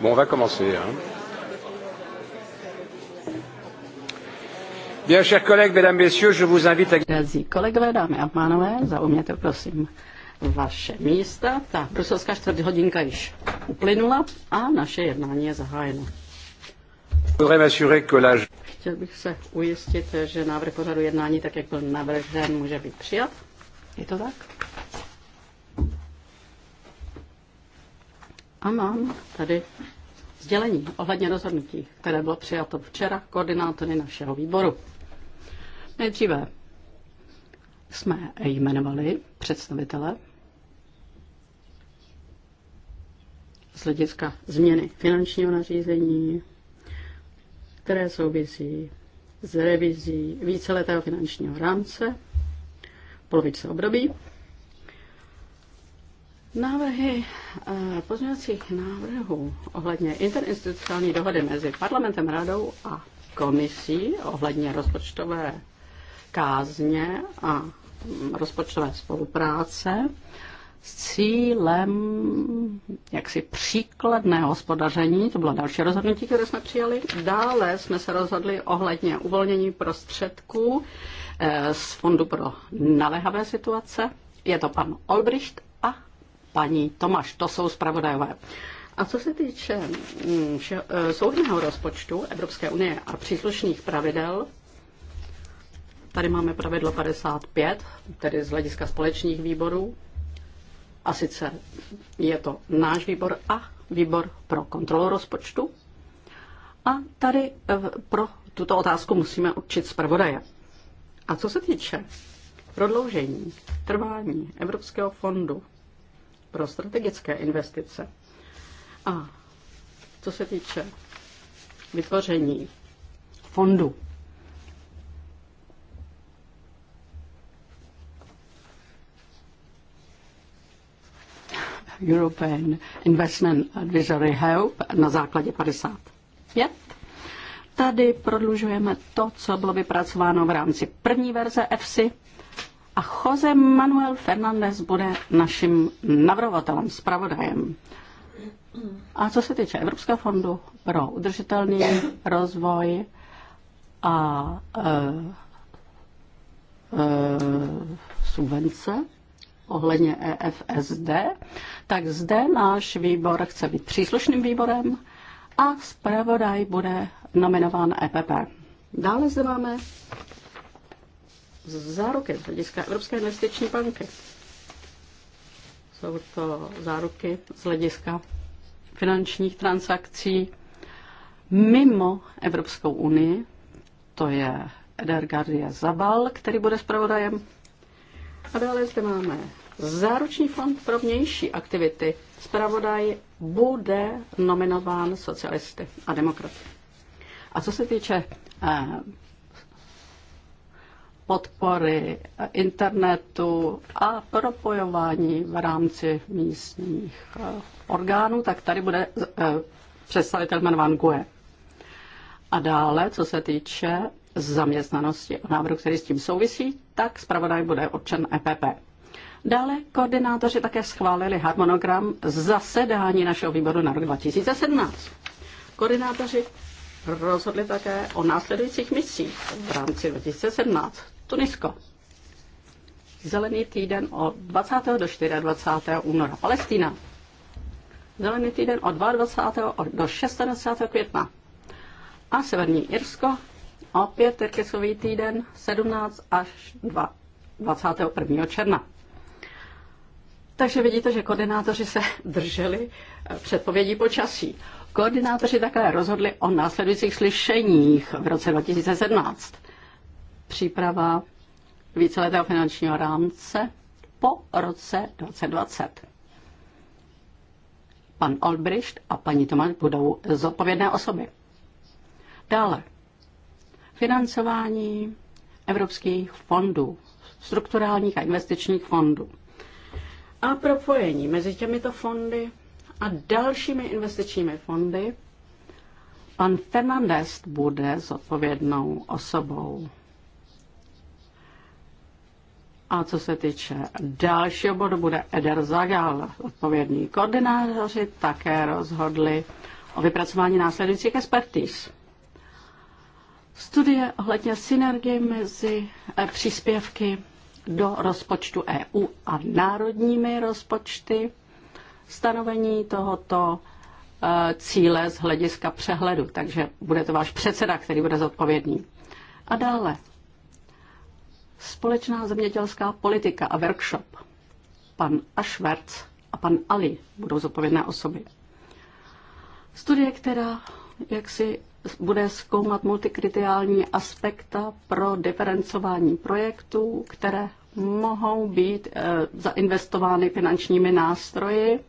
Bon, on va commencer. Hein. Bien, chers collègues, mesdames, messieurs, je vous invite à... Drazí kolegové, dámy a pánové, zaujměte prosím vaše místa. Ta bruselská čtvrt hodinka již uplynula a naše jednání je zahájeno. Chtěl bych se ujistit, že návrh pořadu jednání, tak jak byl navržen, může být přijat. Je to tak? A mám tady sdělení ohledně rozhodnutí, které bylo přijato včera koordinátory našeho výboru. Nejdříve jsme jmenovali představitele z hlediska změny finančního nařízení, které souvisí s revizí víceletého finančního rámce polovice období Návrhy eh, pozměňovacích návrhů ohledně interinstitucionální dohody mezi parlamentem, radou a komisí ohledně rozpočtové kázně a mm, rozpočtové spolupráce s cílem jaksi příkladného hospodaření, to bylo další rozhodnutí, které jsme přijali. Dále jsme se rozhodli ohledně uvolnění prostředků eh, z Fondu pro naléhavé situace. Je to pan Olbricht paní Tomáš. To jsou zpravodajové. A co se týče mm, e, soudného rozpočtu Evropské unie a příslušných pravidel, tady máme pravidlo 55, tedy z hlediska společných výborů. A sice je to náš výbor a výbor pro kontrolu rozpočtu. A tady e, pro tuto otázku musíme určit zpravodaje. A co se týče prodloužení trvání Evropského fondu pro strategické investice. A co se týče vytvoření fondu, European Investment Advisory Help na základě 55. Tady prodlužujeme to, co bylo vypracováno v rámci první verze EFSI a Jose Manuel Fernández bude naším navrhovatelem, zpravodajem. A co se týče Evropského fondu pro udržitelný rozvoj a e, e, subvence ohledně EFSD, tak zde náš výbor chce být příslušným výborem a zpravodaj bude nominován EPP. Dále zde máme záruky z hlediska Evropské investiční banky. Jsou to záruky z hlediska finančních transakcí mimo Evropskou unii. To je Eder Gardia Zabal, který bude zpravodajem. A dále zde máme Záruční fond pro vnější aktivity. Zpravodaj bude nominován socialisty a demokraty. A co se týče eh, podpory internetu a propojování v rámci místních eh, orgánů, tak tady bude eh, představitel jmenován GUE. A dále, co se týče zaměstnanosti a návrhu, který s tím souvisí, tak zpravodaj bude určen EPP. Dále koordinátoři také schválili harmonogram zasedání našeho výboru na rok 2017. Koordinátoři rozhodli také o následujících misích v rámci 2017. Tunisko. Zelený týden od 20. do 24. února. Palestina. Zelený týden od 22. do 26. května. A Severní Irsko. Opět terkesový týden 17 až 21. června. Takže vidíte, že koordinátoři se drželi eh, předpovědí počasí. Koordinátoři také rozhodli o následujících slyšeních v roce 2017 příprava víceletého finančního rámce po roce 2020. Pan Olbricht a paní Tomáš budou zodpovědné osoby. Dále. Financování evropských fondů, strukturálních a investičních fondů. A propojení mezi těmito fondy a dalšími investičními fondy. Pan Fernandez bude zodpovědnou osobou. A co se týče dalšího bodu, bude Eder Zagal, odpovědní koordinátoři, také rozhodli o vypracování následujících expertíz. Studie ohledně synergie mezi eh, příspěvky do rozpočtu EU a národními rozpočty, stanovení tohoto eh, cíle z hlediska přehledu. Takže bude to váš předseda, který bude zodpovědný. A dále Společná zemědělská politika a workshop. Pan Ašverc a pan Ali budou zodpovědné osoby. Studie, která jak si bude zkoumat multikritiální aspekta pro diferencování projektů, které mohou být e, zainvestovány finančními nástroji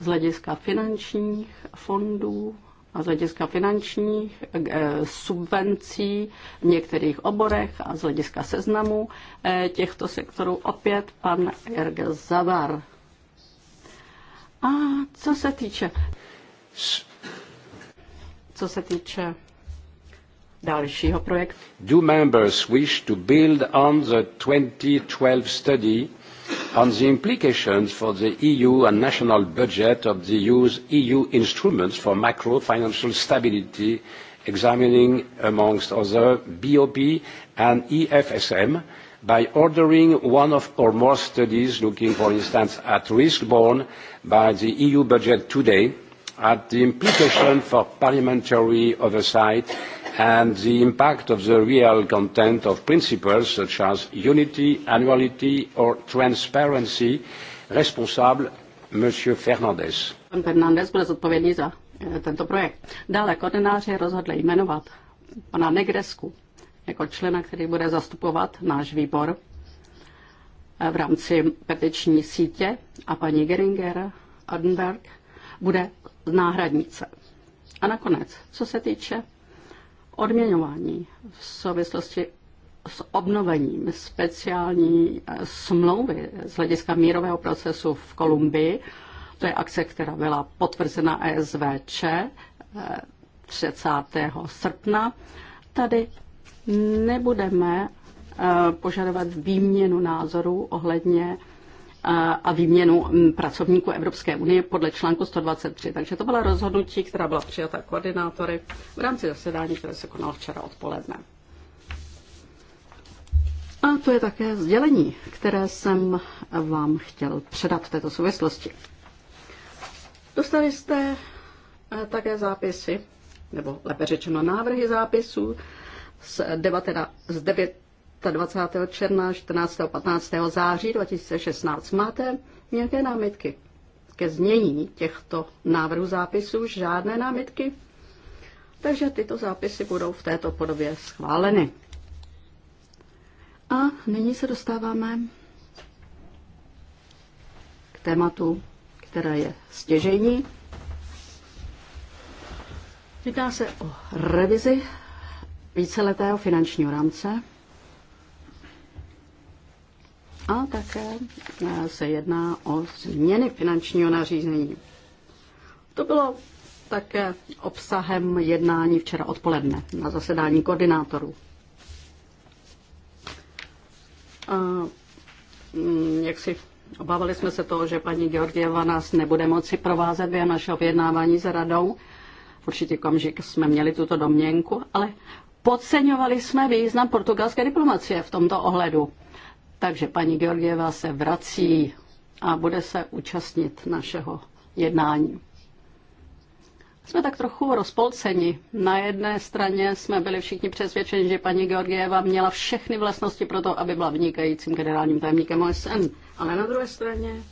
z hlediska finančních fondů a z hlediska finančních eh, subvencí v některých oborech a z hlediska seznamu eh, těchto sektorů opět pan Jirgel Zavar. A co se týče co se týče dalšího projektu. Do members wish to build on the 2012 study on the implications for the EU and national budget of the EU's EU instruments for macro financial stability, examining, amongst other, BOP and EFSM by ordering one of or more studies looking, for instance, at risk borne by the EU budget today, at the implication for parliamentary oversight and the impact of the real content of principles such as unity, annuality or transparency. Responsable, Monsieur Fernandez. Pan Fernandez bude zodpovědný za eh, tento projekt. Dále koordináři rozhodli jmenovat pana Negresku jako člena, který bude zastupovat náš výbor eh, v rámci petiční sítě a paní Geringer Adenberg bude náhradnice. A nakonec, co se týče odměňování v souvislosti s obnovením speciální eh, smlouvy z hlediska mírového procesu v Kolumbii. To je akce, která byla potvrzena ESVČ 30. Eh, srpna. Tady nebudeme eh, požadovat výměnu názorů ohledně a výměnu pracovníků Evropské unie podle článku 123. Takže to byla rozhodnutí, která byla přijata koordinátory v rámci zasedání, které se konalo včera odpoledne. A to je také sdělení, které jsem vám chtěl předat v této souvislosti. Dostali jste eh, také zápisy, nebo lépe řečeno návrhy zápisů z, 19, z 9, 25. června, 14. 15. září 2016. Máte nějaké námitky ke změní těchto návrhů zápisů? Žádné námitky? Takže tyto zápisy budou v této podobě schváleny. A nyní se dostáváme k tématu, které je stěžení. Jedná se o revizi víceletého finančního rámce a také eh, se jedná o změny finančního nařízení. To bylo také obsahem jednání včera odpoledne na zasedání koordinátorů. A, mm, jak si obávali jsme se toho, že paní Georgieva nás nebude moci provázet během našeho vyjednávání s radou. V určitý komžik jsme měli tuto domněnku, ale podceňovali jsme význam portugalské diplomacie v tomto ohledu. Takže paní Georgieva se vrací a bude se účastnit našeho jednání. Jsme tak trochu rozpolceni. Na jedné straně jsme byli všichni přesvědčeni, že paní Georgieva měla všechny vlastnosti pro to, aby byla vynikajícím generálním tajemníkem OSN. Ale na druhé straně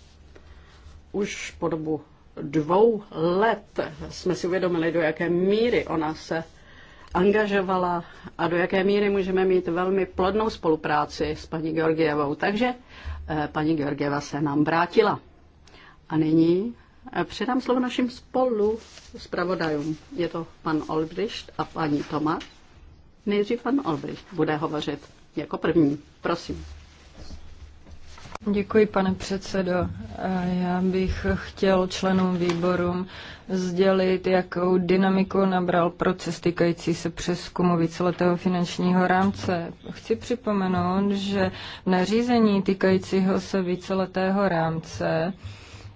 už po dobu dvou let jsme si uvědomili, do jaké míry ona se angažovala a do jaké míry můžeme mít velmi plodnou spolupráci s paní Georgievou. Takže eh, paní Georgieva se nám vrátila. A nyní eh, předám slovo našim spolu zpravodajům. Je to pan Olbricht a paní Tomáš. Nejdřív pan Olbricht bude hovořit jako první. Prosím. Děkuji, pane předsedo. Já bych chtěl členům výboru sdělit, jakou dynamiku nabral proces týkající se přeskumu víceletého finančního rámce. Chci připomenout, že nařízení týkajícího se víceletého rámce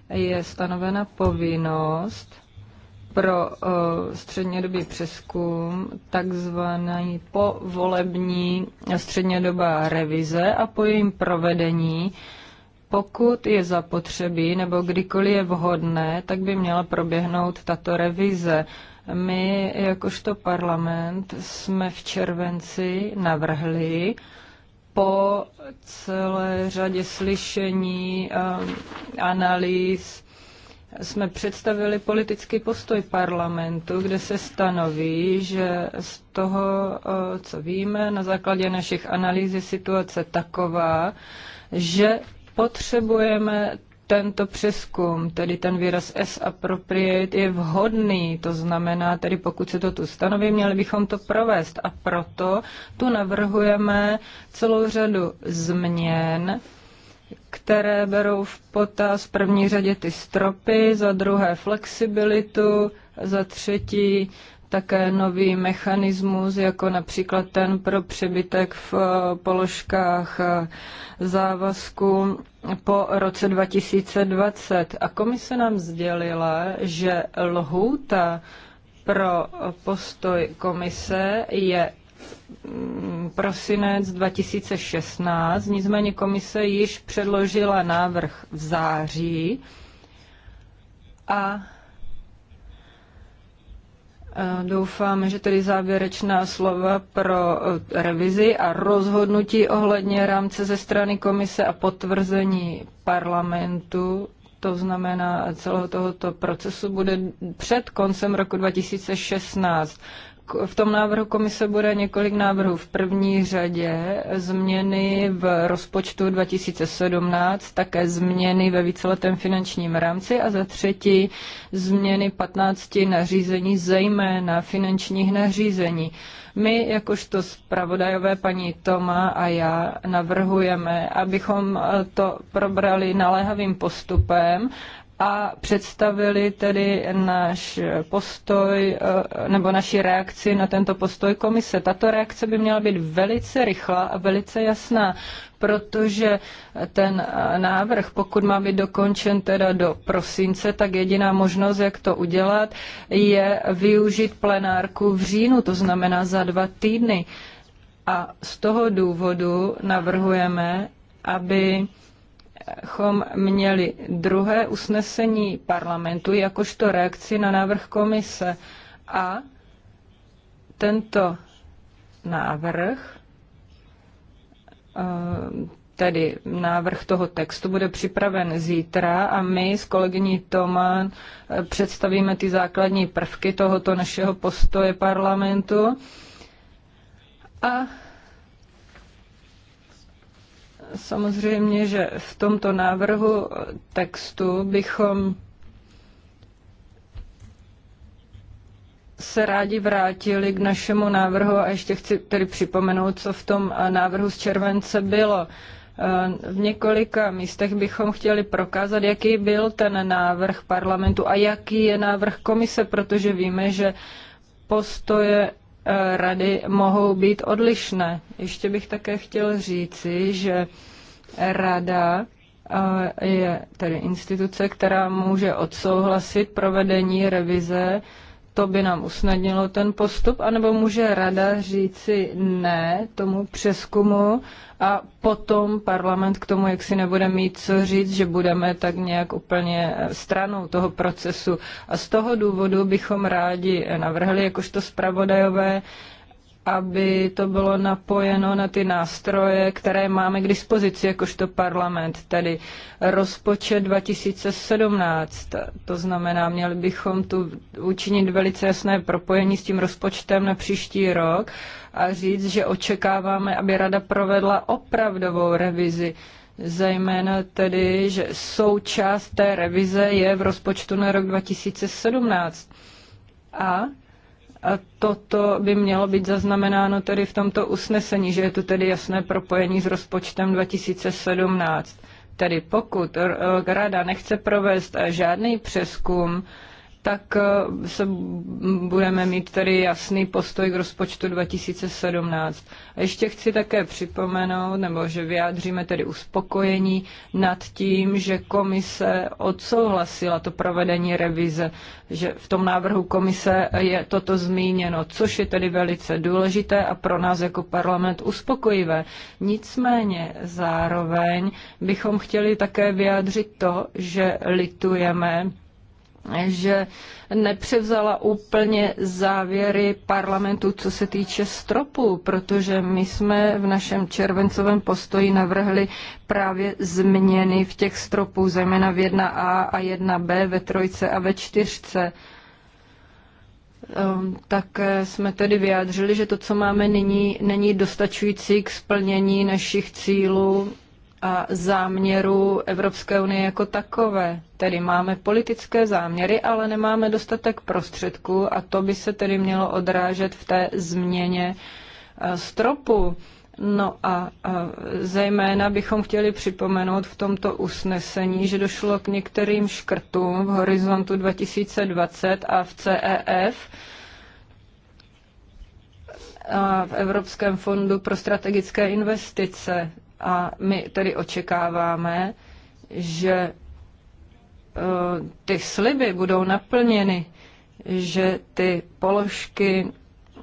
je stanovena povinnost pro střednědobý přeskum takzvaný povolební střednědobá revize a po jejím provedení pokud je zapotřebí nebo kdykoliv je vhodné, tak by měla proběhnout tato revize. My, jakožto parlament, jsme v červenci navrhli po celé řadě slyšení, eh, analýz, jsme představili politický postoj parlamentu, kde se stanoví, že z toho, eh, co víme, na základě našich analýz je situace taková, že Potřebujeme tento přeskum, tedy ten výraz S appropriate, je vhodný. To znamená, tedy pokud se to tu stanoví, měli bychom to provést. A proto tu navrhujeme celou řadu změn, které berou v potaz v první řadě ty stropy, za druhé flexibilitu, za třetí také nový mechanismus, jako například ten pro přebytek v eh, položkách eh, závazku po roce 2020. A komise nám sdělila, že lhůta pro postoj komise je mm, prosinec 2016, nicméně komise již předložila návrh v září a Doufám, že tedy závěrečná slova pro eh, revizi a rozhodnutí ohledně rámce ze strany komise a potvrzení parlamentu, to znamená celého tohoto procesu, bude před koncem roku 2016 v tom návrhu komise bude několik návrhů. V první řadě změny v rozpočtu 2017, také změny ve víceletém finančním rámci a za třetí změny 15 nařízení, zejména finančních nařízení. My, jakožto zpravodajové paní Toma a já, navrhujeme, abychom to probrali naléhavým postupem a představili tedy náš postoj eh, nebo naši reakci na tento postoj komise. Tato reakce by měla být velice rychlá a velice jasná, protože ten eh, návrh, pokud má být dokončen teda do prosince, tak jediná možnost, jak to udělat, je využít plenárku v říjnu, to znamená za dva týdny. A z toho důvodu navrhujeme, aby bychom měli druhé usnesení parlamentu jakožto reakci na návrh komise a tento návrh, eh, tedy návrh toho textu, bude připraven zítra a my s kolegyní Tomán eh, představíme ty základní prvky tohoto našeho postoje parlamentu a Samozřejmě, že v tomto návrhu textu bychom se rádi vrátili k našemu návrhu a ještě chci tedy připomenout, co v tom návrhu z července bylo. Eh, v několika místech bychom chtěli prokázat, jaký byl ten návrh parlamentu a jaký je návrh komise, protože víme, že postoje rady mohou být odlišné. Ještě bych také chtěl říci, že rada eh, je tedy instituce, která může odsouhlasit provedení revize to by nám usnadnilo ten postup, anebo může rada říci ne tomu přeskumu a potom parlament k tomu, jak si nebude mít co říct, že budeme tak nějak úplně eh, stranou toho procesu. A z toho důvodu bychom rádi navrhli, jakožto zpravodajové, aby to bylo napojeno na ty nástroje, které máme k dispozici jakožto parlament, tedy rozpočet 2017. To znamená, měli bychom tu učinit velice jasné propojení s tím rozpočtem na příští rok a říct, že očekáváme, aby rada provedla opravdovou revizi zejména tedy, že součást té revize je v rozpočtu na rok 2017. A toto by mělo být zaznamenáno tedy v tomto usnesení, že je tu tedy jasné propojení s rozpočtem 2017. Tedy pokud eh, Rada nechce provést eh, žádný přeskum, tak eh, se budeme mít tedy jasný postoj k rozpočtu 2017. A ještě chci také připomenout, nebo že vyjádříme tedy uspokojení nad tím, že komise odsouhlasila to provedení revize, že v tom návrhu komise je toto zmíněno, což je tedy velice důležité a pro nás jako parlament uspokojivé. Nicméně zároveň bychom chtěli také vyjádřit to, že litujeme, že nepřevzala úplně závěry parlamentu, co se týče stropu, protože my jsme v našem červencovém postoji navrhli právě změny v těch stropů, zejména v 1A a 1B, ve trojce a ve čtyřce. Ehm, tak eh, jsme tedy vyjádřili, že to, co máme nyní, není dostačující k splnění našich cílů a záměru Evropské unie jako takové. Tedy máme politické záměry, ale nemáme dostatek prostředků a to by se tedy mělo odrážet v té změně e, stropu. No a, a zejména bychom chtěli připomenout v tomto usnesení, že došlo k některým škrtům v horizontu 2020 a v CEF a v Evropském fondu pro strategické investice. A my tedy očekáváme, že e, ty sliby budou naplněny, že ty položky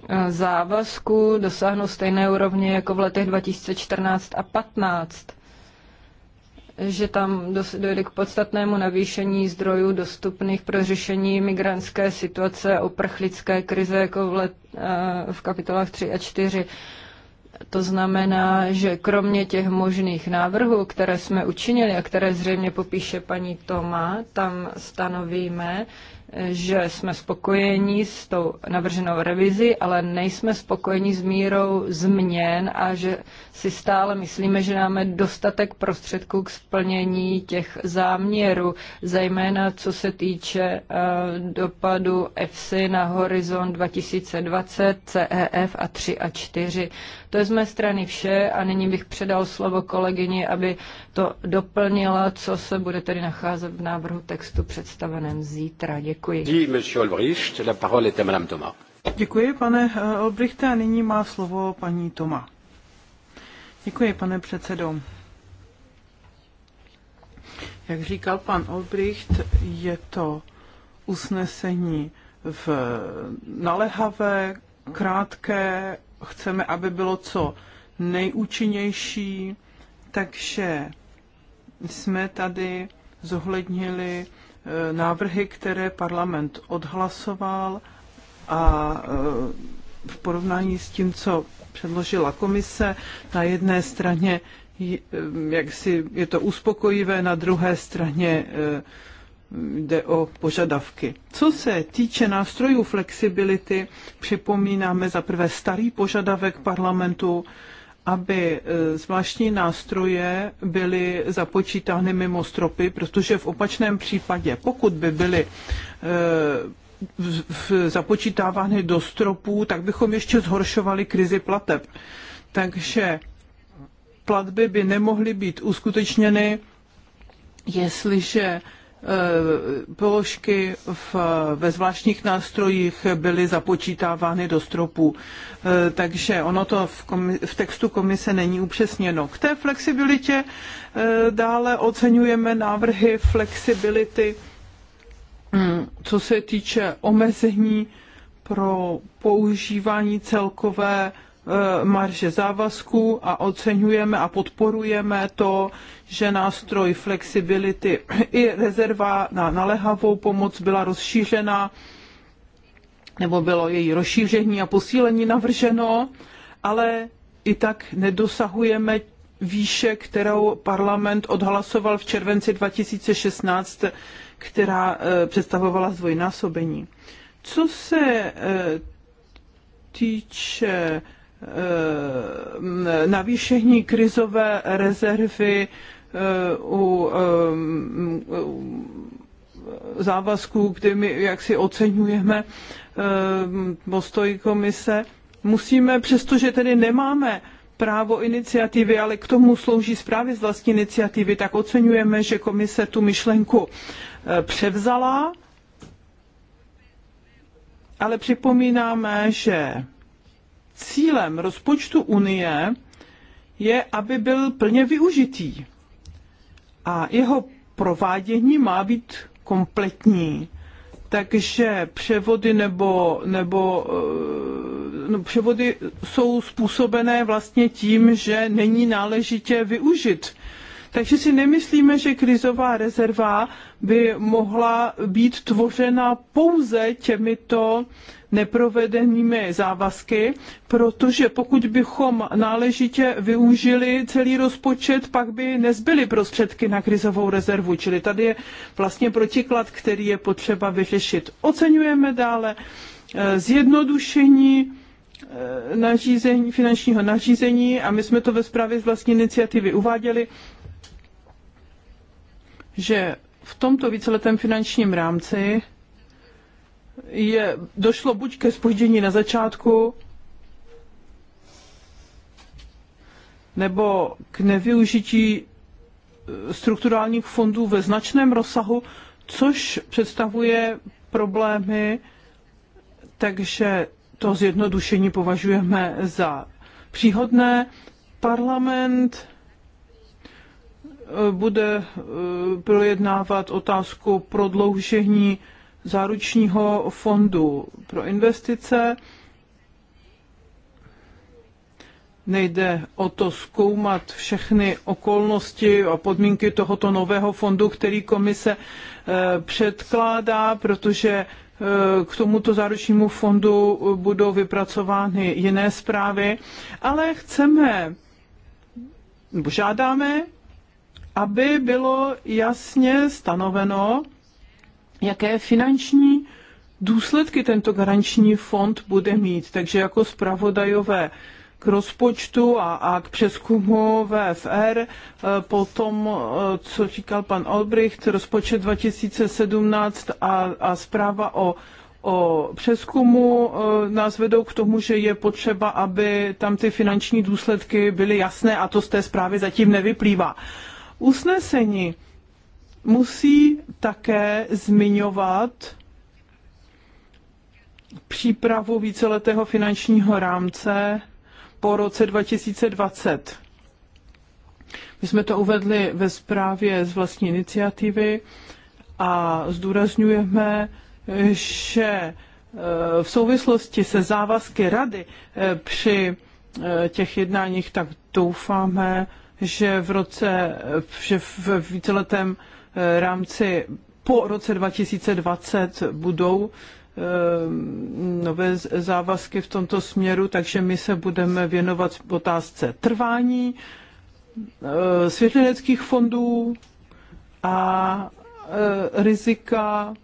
e, závazku dosáhnou stejné úrovně jako v letech 2014 a 2015 že tam dojde k podstatnému navýšení zdrojů dostupných pro řešení migrantské situace a uprchlické krize jako v, let, e, v kapitolách 3 a 4 to znamená, že kromě těch možných návrhů, které jsme učinili a které zřejmě popíše paní Toma, tam stanovíme, že jsme spokojeni s tou navrženou revizi, ale nejsme spokojeni s mírou změn a že si stále myslíme, že máme dostatek prostředků k splnění těch záměrů, zejména co se týče eh, dopadu EFSI na horizont 2020, CEF a 3 a 4. To je z mé strany vše a nyní bych předal slovo kolegyni, aby to doplnila, co se bude tedy nacházet v návrhu textu představeném zítra. Děkuji. Děkuji, pane eh, Olbrichte, a nyní má slovo paní Toma. Děkuji, pane předsedo. Jak říkal pan Olbricht, je to usnesení v nalehavé, krátké chceme, aby bylo co nejúčinnější, takže jsme tady zohlednili e, návrhy, které parlament odhlasoval a e, v porovnání s tím, co předložila komise, na jedné straně e, jak si je to uspokojivé, na druhé straně jde o požadavky. Co se týče nástrojů flexibility, připomínáme za prvé starý požadavek parlamentu, aby e, zvláštní nástroje byly započítány mimo stropy, protože v opačném případě, pokud by byly e, započítávány do stropů, tak bychom ještě zhoršovali krizi plateb. Takže platby by nemohly být uskutečněny, jestliže Eh, položky v, ve zvláštních nástrojích byly započítávány do stropu. Eh, takže ono to v, komi, v textu komise není upřesněno. K té flexibilitě eh, dále oceňujeme návrhy flexibility, hm, co se týče omezení pro používání celkové E, marže závazků a oceňujeme a podporujeme to, že nástroj flexibility i rezerva na naléhavou pomoc byla rozšířena nebo bylo její rozšíření a posílení navrženo, ale i tak nedosahujeme výše, kterou parlament odhlasoval v červenci 2016, která e, představovala zdvojnásobení. Co se e, týče Eh, navýšení krizové rezervy eh, eh, u závazků, kde my jaksi oceňujeme postoj komise. Musíme, přestože tedy nemáme právo iniciativy, ale k tomu slouží zprávy z vlastní iniciativy, tak oceňujeme, že komise tu myšlenku převzala, ale připomínáme, že cílem rozpočtu Unie je, aby byl plně využitý. A jeho provádění má být kompletní. Takže převody nebo, nebo eh, no, převody jsou způsobené vlastně tím, že není náležitě využit takže si nemyslíme, že krizová rezerva by mohla být tvořena pouze těmito neprovedenými závazky, protože pokud bychom náležitě využili celý rozpočet, pak by nezbyly prostředky na krizovou rezervu. Čili tady je vlastně protiklad, který je potřeba vyřešit. Oceňujeme dále eh, zjednodušení eh, nařízení, finančního nařízení a my jsme to ve zprávě z vlastní iniciativy uváděli, že v tomto víceletém finančním rámci je, došlo buď ke spoždění na začátku, nebo k nevyužití eh, strukturálních fondů ve značném rozsahu, což představuje problémy, takže to zjednodušení považujeme za příhodné. Parlament bude e, projednávat otázku prodloužení záručního fondu pro investice. Nejde o to zkoumat všechny okolnosti a podmínky tohoto nového fondu, který komise e, předkládá, protože e, k tomuto záručnímu fondu budou vypracovány jiné zprávy, ale chceme, nebo žádáme aby bylo jasně stanoveno, jaké finanční důsledky tento garanční fond bude mít. Takže jako zpravodajové k rozpočtu a, a k přeskumu VFR, eh, po tom, eh, co říkal pan Olbricht, rozpočet 2017 a, a zpráva o o přeskumu eh, nás vedou k tomu, že je potřeba, aby tam ty finanční důsledky byly jasné a to z té zprávy zatím nevyplývá usnesení musí také zmiňovat přípravu víceletého finančního rámce po roce 2020. My jsme to uvedli ve zprávě z vlastní iniciativy a zdůrazňujeme, že e, v souvislosti se závazky rady e, při e, těch jednáních, tak doufáme, že v roce, že v víceletém eh, rámci po roce 2020 budou eh, nové závazky v tomto směru, takže my se budeme věnovat otázce trvání eh, světleneckých fondů a rizika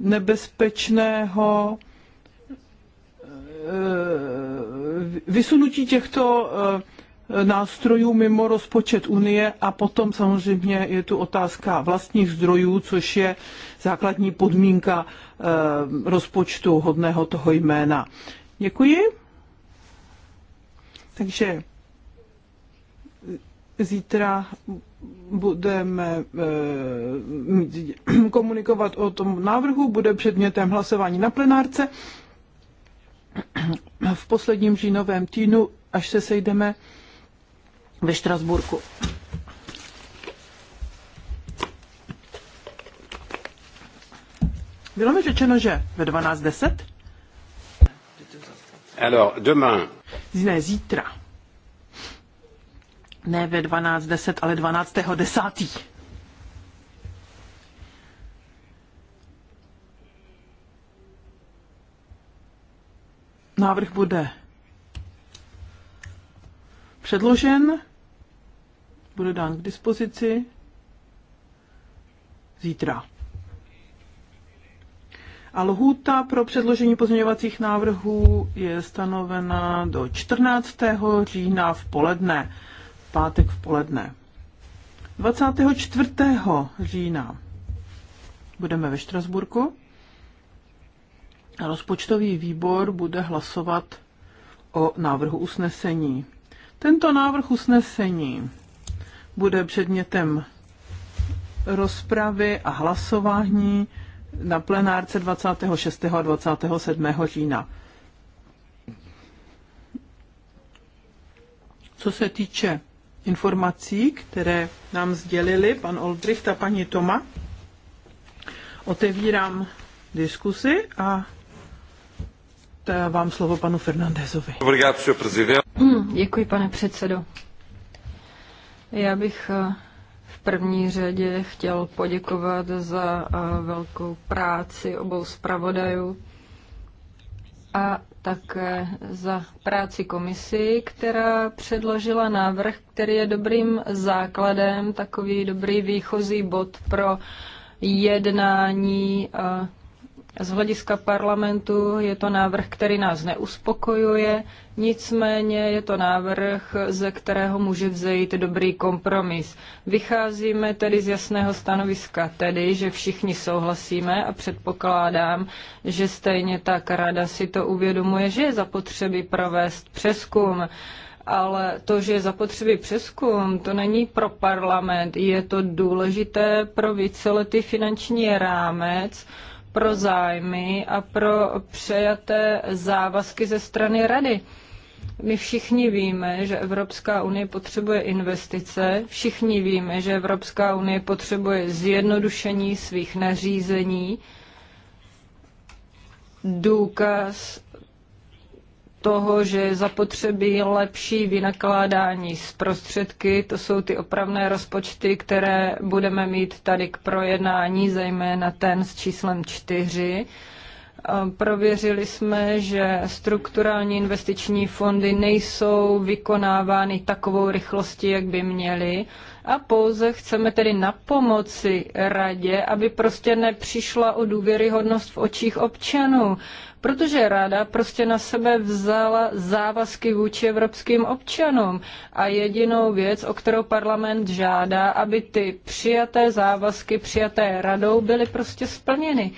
nebezpečného vysunutí těchto nástrojů mimo rozpočet Unie a potom samozřejmě je tu otázka vlastních zdrojů, což je základní podmínka eh, rozpočtu hodného toho jména. Děkuji. Takže zítra budeme eh, komunikovat o tom návrhu, bude předmětem hlasování na plenárce. V posledním říjnovém týdnu, až se sejdeme, ve Štrasburku. Bylo mi řečeno, že ve 12.10? Alors, demain. Ne, zítra. Ne ve 12.10, ale 12.10. Návrh bude předložen bude dán k dispozici zítra. A lhůta pro předložení pozměňovacích návrhů je stanovena do 14. října v poledne, v pátek v poledne. 24. října budeme ve Štrasburku. Rozpočtový výbor bude hlasovat o návrhu usnesení. Tento návrh usnesení bude předmětem rozpravy a hlasování na plenárce 26. a 27. října. Co se týče informací, které nám sdělili pan Olbricht a paní Toma, otevírám diskusi a dávám slovo panu Fernandezovi. Děkuji, pane předsedo. Já bych eh, v první řadě chtěl poděkovat za eh, velkou práci obou zpravodajů a také za práci komisi, která předložila návrh, který je dobrým základem, takový dobrý výchozí bod pro jednání eh, z hlediska parlamentu je to návrh, který nás neuspokojuje, nicméně je to návrh, ze kterého může vzejít dobrý kompromis. Vycházíme tedy z jasného stanoviska, tedy, že všichni souhlasíme a předpokládám, že stejně tak rada si to uvědomuje, že je zapotřebí provést přeskum ale to, že je zapotřebí přeskum, to není pro parlament, je to důležité pro víceletý finanční rámec, pro zájmy a pro přejaté závazky ze strany Rady. My všichni víme, že Evropská unie potřebuje investice, všichni víme, že Evropská unie potřebuje zjednodušení svých nařízení, důkaz toho, že je zapotřebí lepší vynakládání z prostředky. To jsou ty opravné rozpočty, které budeme mít tady k projednání, zejména ten s číslem 4. Prověřili jsme, že strukturální investiční fondy nejsou vykonávány takovou rychlostí, jak by měly. A pouze chceme tedy na pomoci radě, aby prostě nepřišla o důvěryhodnost v očích občanů protože Rada prostě na sebe vzala závazky vůči evropským občanům a jedinou věc, o kterou parlament žádá, aby ty přijaté závazky přijaté radou byly prostě splněny.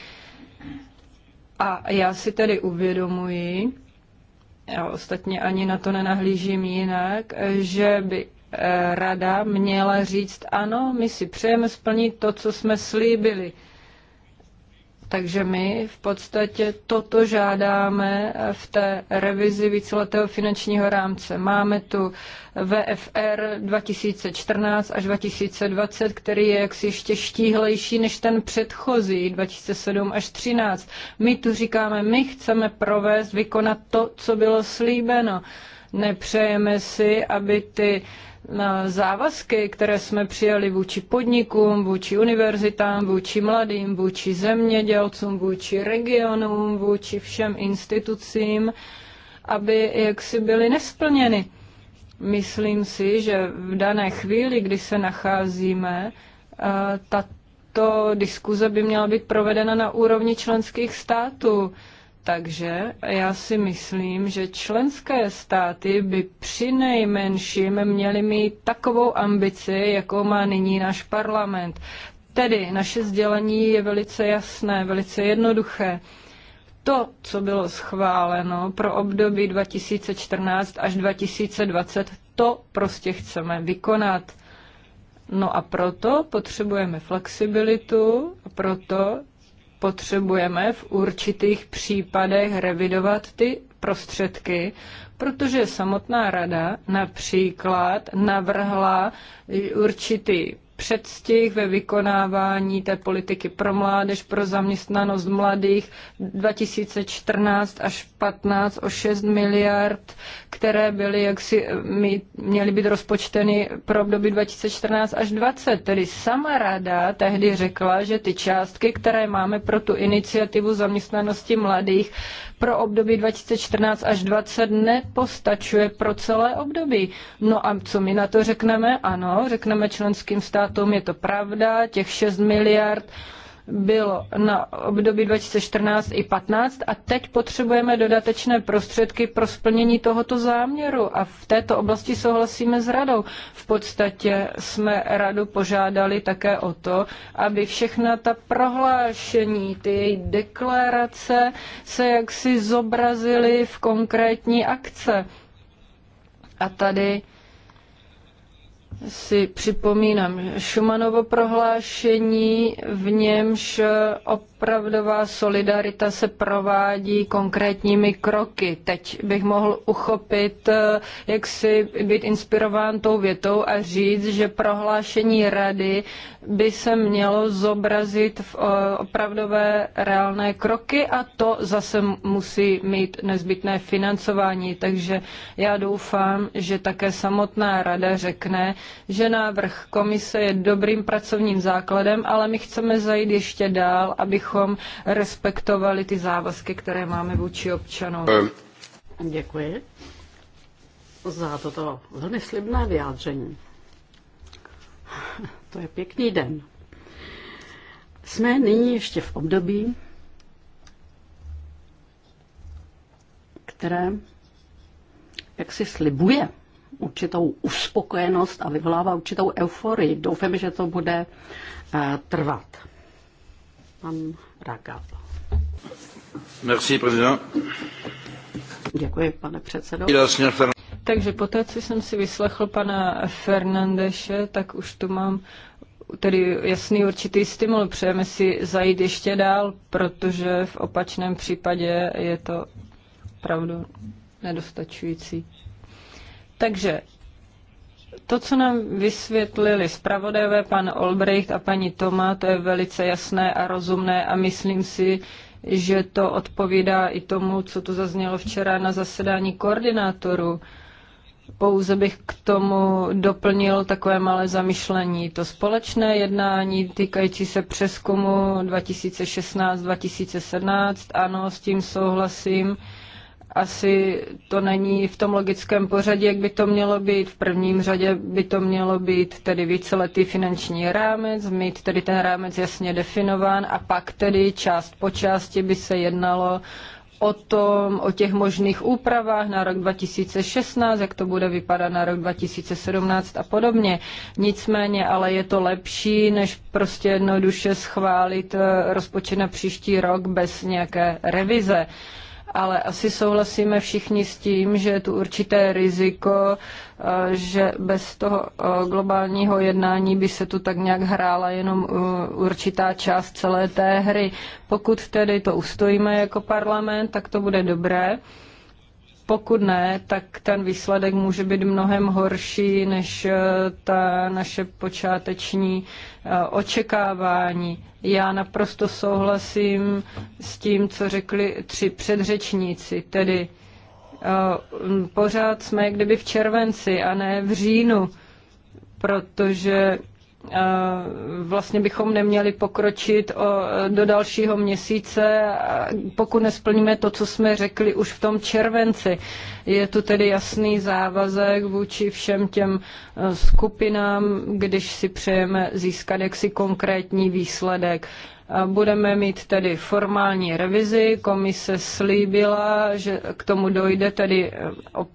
A já si tedy uvědomuji, já ostatně ani na to nenahlížím jinak, že by eh, rada měla říct, ano, my si přejeme splnit to, co jsme slíbili. Takže my v podstatě toto žádáme v té revizi víceletého finančního rámce. Máme tu VFR 2014 až 2020, který je jaksi ještě štíhlejší než ten předchozí 2007 až 2013. My tu říkáme, my chceme provést, vykonat to, co bylo slíbeno. Nepřejeme si, aby ty eh, závazky, které jsme přijali vůči podnikům, vůči univerzitám, vůči mladým, vůči zemědělcům, vůči regionům, vůči všem institucím, aby jaksi byly nesplněny. Myslím si, že v dané chvíli, kdy se nacházíme, eh, tato diskuze by měla být provedena na úrovni členských států. Takže já si myslím, že členské státy by při nejmenším měly mít takovou ambici, jakou má nyní náš parlament. Tedy naše sdělení je velice jasné, velice jednoduché. To, co bylo schváleno pro období 2014 až 2020, to prostě chceme vykonat. No a proto potřebujeme flexibilitu, proto potřebujeme v určitých případech revidovat ty prostředky, protože samotná rada například navrhla určitý předstih ve vykonávání té politiky pro mládež, pro zaměstnanost mladých 2014 až 2015 o 6 miliard, které byly jak eh, my, měly být rozpočteny pro období 2014 až 2020. Tedy sama rada tehdy řekla, že ty částky, které máme pro tu iniciativu zaměstnanosti mladých pro období 2014 až 20, nepostačuje pro celé období. No a co my na to řekneme? Ano, řekneme členským státům, je to pravda, těch 6 miliard bylo na období 2014 i 15 a teď potřebujeme dodatečné prostředky pro splnění tohoto záměru a v této oblasti souhlasíme s radou. V podstatě jsme radu požádali také o to, aby všechna ta prohlášení, ty její deklarace se jaksi zobrazily v konkrétní akce. A tady si připomínám Šumanovo prohlášení, v němž opravdová solidarita se provádí konkrétními kroky. Teď bych mohl uchopit, eh, jak si být inspirován tou větou a říct, že prohlášení rady by se mělo zobrazit v opravdové reálné kroky a to zase musí mít nezbytné financování. Takže já doufám, že také samotná rada řekne, že návrh komise je dobrým pracovním základem, ale my chceme zajít ještě dál, abychom respektovali ty závazky, které máme vůči občanům. Ehm. Děkuji za toto velmi slibné vyjádření. To je pěkný den. Jsme nyní ještě v období, které jak si slibuje určitou uspokojenost a vyvolává určitou euforii. Doufám, že to bude uh, trvat. Pan Ragal. Merci, prezident. Děkuji, pane předsedo. Takže poté, co jsem si vyslechl pana Fernandeše, tak už tu mám tedy jasný určitý stimul. Přejeme si zajít ještě dál, protože v opačném případě je to opravdu nedostačující. Takže to, co nám vysvětlili zpravodajové pan Olbrecht a paní Toma, to je velice jasné a rozumné a myslím si, že to odpovídá i tomu, co tu zaznělo včera na zasedání koordinátorů. Pouze bych k tomu doplnil takové malé zamyšlení. To společné jednání týkající se přeskumu 2016-2017, ano, s tím souhlasím. Asi to není v tom logickém pořadí, jak by to mělo být. V prvním řadě by to mělo být tedy víceletý finanční rámec, mít tedy ten rámec jasně definován a pak tedy část po části by se jednalo o tom, o těch možných úpravách na rok 2016, jak to bude vypadat na rok 2017 a podobně. Nicméně, ale je to lepší, než prostě jednoduše schválit eh, rozpočet na příští rok bez nějaké revize ale asi souhlasíme všichni s tím, že je tu určité riziko, eh, že bez toho eh, globálního jednání by se tu tak nějak hrála jenom eh, určitá část celé té hry. Pokud tedy to ustojíme jako parlament, tak to bude dobré. Pokud ne, tak ten výsledek může být mnohem horší než eh, ta naše počáteční eh, očekávání. Já naprosto souhlasím s tím, co řekli tři předřečníci, tedy eh, pořád jsme kdyby v červenci a ne v říjnu, protože vlastně bychom neměli pokročit do dalšího měsíce, pokud nesplníme to, co jsme řekli už v tom červenci. Je tu tedy jasný závazek vůči všem těm e, skupinám, když si přejeme získat jaksi konkrétní výsledek. Budeme mít tedy formální revizi. Komise slíbila, že k tomu dojde, tedy eh,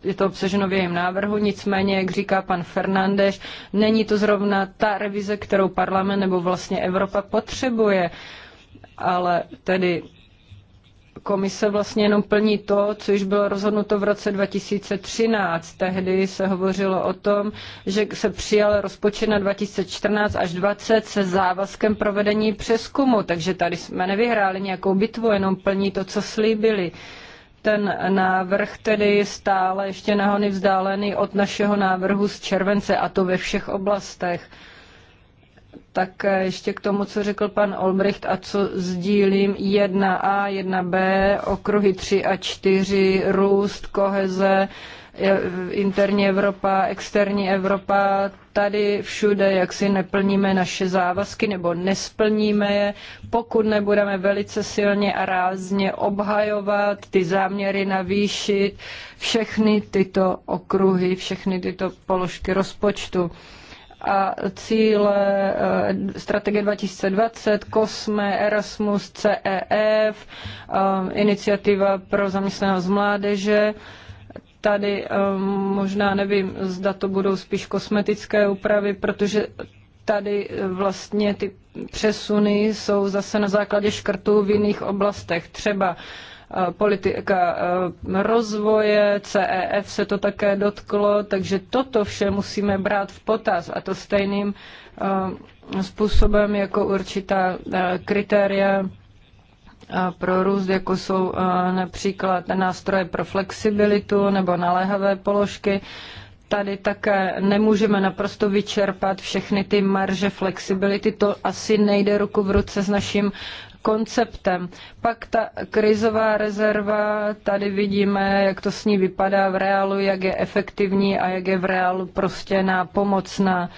je to obsaženo v jejím návrhu. Nicméně, jak říká pan Fernandeš, není to zrovna ta revize, kterou parlament nebo vlastně Evropa potřebuje ale tedy komise vlastně jenom plní to, co již bylo rozhodnuto v roce 2013. Tehdy se hovořilo o tom, že se přijal rozpočet na 2014 až 20 se závazkem provedení přeskumu, takže tady jsme nevyhráli nějakou bitvu, jenom plní to, co slíbili ten návrh tedy stále ještě nahony vzdálený od našeho návrhu z července a to ve všech oblastech. Tak ještě k tomu, co řekl pan Olbricht a co sdílím 1A, 1B, okruhy 3 a 4, růst, koheze, interní Evropa, externí Evropa, tady všude, jak si neplníme naše závazky nebo nesplníme je, pokud nebudeme velice silně a rázně obhajovat ty záměry navýšit všechny tyto okruhy, všechny tyto položky rozpočtu a cíle eh, strategie 2020, COSME, Erasmus, CEF, eh, iniciativa pro zaměstnanost z mládeže. Tady eh, možná nevím, zda to budou spíš kosmetické úpravy, protože tady vlastně ty přesuny jsou zase na základě škrtů v jiných oblastech. Třeba uh, Eh, politika eh, rozvoje, CEF se to také dotklo, takže toto vše musíme brát v potaz a to stejným eh, způsobem jako určitá kritéria pro růst, jako jsou například nástroje pro flexibilitu nebo naléhavé položky. Tady také nemůžeme naprosto vyčerpat všechny ty marže flexibility. To asi nejde ruku v ruce s naším konceptem. Pak ta krizová rezerva, tady vidíme, jak to s ní vypadá v reálu, jak je efektivní a jak je v reálu prostě nápomocná.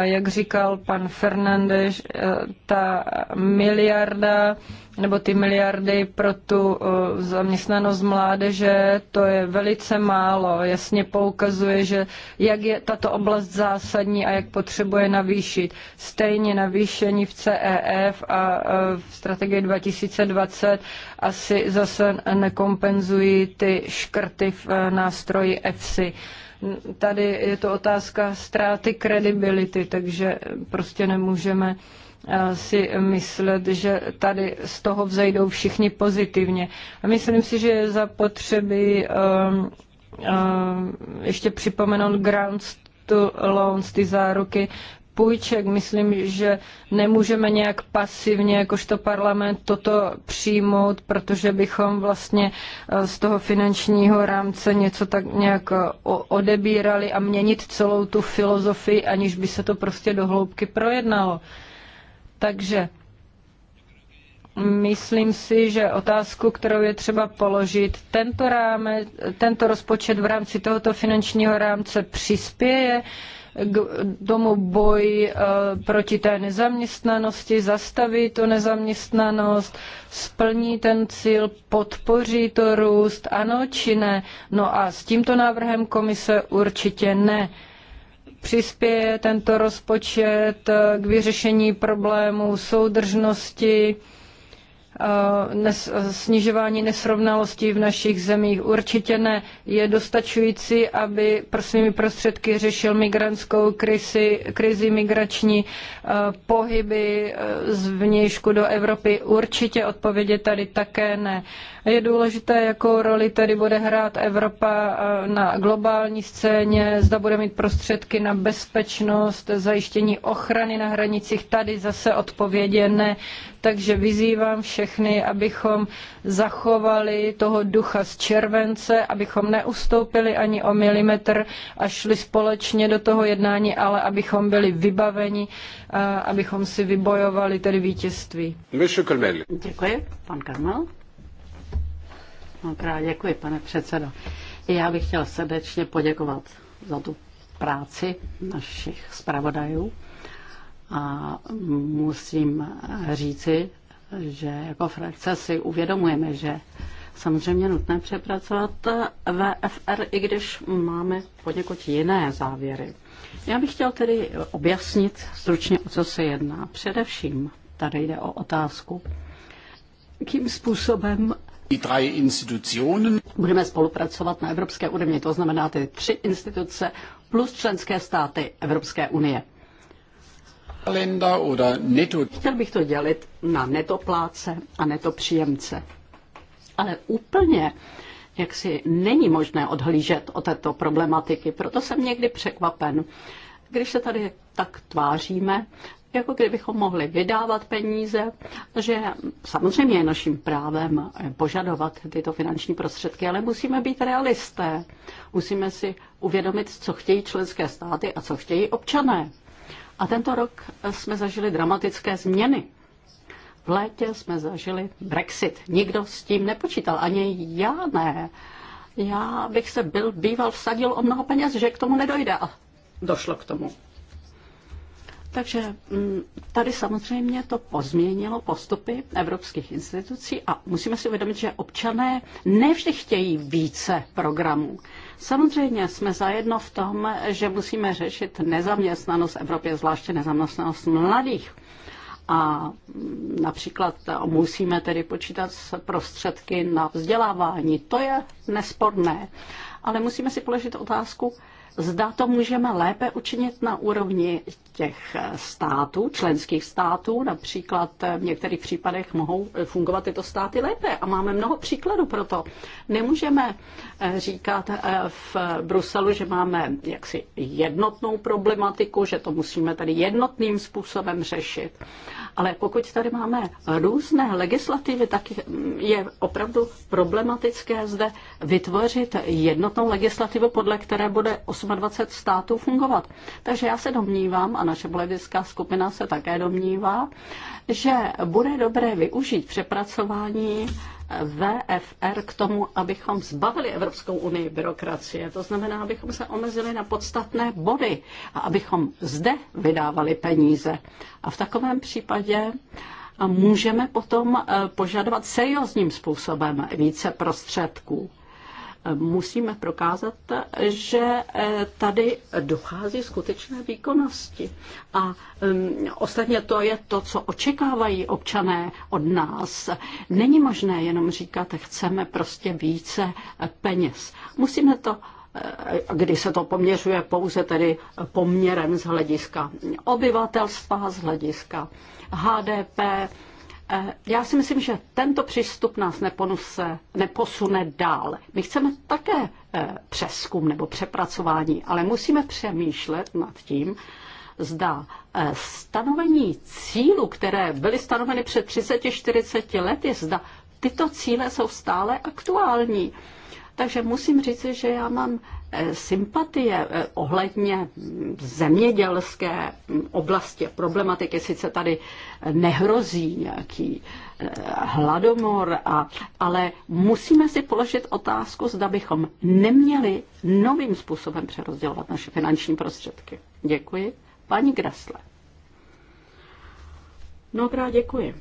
jak říkal pan Fernandez, eh, ta miliarda nebo ty miliardy pro tu uh, zaměstnanost mládeže, to je velice málo. Jasně poukazuje, že jak je tato oblast zásadní a jak potřebuje navýšit. Stejně navýšení v CEF a uh, v strategii 2020 asi zase nekompenzují ty škrty v uh, nástroji EFSI tady je to otázka ztráty kredibility, takže prostě nemůžeme Eh, si myslet, že tady z toho vzejdou všichni pozitivně. A myslím si, že je potřeby um, ehm, um, ehm, ještě připomenout grants to loans, ty záruky půjček. Myslím, že nemůžeme nějak pasivně, jakožto parlament, toto přijmout, protože bychom vlastně eh, z toho finančního rámce něco tak nějak eh, odebírali a měnit celou tu filozofii, aniž by se to prostě do hloubky projednalo. Takže myslím si, že otázku, kterou je třeba položit, tento, ráme, tento rozpočet v rámci tohoto finančního rámce přispěje k tomu boji eh, proti té nezaměstnanosti, zastaví tu nezaměstnanost, splní ten cíl, podpoří to růst, ano či ne. No a s tímto návrhem komise určitě ne přispěje tento rozpočet eh, k vyřešení problémů soudržnosti, eh, eh, snižování nesrovnalostí v našich zemích. Určitě ne. Je dostačující, aby pro svými prostředky řešil migrantskou krizi, krizi migrační pohyby z vnějšku do Evropy. Určitě odpovědě tady také ne. Je důležité, jakou roli tedy bude hrát Evropa eh, na globální scéně, zda bude mít prostředky na bezpečnost, zajištění ochrany na hranicích. Tady zase odpovědě ne. Takže vyzývám všechny, abychom zachovali toho ducha z července, abychom neustoupili ani o milimetr a šli společně do toho jednání, ale abychom byli vybaveni, eh, abychom si vybojovali tedy vítězství. Děkuji, pan Karmel. Mnohokrát děkuji, pane předsedo. Já bych chtěl srdečně poděkovat za tu práci našich zpravodajů a musím říci, že jako frakce si uvědomujeme, že samozřejmě nutné přepracovat VFR, i když máme poněkud jiné závěry. Já bych chtěl tedy objasnit stručně, o co se jedná. Především tady jde o otázku, kým způsobem Budeme spolupracovat na evropské úrovni, to znamená ty tři instituce plus členské státy Evropské unie. Chtěl bych to dělit na netopláce a netopříjemce. Ale úplně jak si není možné odhlížet od této problematiky, proto jsem někdy překvapen, když se tady tak tváříme, jako kdybychom mohli vydávat peníze, že samozřejmě je naším právem požadovat tyto finanční prostředky, ale musíme být realisté. Musíme si uvědomit, co chtějí členské státy a co chtějí občané. A tento rok jsme zažili dramatické změny. V létě jsme zažili Brexit. Nikdo s tím nepočítal, ani já ne. Já bych se byl býval vsadil o mnoho peněz, že k tomu nedojde. A došlo k tomu. Takže mm, tady samozřejmě to pozměnilo postupy evropských institucí a musíme si uvědomit, že občané nevždy chtějí více programů. Samozřejmě jsme zajedno v tom, že musíme řešit nezaměstnanost v Evropě, zvláště nezaměstnanost mladých. A mm, například eh, musíme tedy počítat s prostředky na vzdělávání. To je nesporné. Ale musíme si položit otázku, Zda to můžeme lépe učinit na úrovni těch států, členských států, například v některých případech mohou fungovat tyto státy lépe a máme mnoho příkladů pro to. Nemůžeme eh, říkat eh, v Bruselu, že máme jaksi jednotnou problematiku, že to musíme tady jednotným způsobem řešit. Ale pokud tady máme různé legislativy, tak je opravdu problematické zde vytvořit jednotnou legislativu, podle které bude 28 států fungovat. Takže já se domnívám, a naše politická skupina se také domnívá, že bude dobré využít přepracování VFR k tomu, abychom zbavili Evropskou unii byrokracie. To znamená, abychom se omezili na podstatné body a abychom zde vydávali peníze. A v takovém případě můžeme potom eh, požadovat seriózním způsobem více prostředků musíme prokázat, že eh, tady dochází skutečné výkonnosti. A um, ostatně to je to, co očekávají občané od nás. Není možné jenom říkat, chceme prostě více eh, peněz. Musíme to eh, kdy se to poměřuje pouze tedy poměrem z hlediska obyvatelstva, z hlediska HDP, Eh, já si myslím, že tento přístup nás neponuse, neposune dál. My chceme také eh, přeskum nebo přepracování, ale musíme přemýšlet nad tím, zda eh, stanovení cílů, které byly stanoveny před 30-40 lety, zda tyto cíle jsou stále aktuální. Takže musím říct, že já mám eh, sympatie eh, ohledně zemědělské hm, oblasti problematiky. Sice tady eh, nehrozí nějaký hladomor, a, ale musíme si položit otázku, zda bychom neměli novým způsobem přerozdělovat naše finanční prostředky. Děkuji. Paní Grasle. Mnohokrát děkuji.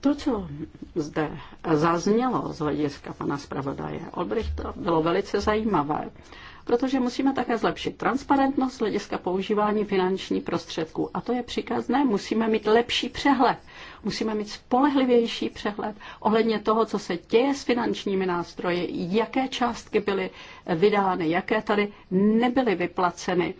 To, co zde zaznělo z hlediska pana zpravodaje Olbrichta, bylo velice zajímavé, protože musíme také zlepšit transparentnost z hlediska používání finančních prostředků. A to je příkazné, musíme mít lepší přehled, musíme mít spolehlivější přehled ohledně toho, co se děje s finančními nástroji, jaké částky byly vydány, jaké tady nebyly vyplaceny.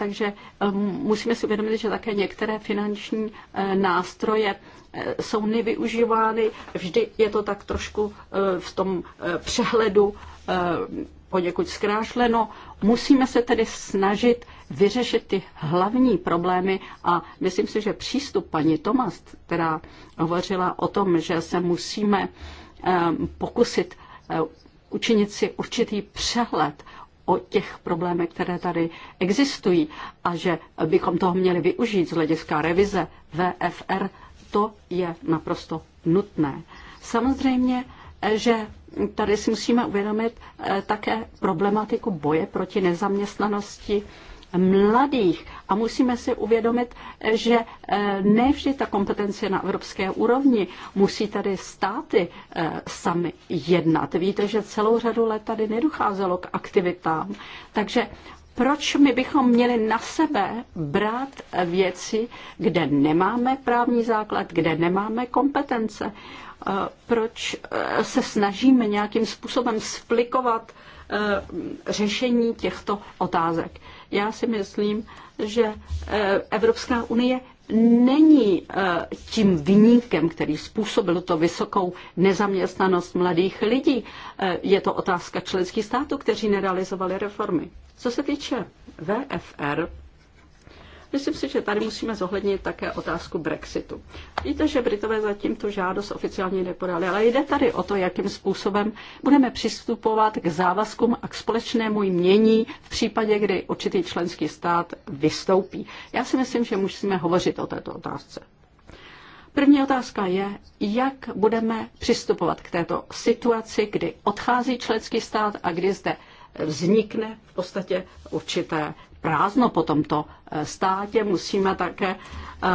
Takže eh, musíme si uvědomit, že také některé finanční eh, nástroje eh, jsou nevyužívány. Vždy je to tak trošku v tom přehledu poněkud zkrášleno. Musíme se tedy snažit vyřešit ty hlavní problémy a myslím si, že přístup paní Tomas, která hovořila o tom, že se musíme pokusit učinit si určitý přehled o těch problémech, které tady existují a že bychom toho měli využít z hlediska revize VFR, to je naprosto nutné. Samozřejmě, že tady si musíme uvědomit eh, také problematiku boje proti nezaměstnanosti mladých. A musíme si uvědomit, že eh, ne vždy ta kompetence na evropské úrovni. Musí tady státy eh, sami jednat. Víte, že celou řadu let tady nedocházelo k aktivitám. Takže proč my bychom měli na sebe brát eh, věci, kde nemáme právní základ, kde nemáme kompetence? Proč se snažíme nějakým způsobem splikovat řešení těchto otázek? Já si myslím, že eh, Evropská unie není eh, tím vyníkem, který způsobil to vysokou nezaměstnanost mladých lidí. Eh, je to otázka členských států, kteří nerealizovali reformy. Co se týče VFR, Myslím si, že tady musíme zohlednit také otázku Brexitu. Víte, že Britové zatím tu žádost oficiálně nepodali, ale jde tady o to, jakým způsobem budeme přistupovat k závazkům a k společnému mění v případě, kdy určitý členský stát vystoupí. Já si myslím, že musíme hovořit o této otázce. První otázka je, jak budeme přistupovat k této situaci, kdy odchází členský stát a kdy zde vznikne v podstatě určité prázdno po tomto eh, státě. Musíme také eh,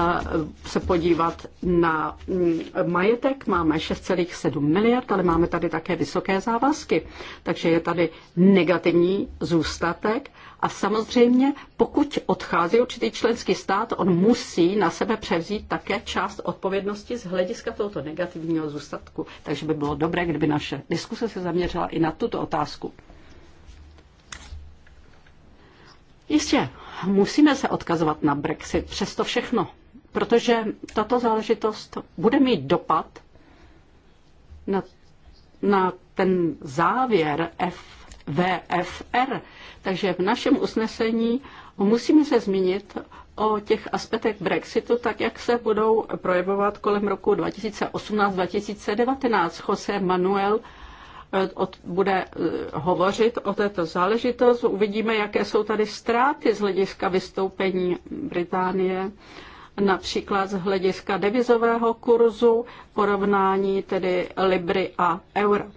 se podívat na mm, majetek. Máme 6,7 miliard, ale máme tady také vysoké závazky. Takže je tady negativní zůstatek. A samozřejmě, pokud odchází určitý členský stát, on musí na sebe převzít také část odpovědnosti z hlediska tohoto negativního zůstatku. Takže by bylo dobré, kdyby naše diskuse se zaměřila i na tuto otázku. Jistě, musíme se odkazovat na Brexit, přesto všechno, protože tato záležitost bude mít dopad na, na ten závěr FVFR. Takže v našem usnesení musíme se zmínit o těch aspektech Brexitu, tak jak se budou projevovat kolem roku 2018-2019. Jose Manuel Eh, od, bude eh, hovořit o této záležitost. Uvidíme, jaké jsou tady ztráty z hlediska vystoupení Británie, například z hlediska devizového kurzu, porovnání tedy Libry a eura.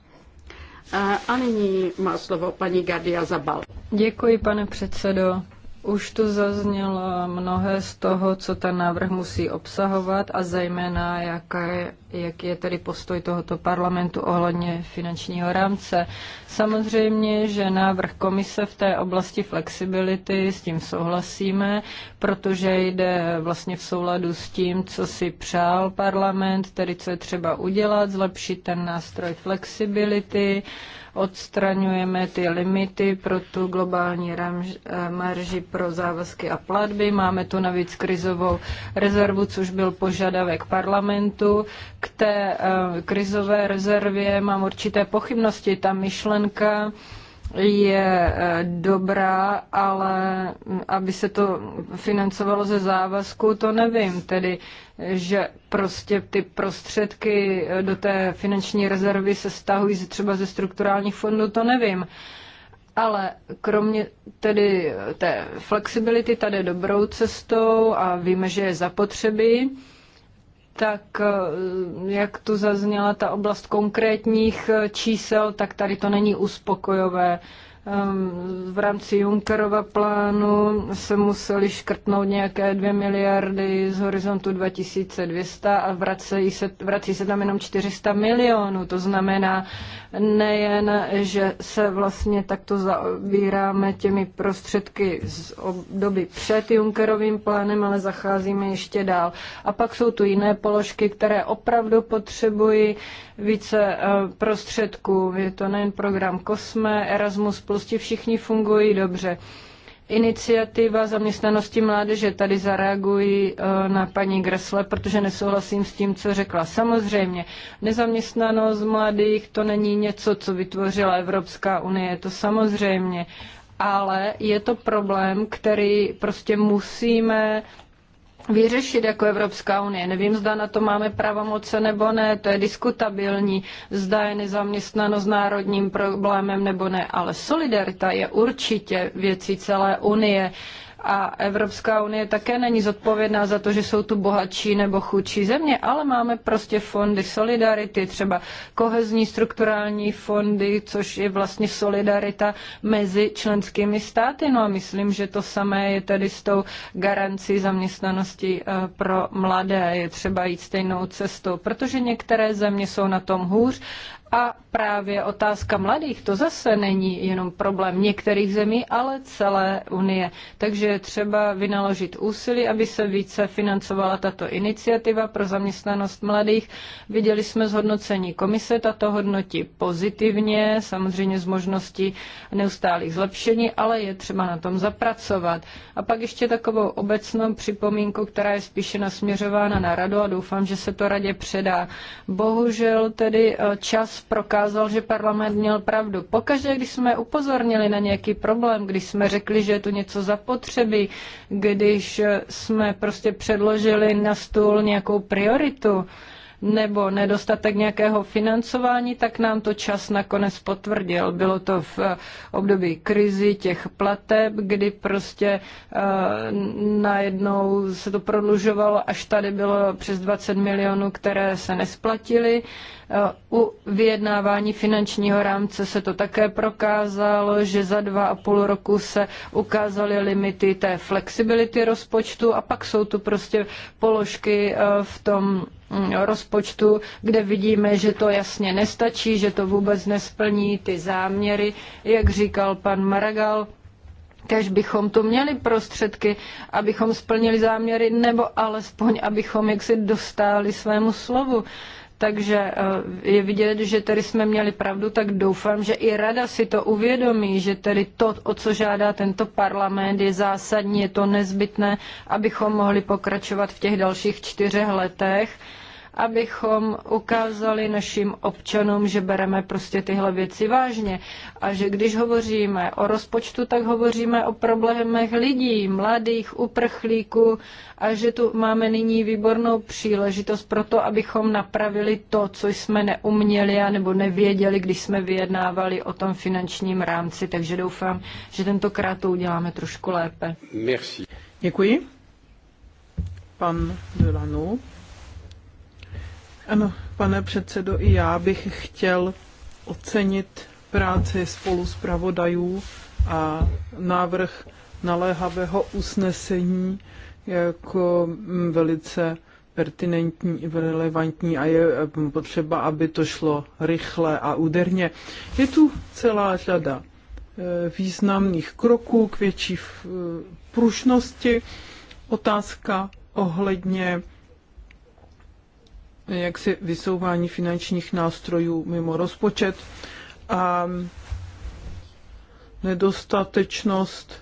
Eh, a nyní má slovo paní Gadia Zabal. Děkuji, pane předsedo. Už tu zaznělo mnohé z toho, co ten návrh musí obsahovat a zejména jaké, jaký je tedy postoj tohoto parlamentu ohledně finančního rámce. Samozřejmě, že návrh komise v té oblasti flexibility, s tím souhlasíme, protože jde vlastně v souladu s tím, co si přál parlament, tedy co je třeba udělat, zlepšit ten nástroj flexibility, odstraňujeme ty limity pro tu globální eh, marži pro závazky a platby. Máme tu navíc krizovou rezervu, což byl požadavek parlamentu. K té eh, krizové rezervě mám určité pochybnosti. Ta myšlenka, je eh, dobrá, ale aby se to financovalo ze závazku, to nevím. Tedy, že prostě ty prostředky eh, do té finanční rezervy se stahují třeba ze strukturálních fondů, to nevím. Ale kromě tedy eh, té flexibility tady dobrou cestou a víme, že je zapotřebí, tak eh, jak tu zazněla ta oblast konkrétních eh, čísel, tak tady to není uspokojové. Ehm, v rámci Junckerova plánu se museli škrtnout nějaké 2 miliardy z horizontu 2200 a vrací se, vrací se tam jenom 400 milionů. To znamená nejen, že se vlastně takto zaobíráme těmi prostředky z doby před Junckerovým plánem, ale zacházíme ještě dál. A pak jsou tu jiné položky, které opravdu potřebují více eh, prostředků. Je to nejen program Kosme, Erasmus, ti všichni fungují dobře. Iniciativa zaměstnanosti mládeže, tady zareaguji eh, na paní Gresle, protože nesouhlasím s tím, co řekla. Samozřejmě, nezaměstnanost mladých to není něco, co vytvořila Evropská unie, to samozřejmě ale je to problém, který prostě musíme vyřešit jako Evropská unie. Nevím, zda na to máme pravomoce nebo ne, to je diskutabilní, zda je nezaměstnanost národním problémem nebo ne, ale solidarita je určitě věcí celé unie a Evropská unie také není zodpovědná za to, že jsou tu bohatší nebo chudší země, ale máme prostě fondy solidarity, třeba kohezní strukturální fondy, což je vlastně solidarita mezi členskými státy. No a myslím, že to samé je tedy s tou garancí zaměstnanosti eh, pro mladé. Je třeba jít stejnou cestou, protože některé země jsou na tom hůř a právě otázka mladých, to zase není jenom problém některých zemí, ale celé Unie. Takže je třeba vynaložit úsilí, aby se více financovala tato iniciativa pro zaměstnanost mladých. Viděli jsme zhodnocení komise, tato hodnotí pozitivně, samozřejmě z možností neustálých zlepšení, ale je třeba na tom zapracovat. A pak ještě takovou obecnou připomínku, která je spíše nasměřována na radu a doufám, že se to radě předá. Bohužel tedy eh, čas prokázal, že parlament měl pravdu. Pokaždé, když jsme upozornili na nějaký problém, když jsme řekli, že je tu něco zapotřebí, když jsme prostě předložili na stůl nějakou prioritu nebo nedostatek nějakého financování, tak nám to čas nakonec potvrdil. Bylo to v eh, období krizi těch plateb, kdy prostě eh, najednou se to prodlužovalo, až tady bylo přes 20 milionů, které se nesplatily. Eh, u vyjednávání finančního rámce se to také prokázalo, že za dva a půl roku se ukázaly limity té flexibility rozpočtu a pak jsou tu prostě položky eh, v tom mm, rozpočtu, kde vidíme, že to jasně nestačí, že to vůbec nesplní ty záměry, jak říkal pan Maragal. Kež bychom tu měli prostředky, abychom splnili záměry, nebo alespoň, abychom jaksi dostáli svému slovu. Takže eh, je vidět, že tady jsme měli pravdu, tak doufám, že i rada si to uvědomí, že tedy to, o co žádá tento parlament, je zásadní, je to nezbytné, abychom mohli pokračovat v těch dalších čtyřech letech abychom ukázali našim občanům, že bereme prostě tyhle věci vážně a že když hovoříme o rozpočtu, tak hovoříme o problémech lidí, mladých, uprchlíků a že tu máme nyní výbornou příležitost pro to, abychom napravili to, co jsme neuměli a nebo nevěděli, když jsme vyjednávali o tom finančním rámci. Takže doufám, že tentokrát to uděláme trošku lépe. Merci. Děkuji. Pan Delano. Ano, pane předsedo, i já bych chtěl ocenit práci spolu s pravodajů a návrh naléhavého usnesení jako mm, velice pertinentní, relevantní a je mm, potřeba, aby to šlo rychle a úderně. Je tu celá řada e, významných kroků k větší e, pružnosti. Otázka ohledně jaksi vysouvání finančních nástrojů mimo rozpočet a nedostatečnost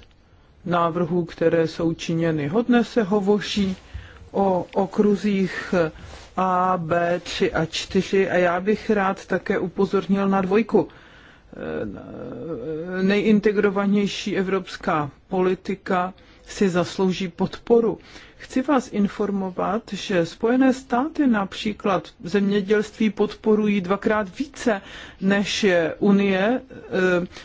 návrhů, které jsou činěny. Hodně se hovoří o okruzích A, B, 3 a 4 a já bych rád také upozornil na dvojku. Nejintegrovanější evropská politika si zaslouží podporu. Chci vás informovat, že Spojené státy například zemědělství podporují dvakrát více než je Unie e,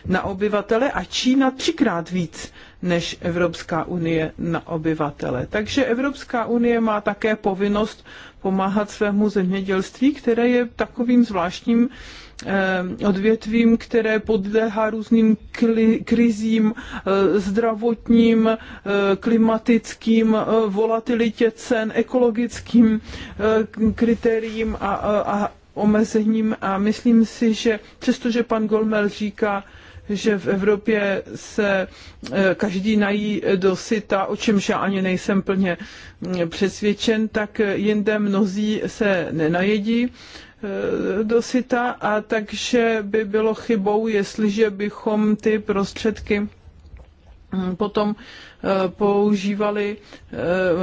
na obyvatele a Čína třikrát víc než Evropská unie na obyvatele. Takže Evropská unie má také povinnost pomáhat svému zemědělství, které je takovým zvláštním Eh, odvětvím, které podléhá různým krizím, eh, zdravotním, eh, klimatickým, volatilitě cen, ekologickým kritériím a, a omezením. A myslím si, že přestože pan Golmel říká, že v Evropě se každý nají do syta, o čemž já ani nejsem plně mm, přesvědčen, tak jinde mnozí se nenajedí. Eh, do a takže by bylo chybou, jestliže bychom ty prostředky hm, potom eh, používali,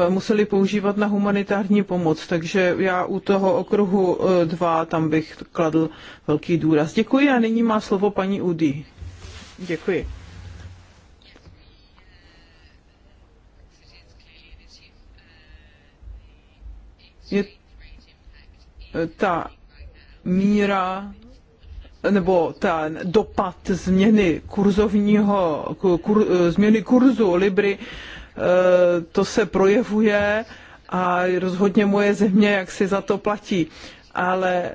eh, museli používat na humanitární pomoc. Takže já u toho okruhu 2 tam bych kladl velký důraz. Děkuji a nyní má slovo paní Udy. Děkuji. Je ta míra nebo ten dopad změny kurzovního, kur, eh, změny kurzu Libry, eh, to se projevuje a rozhodně moje země jak si za to platí. Ale eh,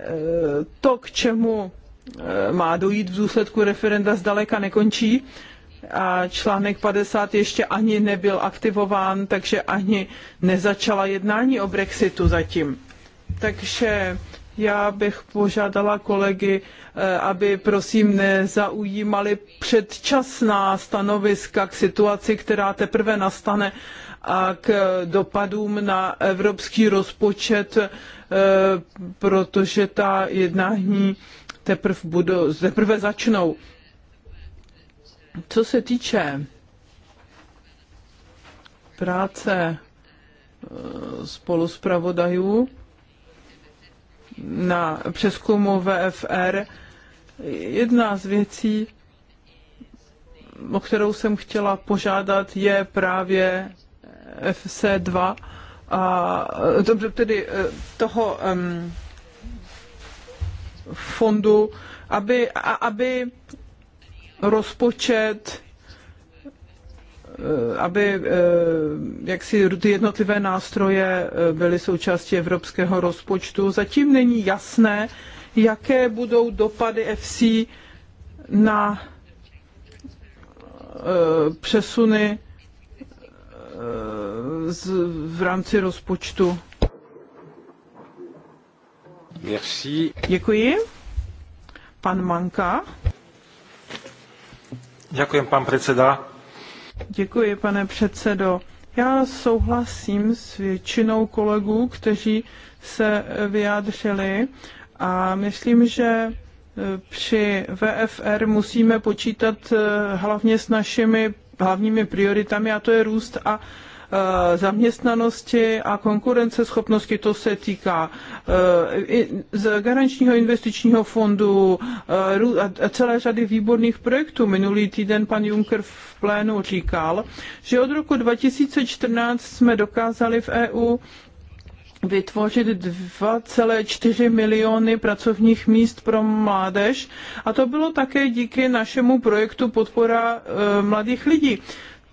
to, k čemu má dojít v důsledku referenda, zdaleka nekončí a článek 50 ještě ani nebyl aktivován, takže ani nezačala jednání o Brexitu zatím. Takže já bych požádala kolegy, eh, aby prosím nezaujímali předčasná stanoviska k situaci, která teprve nastane a k dopadům na evropský rozpočet, eh, protože ta jednání teprve, budou, teprve začnou. Co se týče práce eh, spoluspravodajů, na přeskumu VFR. Jedna z věcí, o kterou jsem chtěla požádat, je právě FC2, a, dobře, tedy eh, toho um, fondu, aby, a, aby rozpočet Eh, aby eh, jak si ty jednotlivé nástroje eh, byly součástí evropského rozpočtu. Zatím není jasné, jaké budou dopady FC na přesuny z, v rámci rozpočtu. Merci. Děkuji. Pan Manka. Děkuji, pan předseda. Děkuji, pane předsedo. Já souhlasím s většinou kolegů, kteří se vyjádřili a myslím, že eh, při VFR musíme počítat eh, hlavně s našimi hlavními prioritami a to je růst a Eh, zaměstnanosti a konkurenceschopnosti. To se týká eh, z garančního investičního fondu eh, a celé řady výborných projektů. Minulý týden pan Juncker v plénu říkal, že od roku 2014 jsme dokázali v EU vytvořit 2,4 miliony pracovních míst pro mládež a to bylo také díky našemu projektu podpora mladých lidí.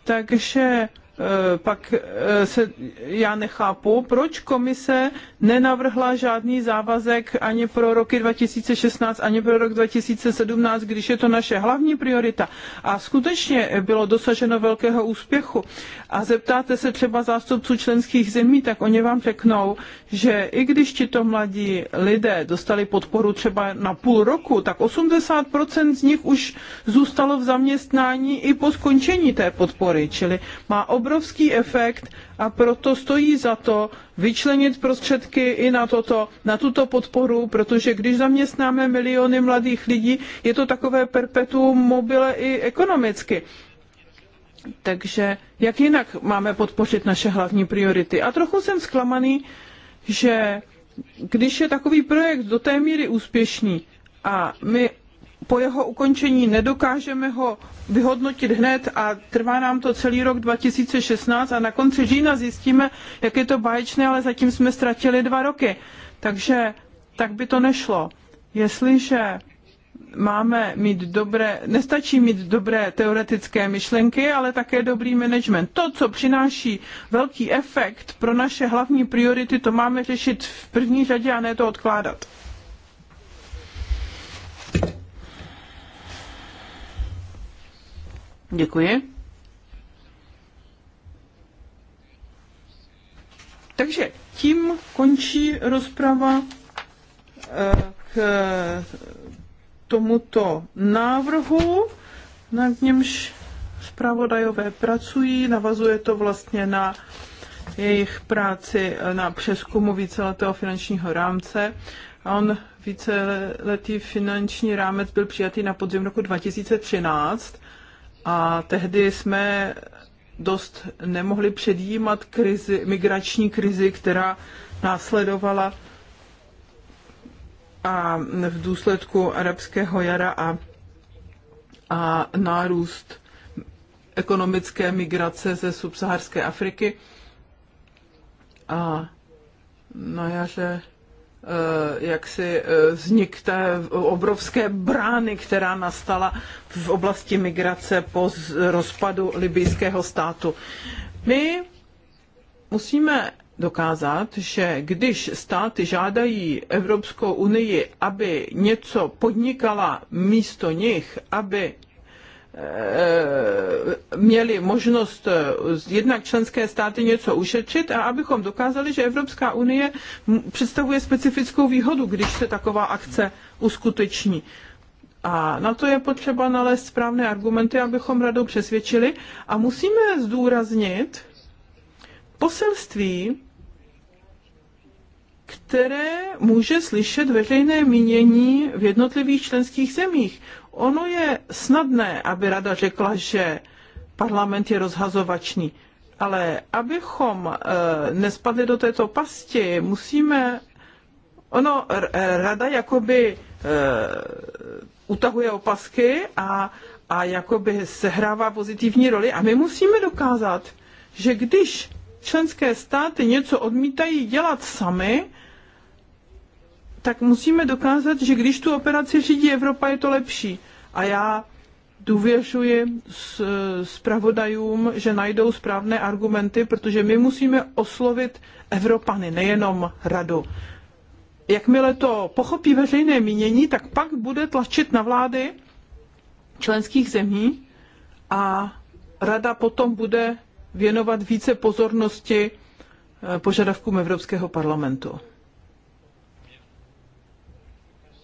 Takže Eh, pak eh, se, já nechápu, proč komise nenavrhla žádný závazek ani pro roky 2016, ani pro rok 2017, když je to naše hlavní priorita. A skutečně bylo dosaženo velkého úspěchu. A zeptáte se třeba zástupců členských zemí, tak oni vám řeknou, že i když tito mladí lidé dostali podporu třeba na půl roku, tak 80% z nich už zůstalo v zaměstnání i po skončení té podpory, čili má obrovský obrovský efekt a proto stojí za to vyčlenit prostředky i na, toto, na tuto podporu, protože když zaměstnáme miliony mladých lidí, je to takové perpetuum mobile i ekonomicky. Takže jak jinak máme podpořit naše hlavní priority? A trochu jsem zklamaný, že když je takový projekt do té míry úspěšný a my po jeho ukončení nedokážeme ho vyhodnotit hned a trvá nám to celý rok 2016 a na konci října zjistíme, jak je to báječné, ale zatím jsme ztratili dva roky. Takže tak by to nešlo. Jestliže máme mít dobré, nestačí mít dobré teoretické myšlenky, ale také dobrý management. To, co přináší velký efekt pro naše hlavní priority, to máme řešit v první řadě a ne to odkládat. Děkuji. Takže tím končí rozprava eh, k eh, tomuto návrhu, na němž zpravodajové pracují. Navazuje to vlastně na jejich práci eh, na přeskumu víceletého finančního rámce. A on víceletý finanční rámec byl přijatý na podzim roku 2013 a tehdy jsme dost nemohli předjímat krizi, migrační krizi, která následovala a v důsledku arabského jara a, a nárůst ekonomické migrace ze subsaharské Afriky. A na jaře Eh, jak si eh, vznik té obrovské brány, která nastala v oblasti migrace po rozpadu libijského státu. My musíme dokázat, že když státy žádají Evropskou unii, aby něco podnikala místo nich, aby Eh, měli možnost eh, jednak členské státy něco ušetřit a abychom dokázali, že Evropská unie představuje specifickou výhodu, když se taková akce uskuteční. A na to je potřeba nalézt správné argumenty, abychom radou přesvědčili. A musíme zdůraznit poselství, které může slyšet veřejné mínění v jednotlivých členských zemích. Ono je snadné, aby rada řekla, že parlament je rozhazovačný, ale abychom eh, nespadli do této pasti, musíme. Ono, eh, rada jakoby eh, utahuje opasky a, a jakoby sehrává pozitivní roli a my musíme dokázat, že když členské státy něco odmítají dělat sami, tak musíme dokázat, že když tu operaci řídí Evropa, je to lepší a já důvěřuji zpravodajům, že najdou správné argumenty, protože my musíme oslovit Evropany, nejenom radu. Jakmile to pochopí veřejné mínění, tak pak bude tlačit na vlády členských zemí a rada potom bude věnovat více pozornosti eh, požadavkům Evropského parlamentu.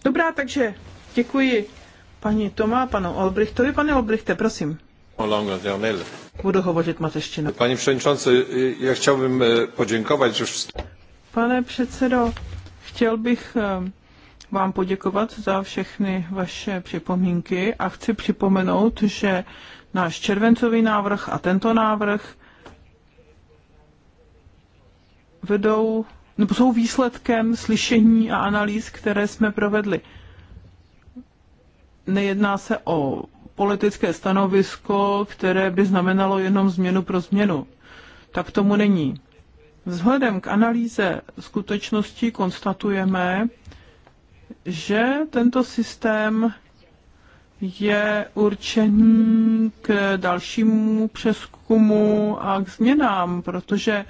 Dobrá, takže děkuji Pani Toma Olbrich, panu Olbrichtovi. Pane Olbrichte, prosím. Budu hovořit mateštinou. Pane předsedající, já chtěl bych eh, poděkovat, že... Pane předsedo, chtěl bych eh, vám poděkovat za všechny vaše připomínky a chci připomenout, že náš červencový návrh a tento návrh vedou, nebo jsou výsledkem slyšení a analýz, které jsme provedli nejedná se o politické stanovisko, které by znamenalo jenom změnu pro změnu. Tak tomu není. Vzhledem k analýze skutečností konstatujeme, že tento systém je určen k dalšímu přeskumu a k změnám, protože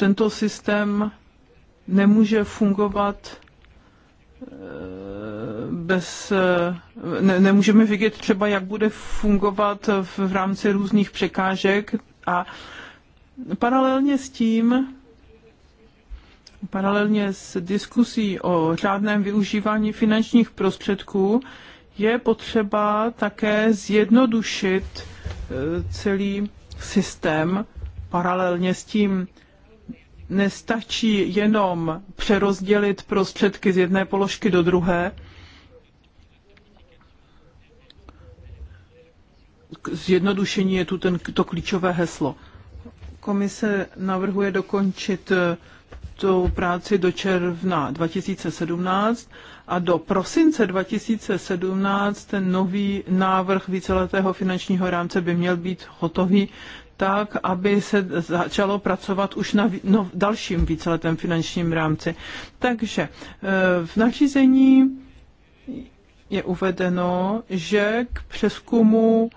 tento systém nemůže fungovat eh, bez, eh, ne, nemůžeme vidět třeba, jak bude fungovat v, v rámci různých překážek a paralelně s tím, paralelně s diskusí o řádném využívání finančních prostředků, je potřeba také zjednodušit eh, celý systém paralelně s tím, nestačí jenom přerozdělit prostředky z jedné položky do druhé, zjednodušení je tu ten, to klíčové heslo. Komise navrhuje dokončit eh, tu práci do června 2017 a do prosince 2017 ten nový návrh víceletého finančního rámce by měl být hotový tak, aby se začalo pracovat už na no, dalším víceletém finančním rámci. Takže eh, v nařízení je uvedeno, že k přeskumu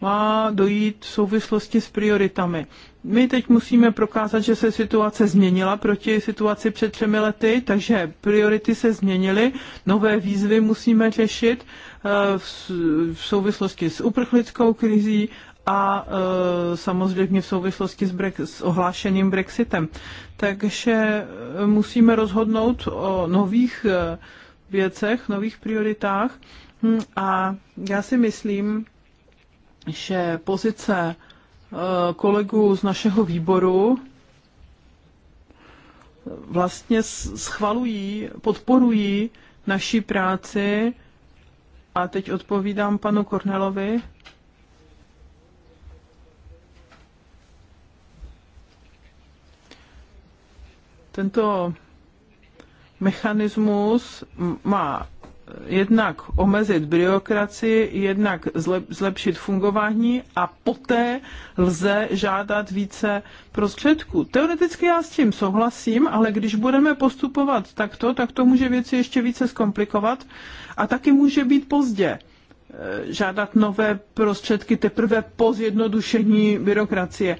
má dojít v souvislosti s prioritami. My teď musíme prokázat, že se situace změnila proti situaci před třemi lety, takže priority se změnily, nové výzvy musíme řešit eh, v souvislosti s uprchlickou krizí, a e, samozřejmě v souvislosti s, Brex- s ohlášeným Brexitem. Takže e, musíme rozhodnout o nových e, věcech, nových prioritách hm, a já si myslím, že pozice kolegů z našeho výboru vlastně schvalují, podporují naší práci a teď odpovídám panu Kornelovi, Tento mechanismus má jednak omezit byrokracii, jednak zlepšit fungování a poté lze žádat více prostředků. Teoreticky já s tím souhlasím, ale když budeme postupovat takto, tak to může věci ještě více zkomplikovat a taky může být pozdě e, žádat nové prostředky teprve po zjednodušení byrokracie.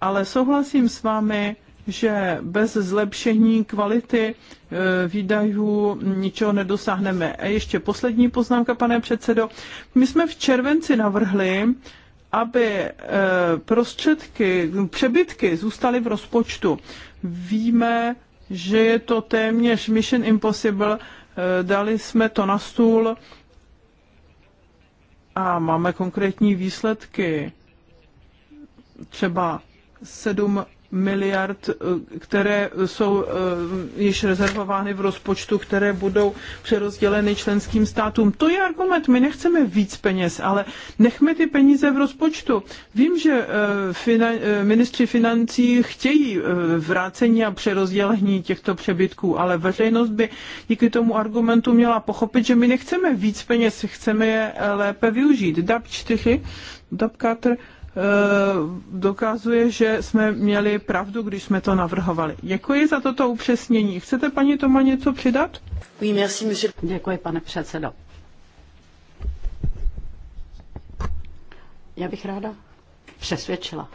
Ale souhlasím s vámi, že bez zlepšení kvality e, výdajů ničeho nedosáhneme. A ještě poslední poznámka, pane předsedo. My jsme v červenci navrhli, aby e, prostředky, přebytky zůstaly v rozpočtu. Víme, že je to téměř Mission Impossible, e, dali jsme to na stůl a máme konkrétní výsledky. Třeba 7 miliard, eh, které jsou eh, již rezervovány v rozpočtu, které budou přerozděleny členským státům. To je argument. My nechceme víc peněz, ale nechme ty peníze v rozpočtu. Vím, že eh, finan, ministři financí chtějí vrácení a přerozdělení těchto přebytků, ale veřejnost by díky tomu argumentu měla pochopit, že my nechceme víc peněz, chceme je lépe využít. DAP 4, DAP 4 Eh, dokazuje, že jsme měli pravdu, když jsme to navrhovali. Děkuji za toto upřesnění. Chcete, paní Toma, něco přidat? Děkuji, pane předsedo. Já bych ráda přesvědčila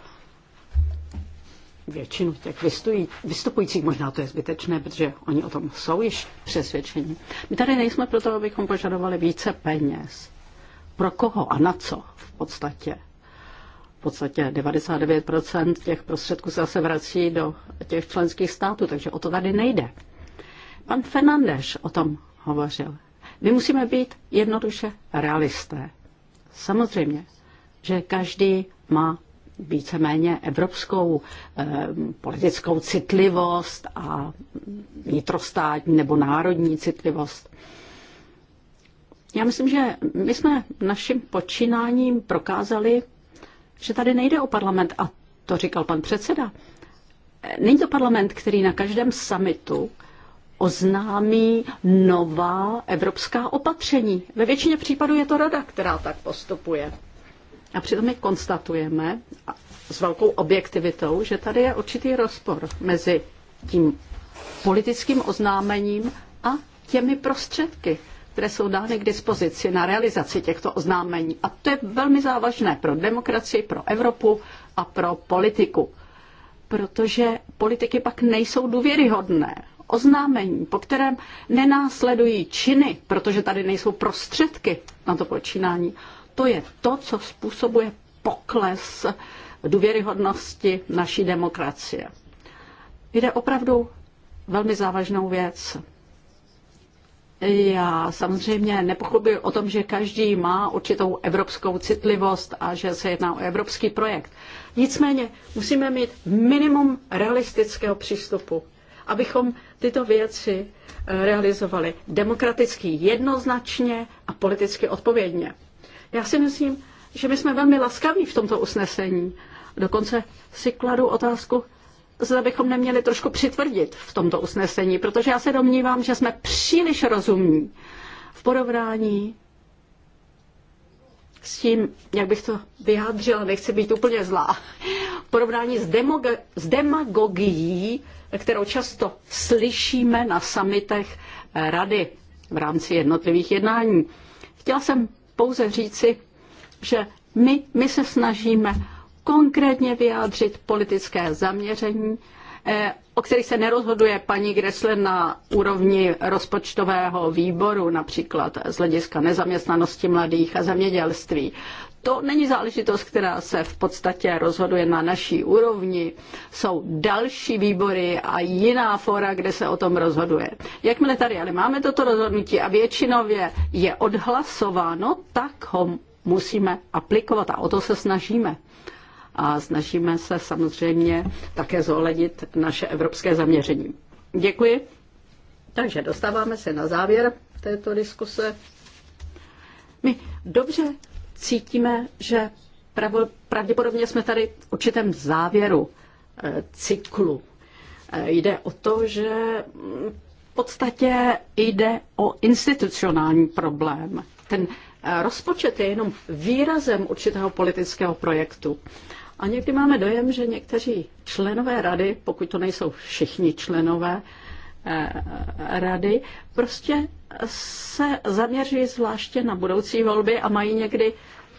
většinu těch vystují, vystupujících, možná to je zbytečné, protože oni o tom jsou již přesvědčení. My tady nejsme proto, abychom požadovali více peněz. Pro koho a na co v podstatě? v podstatě 99% těch prostředků zase vrací do těch členských států, takže o to tady nejde. Pan Fernandeš o tom hovořil. My musíme být jednoduše realisté. Samozřejmě, že každý má víceméně evropskou eh, politickou citlivost a vnitrostátní nebo národní citlivost. Já myslím, že my jsme naším počínáním prokázali, že tady nejde o parlament, a to říkal pan předseda, není to parlament, který na každém summitu oznámí nová evropská opatření. Ve většině případů je to rada, která tak postupuje. A přitom my konstatujeme s velkou objektivitou, že tady je určitý rozpor mezi tím politickým oznámením a těmi prostředky, které jsou dány k dispozici na realizaci těchto oznámení. A to je velmi závažné pro demokracii, pro Evropu a pro politiku. Protože politiky pak nejsou důvěryhodné. Oznámení, po kterém nenásledují činy, protože tady nejsou prostředky na to počínání, to je to, co způsobuje pokles důvěryhodnosti naší demokracie. Jde opravdu velmi závažnou věc. Já samozřejmě nepochopuji o tom, že každý má určitou evropskou citlivost a že se jedná o evropský projekt. Nicméně musíme mít minimum realistického přístupu, abychom tyto věci eh, realizovali demokraticky jednoznačně a politicky odpovědně. Já si myslím, že my jsme velmi laskaví v tomto usnesení. Dokonce si kladu otázku, zda bychom neměli trošku přitvrdit v tomto usnesení, protože já se domnívám, že jsme příliš rozumní v porovnání s tím, jak bych to vyjádřila, nechci být úplně zlá, v porovnání s, s demagogií, kterou často slyšíme na samitech rady v rámci jednotlivých jednání. Chtěla jsem pouze říci, že my, my se snažíme konkrétně vyjádřit politické zaměření, eh, o kterých se nerozhoduje paní Gressler na úrovni rozpočtového výboru, například z hlediska nezaměstnanosti mladých a zemědělství. To není záležitost, která se v podstatě rozhoduje na naší úrovni. Jsou další výbory a jiná fora, kde se o tom rozhoduje. Jakmile tady ale máme toto rozhodnutí a většinově je odhlasováno, tak ho musíme aplikovat a o to se snažíme a snažíme se samozřejmě také zohlednit naše evropské zaměření. Děkuji. Takže dostáváme se na závěr této diskuse. My dobře cítíme, že pravděpodobně jsme tady v určitém závěru eh, cyklu. Eh, jde o to, že v podstatě jde o institucionální problém. Ten eh, rozpočet je jenom výrazem určitého politického projektu. A někdy máme dojem, že někteří členové rady, pokud to nejsou všichni členové eh, eh, rady, prostě se zaměřují zvláště na budoucí volby a mají někdy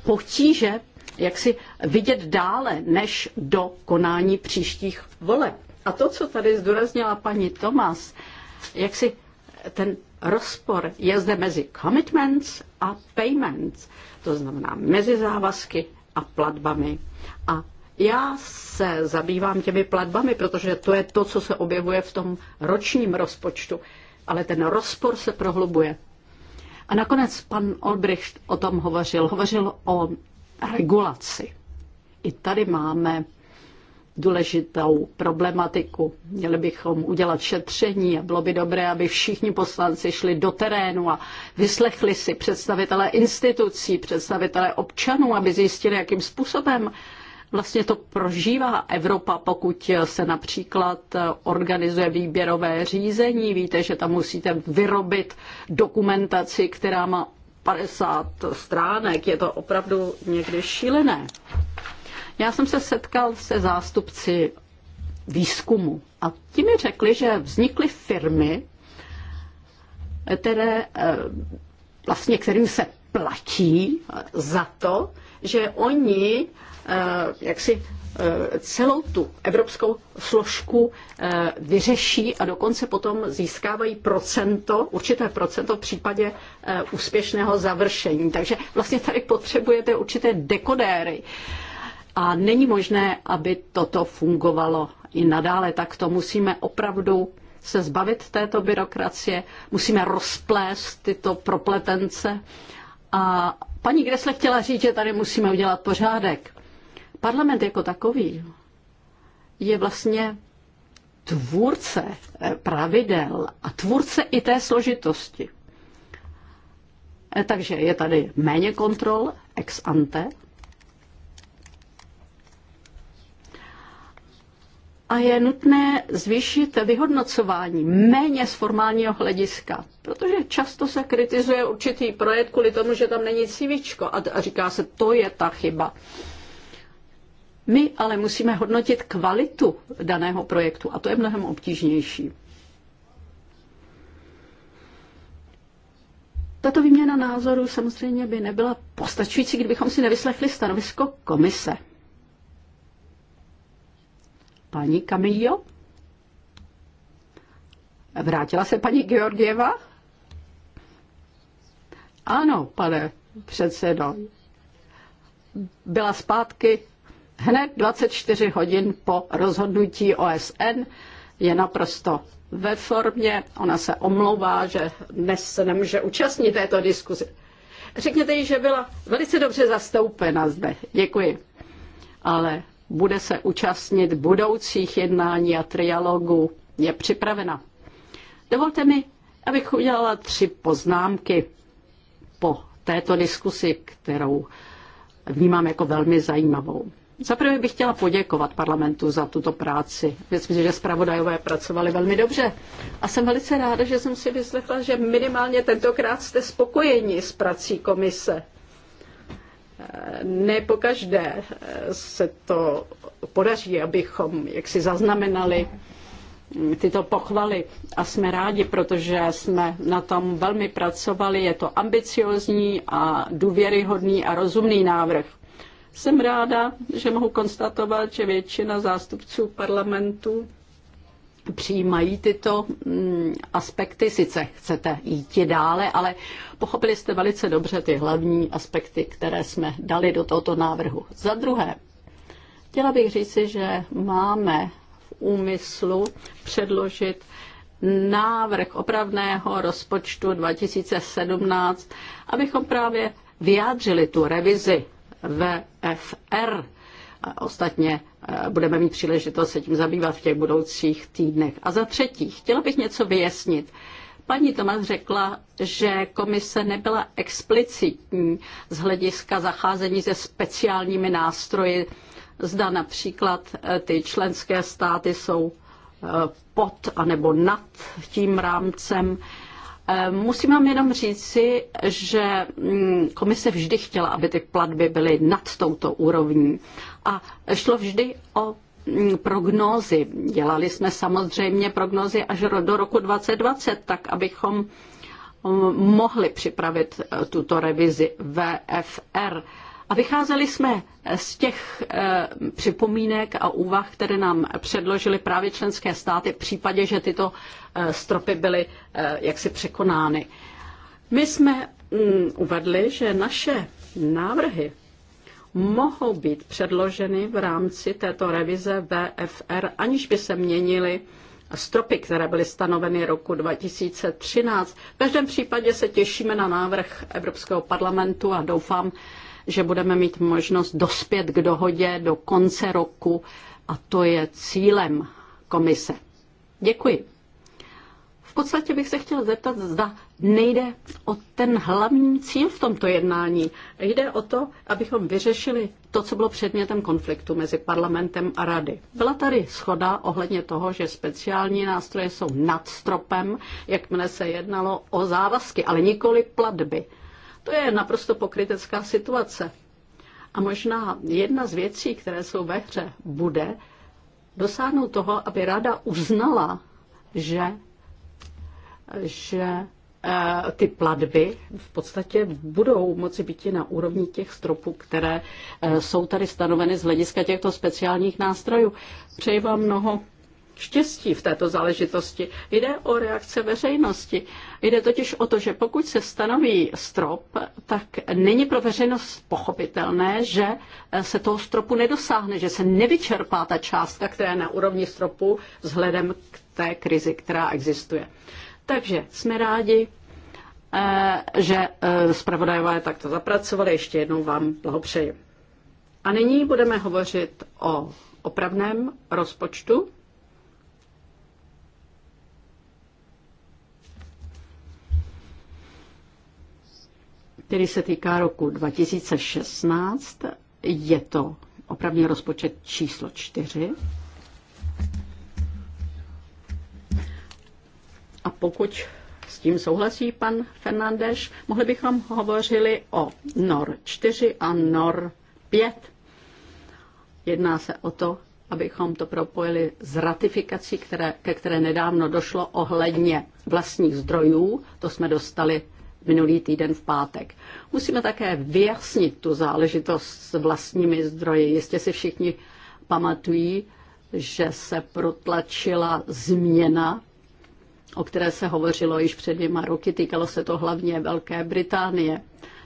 potíže, jak si vidět dále než do konání příštích voleb. A to, co tady zdůraznila paní Tomas, jak si ten rozpor je zde mezi commitments a payments, to znamená mezi závazky a platbami. A já se zabývám těmi platbami, protože to je to, co se objevuje v tom ročním rozpočtu. Ale ten rozpor se prohlubuje. A nakonec pan Olbricht o tom hovořil. Hovořil o regulaci. I tady máme důležitou problematiku. Měli bychom udělat šetření a bylo by dobré, aby všichni poslanci šli do terénu a vyslechli si představitele institucí, představitele občanů, aby zjistili, jakým způsobem vlastně to prožívá Evropa, pokud se například organizuje výběrové řízení. Víte, že tam musíte vyrobit dokumentaci, která má 50 stránek. Je to opravdu někdy šílené. Já jsem se setkal se zástupci výzkumu a ti mi řekli, že vznikly firmy, které eh, vlastně kterým se platí za to, že oni eh, jak si eh, celou tu evropskou složku vyřeší a dokonce potom získávají procento, určité procento v případě úspěšného završení. Takže vlastně tady potřebujete určité dekodéry a není možné, aby toto fungovalo i nadále, tak to musíme opravdu se zbavit této byrokracie, musíme rozplést tyto propletence. A paní Gresle chtěla říct, že tady musíme udělat pořádek. Parlament jako takový je vlastně tvůrce pravidel a tvůrce i té složitosti. Takže je tady méně kontrol ex ante, a je nutné zvýšit vyhodnocování méně z formálního hlediska, protože často se kritizuje určitý projekt kvůli tomu, že tam není CVčko a, a říká se, to je ta chyba. My ale musíme hodnotit kvalitu daného projektu a to je mnohem obtížnější. Tato výměna názorů samozřejmě by nebyla postačující, kdybychom si nevyslechli stanovisko komise. Paní Kamillo? Vrátila se paní Georgieva? Ano, pane předsedo. Byla zpátky hned 24 hodin po rozhodnutí OSN. Je naprosto ve formě. Ona se omlouvá, že dnes se nemůže účastnit této diskuzi. Řekněte jí, že byla velice dobře zastoupena zde. Děkuji. Ale bude se účastnit budoucích jednání a trialogů. Je připravena. Dovolte mi, abych udělala tři poznámky po této diskusi, kterou vnímám jako velmi zajímavou. Zaprvé bych chtěla poděkovat parlamentu za tuto práci. Myslím, že zpravodajové pracovali velmi dobře. A jsem velice ráda, že jsem si vyslechla, že minimálně tentokrát jste spokojeni s prací komise ne po každé se to podaří, abychom jaksi zaznamenali tyto pochvaly a jsme rádi, protože jsme na tom velmi pracovali. Je to ambiciozní a důvěryhodný a rozumný návrh. Jsem ráda, že mohu konstatovat, že většina zástupců parlamentu přijímají tyto mm, aspekty. Sice chcete jít dále, ale pochopili jste velice dobře ty hlavní aspekty, které jsme dali do tohoto návrhu. Za druhé, chtěla bych říci, že máme v úmyslu předložit návrh opravného rozpočtu 2017, abychom právě vyjádřili tu revizi VFR. A ostatně budeme mít příležitost se tím zabývat v těch budoucích týdnech. A za třetí, chtěla bych něco vyjasnit. Paní Tomas řekla, že komise nebyla explicitní z hlediska zacházení se speciálními nástroji, zda například eh, ty členské státy jsou eh, pod anebo nad tím rámcem. Eh, musím vám jenom říci, že mm, komise vždy chtěla, aby ty platby byly nad touto úrovní a šlo vždy o mm, prognózy. Dělali jsme samozřejmě prognózy až do roku 2020, tak abychom mm, mohli připravit eh, tuto revizi VFR. A vycházeli jsme eh, z těch eh, připomínek a úvah, které nám předložili právě členské státy v případě, že tyto eh, stropy byly jaksi překonány. My jsme mm, uvedli, že naše návrhy mohou být předloženy v rámci této revize VFR, aniž by se měnily stropy, které byly stanoveny roku 2013. V každém případě se těšíme na návrh Evropského parlamentu a doufám, že budeme mít možnost dospět k dohodě do konce roku a to je cílem komise. Děkuji. V podstatě bych se chtěl zeptat, zda nejde o ten hlavní cíl v tomto jednání. Jde o to, abychom vyřešili to, co bylo předmětem konfliktu mezi parlamentem a rady. Byla tady schoda ohledně toho, že speciální nástroje jsou nad stropem, jakmile se jednalo o závazky, ale nikoli platby. To je naprosto pokrytecká situace. A možná jedna z věcí, které jsou ve hře, bude dosáhnout toho, aby rada uznala, že, že eh, ty platby v podstatě budou moci být na úrovni těch stropů, které eh, jsou tady stanoveny z hlediska těchto speciálních nástrojů. Přeji vám mnoho štěstí v této záležitosti. Jde o reakce veřejnosti. Jde totiž o to, že pokud se stanoví strop, tak není pro veřejnost pochopitelné, že eh, se toho stropu nedosáhne, že se nevyčerpá ta částka, která je na úrovni stropu vzhledem k té krizi, která existuje. Takže jsme rádi, eh, že eh, zpravodajové takto zapracovali. Ještě jednou vám blahopřeji. A nyní budeme hovořit o opravném rozpočtu který se týká roku 2016. Je to opravdu rozpočet číslo 4. A pokud s tím souhlasí pan Fernandeš, mohli bychom hovořili o NOR 4 a NOR 5. Jedná se o to, abychom to propojili s ratifikací, které, ke které nedávno došlo ohledně vlastních zdrojů. To jsme dostali minulý týden v pátek. Musíme také vyjasnit tu záležitost s vlastními zdroji. Jistě si všichni pamatují, že se protlačila změna, o které se hovořilo již před dvěma roky, týkalo se to hlavně Velké Británie.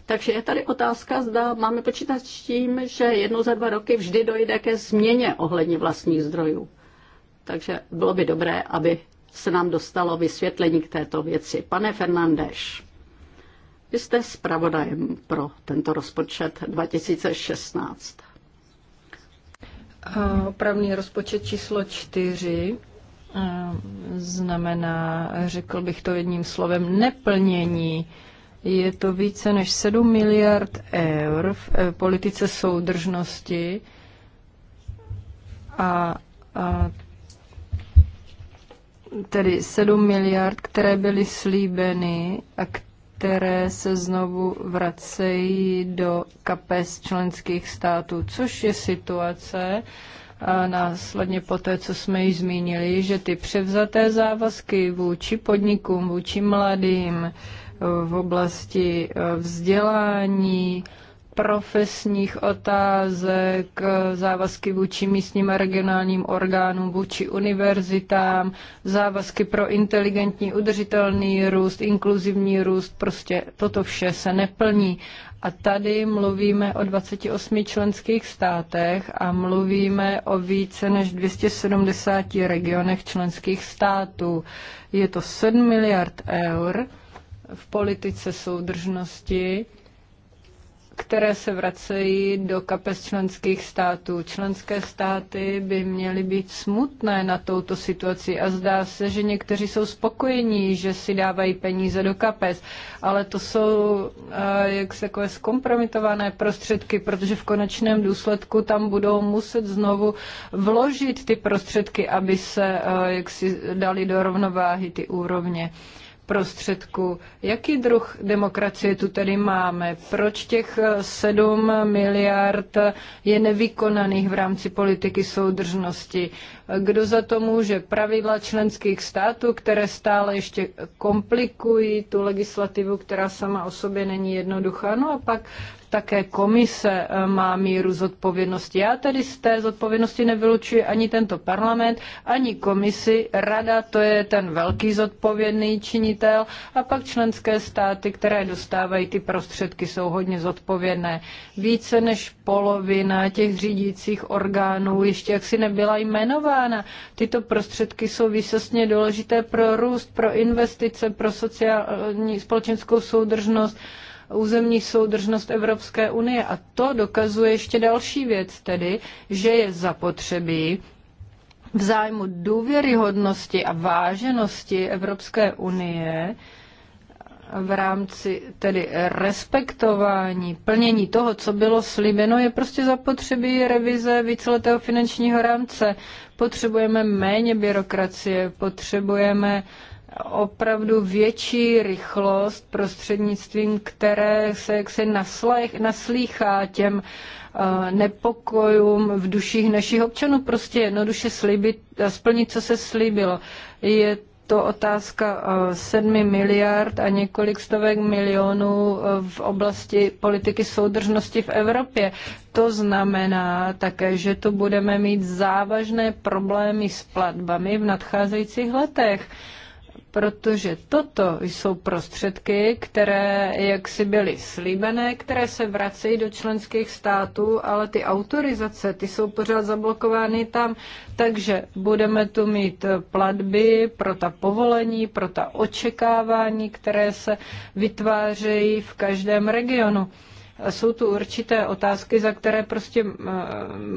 Takže je tady otázka, zda máme počítat s tím, že jednou za dva roky vždy dojde ke změně ohledně vlastních zdrojů. Takže bylo by dobré, aby se nám dostalo vysvětlení k této věci. Pane Fernandeš. Vy jste zpravodajem pro tento rozpočet 2016. Opravný rozpočet číslo čtyři znamená, řekl bych to jedním slovem, neplnění. Je to více než 7 miliard eur v eh, politice soudržnosti a, a tedy 7 miliard, které byly slíbeny a které které se znovu vracejí do kapes členských států, což je situace, a následně po té, co jsme již zmínili, že ty převzaté závazky vůči podnikům, vůči mladým v oblasti e, vzdělání, profesních otázek, závazky vůči místním a regionálním orgánům, vůči univerzitám, závazky pro inteligentní udržitelný růst, inkluzivní růst, prostě toto vše se neplní. A tady mluvíme o 28 členských státech a mluvíme o více než 270 regionech členských států. Je to 7 miliard eur v politice soudržnosti které se vracejí do kapes členských států. Členské státy by měly být smutné na touto situaci a zdá se, že někteří jsou spokojení, že si dávají peníze do kapes, ale to jsou eh, jak se takové zkompromitované prostředky, protože v konečném důsledku tam budou muset znovu vložit ty prostředky, aby se eh, jak si dali do rovnováhy ty úrovně. Prostředku. Jaký druh demokracie tu tedy máme? Proč těch 7 eh, miliard je nevykonaných v rámci politiky soudržnosti? Kdo za to může? Pravidla členských států, které stále ještě komplikují tu legislativu, která sama o sobě není jednoduchá. No a pak také komise eh, má míru zodpovědnosti. Já tedy z té zodpovědnosti nevylučuji ani tento parlament, ani komisi. Rada to je ten velký zodpovědný činitel a pak členské státy, které dostávají ty prostředky, jsou hodně zodpovědné. Více než polovina těch řídících orgánů ještě jaksi nebyla jmenována. Tyto prostředky jsou výsostně důležité pro růst, pro investice, pro sociální, společenskou soudržnost, územní soudržnost Evropské unie. A to dokazuje ještě další věc, tedy, že je zapotřebí v zájmu důvěryhodnosti a váženosti Evropské unie v rámci tedy respektování, plnění toho, co bylo slíbeno, je prostě zapotřebí revize víceletého finančního rámce. Potřebujeme méně byrokracie, potřebujeme uh, opravdu větší rychlost, prostřednictvím které se jaksi naslech, naslýchá těm eh, nepokojům v duších našich občanů. Prostě jednoduše slíbit, eh, splnit, co se slíbilo. Je to otázka 7 eh, miliard a několik stovek milionů v oblasti politiky soudržnosti v Evropě. To znamená také, že tu budeme mít závažné problémy s platbami v nadcházejících letech protože toto jsou prostředky, které jak si byly slíbené, které se vracejí do členských států, ale ty autorizace, ty jsou pořád zablokovány tam, takže budeme tu mít platby pro ta povolení, pro ta očekávání, které se vytvářejí v každém regionu jsou tu určité otázky, za které prostě eh,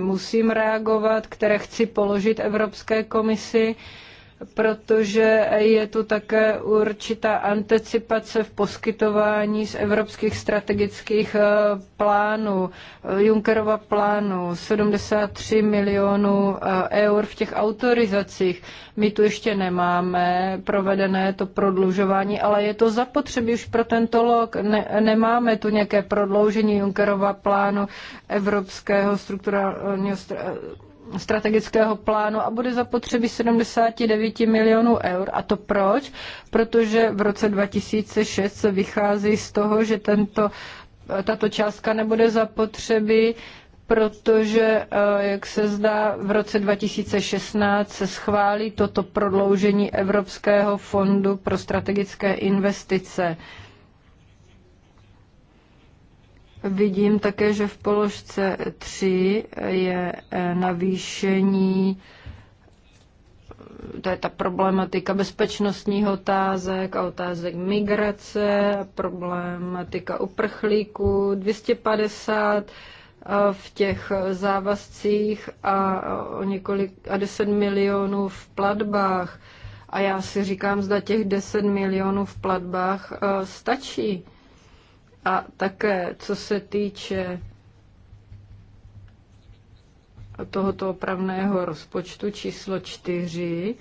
musím reagovat, které chci položit Evropské komisi protože je to také určitá anticipace v poskytování z evropských strategických eh, plánů, eh, Junckerova plánu, 73 milionů eh, eur v těch autorizacích. My tu ještě nemáme provedené to prodlužování, ale je to zapotřebí už pro tento lok. Ne, nemáme tu nějaké prodloužení Junckerova plánu Evropského strukturálního strategického plánu a bude zapotřebí 79 milionů eur. A to proč? Protože v roce 2006 se vychází z toho, že tento, tato částka nebude zapotřebí, protože, eh, jak se zdá, v roce 2016 se schválí toto prodloužení Evropského fondu pro strategické investice. Vidím také, že v položce 3 je eh, navýšení, to je ta problematika bezpečnostních otázek a otázek migrace, problematika uprchlíků 250 eh, v těch závazcích a, o několik, a 10 milionů v platbách. A já si říkám, zda těch 10 milionů v platbách eh, stačí a také, co se týče tohoto opravného rozpočtu číslo 4,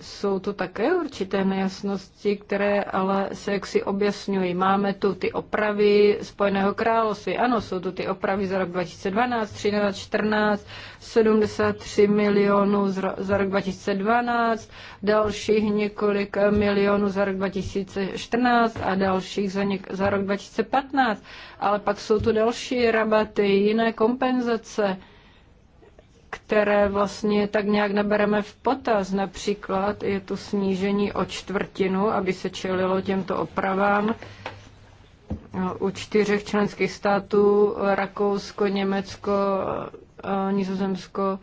jsou tu také určité nejasnosti, které ale se jaksi objasňují. Máme tu ty opravy Spojeného království, ano, jsou tu ty opravy za rok 2012, 13, 14, 73 milionů za rok 2012, dalších několik milionů za rok 2014 a dalších za, něk- za rok 2015. Ale pak jsou tu další rabaty, jiné kompenzace které vlastně tak nějak nebereme v potaz. Například je to snížení o čtvrtinu, aby se čelilo těmto opravám. U čtyřech členských států Rakousko, Německo, Nizozemsko,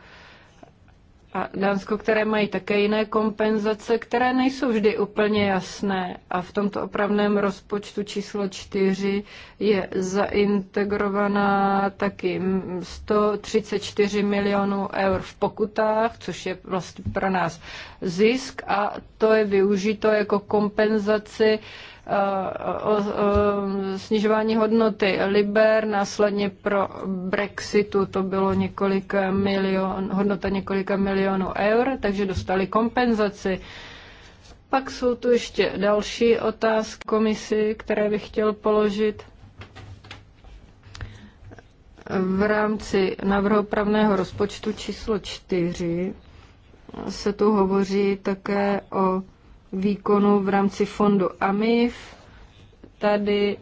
a Dánsko, které mají také jiné kompenzace, které nejsou vždy úplně jasné. A v tomto opravném rozpočtu číslo 4 je zaintegrovaná taky 134 milionů eur v pokutách, což je vlastně pro nás zisk a to je využito jako kompenzaci Eh, o, o snižování hodnoty liber, následně pro Brexitu to bylo několik milion, hodnota několika milionů eur, takže dostali kompenzaci. Pak jsou tu ještě další otázky komisi, které bych chtěl položit v rámci navrhopravného rozpočtu číslo 4 se tu hovoří také o výkonu v rámci fondu AMIF. Tady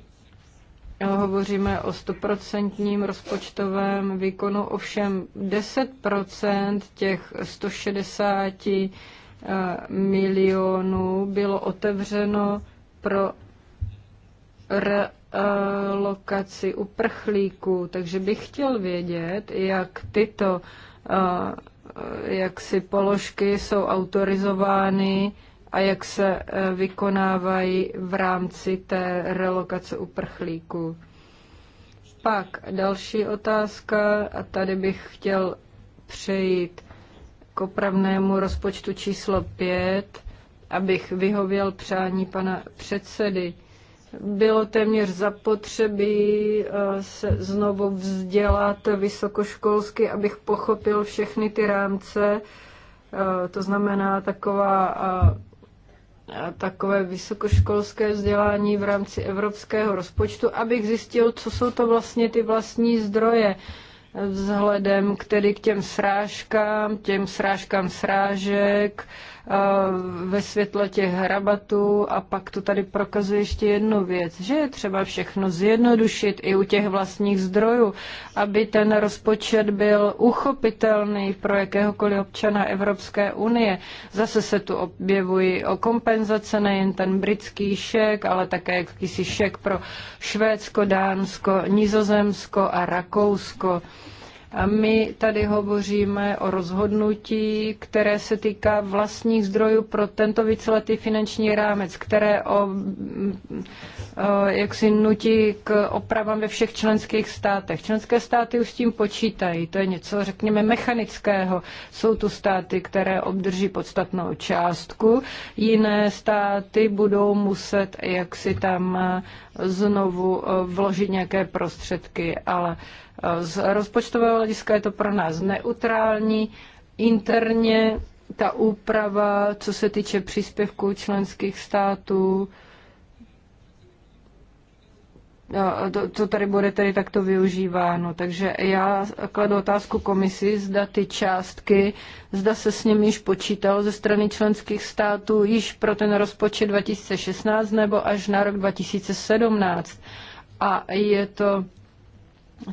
eh, hovoříme o 100% rozpočtovém výkonu, ovšem 10% těch 160 eh, milionů bylo otevřeno pro relokaci uprchlíků, takže bych chtěl vědět, jak tyto eh, jak si položky jsou autorizovány a jak se eh, vykonávají v rámci té relokace uprchlíků. Pak další otázka a tady bych chtěl přejít k opravnému rozpočtu číslo 5, abych vyhověl přání pana předsedy. Bylo téměř zapotřebí eh, se znovu vzdělat vysokoškolsky, abych pochopil všechny ty rámce, eh, to znamená taková takové vysokoškolské vzdělání v rámci evropského rozpočtu, abych zjistil, co jsou to vlastně ty vlastní zdroje vzhledem k, těm srážkám, těm srážkám srážek, ve světle těch hrabatů a pak tu tady prokazuje ještě jednu věc, že je třeba všechno zjednodušit i u těch vlastních zdrojů, aby ten rozpočet byl uchopitelný pro jakéhokoliv občana Evropské unie. Zase se tu objevují o kompenzace, nejen ten britský šek, ale také jakýsi šek pro Švédsko, Dánsko, Nizozemsko a Rakousko. A my tady hovoříme o rozhodnutí, které se týká vlastních zdrojů pro tento víceletý finanční rámec, které o, o, eh, jak si nutí k opravám ve všech členských státech. Členské státy už s tím počítají, to je něco, řekněme, mechanického. Jsou tu státy, které obdrží podstatnou částku, jiné státy budou muset jak si tam eh, znovu eh, vložit nějaké prostředky, ale z rozpočtového hlediska je to pro nás neutrální. Interně ta úprava, co se týče příspěvků členských států, to, to tady bude tady takto využíváno. Takže já kladu otázku komisi, zda ty částky, zda se s nimi již počítalo ze strany členských států již pro ten rozpočet 2016 nebo až na rok 2017. A je to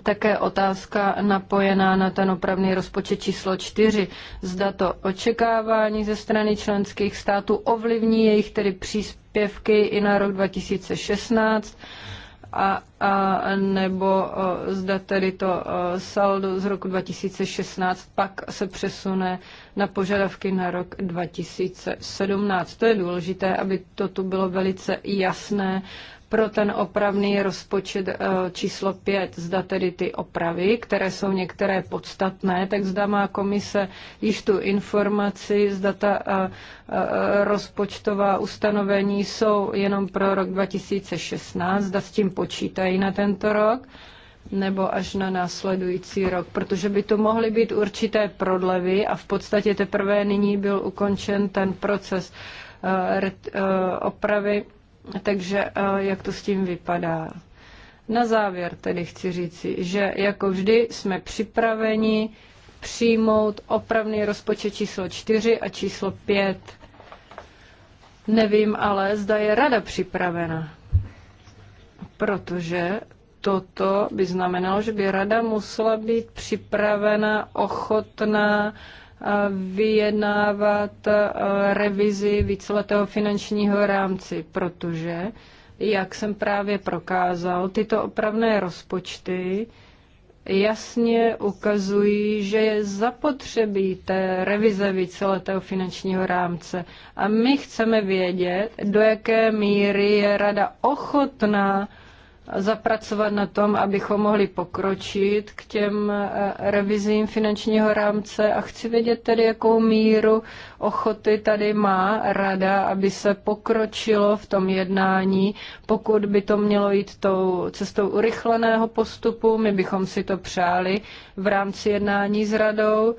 také otázka napojená na ten opravný rozpočet číslo 4. Zda to očekávání ze strany členských států ovlivní jejich tedy příspěvky i na rok 2016 a, a nebo zda tedy to saldo z roku 2016 pak se přesune na požadavky na rok 2017. To je důležité, aby to tu bylo velice jasné pro ten opravný rozpočet eh, číslo 5, zda tedy ty opravy, které jsou některé podstatné, tak zda má komise již tu informaci, zda ta eh, eh, rozpočtová ustanovení jsou jenom pro rok 2016, zda s tím počítají na tento rok nebo až na následující rok, protože by to mohly být určité prodlevy a v podstatě teprve nyní byl ukončen ten proces opravy takže eh, jak to s tím vypadá? Na závěr tedy chci říci, že jako vždy jsme připraveni přijmout opravný rozpočet číslo 4 a číslo 5. Nevím ale, zda je rada připravena, protože toto by znamenalo, že by rada musela být připravena, ochotná vyjednávat revizi víceletého finančního rámci, protože, jak jsem právě prokázal, tyto opravné rozpočty jasně ukazují, že je zapotřebí té revize víceletého finančního rámce. A my chceme vědět, do jaké míry je rada ochotná zapracovat na tom, abychom mohli pokročit k těm eh, revizím finančního rámce a chci vědět tedy, jakou míru ochoty tady má rada, aby se pokročilo v tom jednání. Pokud by to mělo jít tou cestou urychleného postupu, my bychom si to přáli v rámci jednání s radou.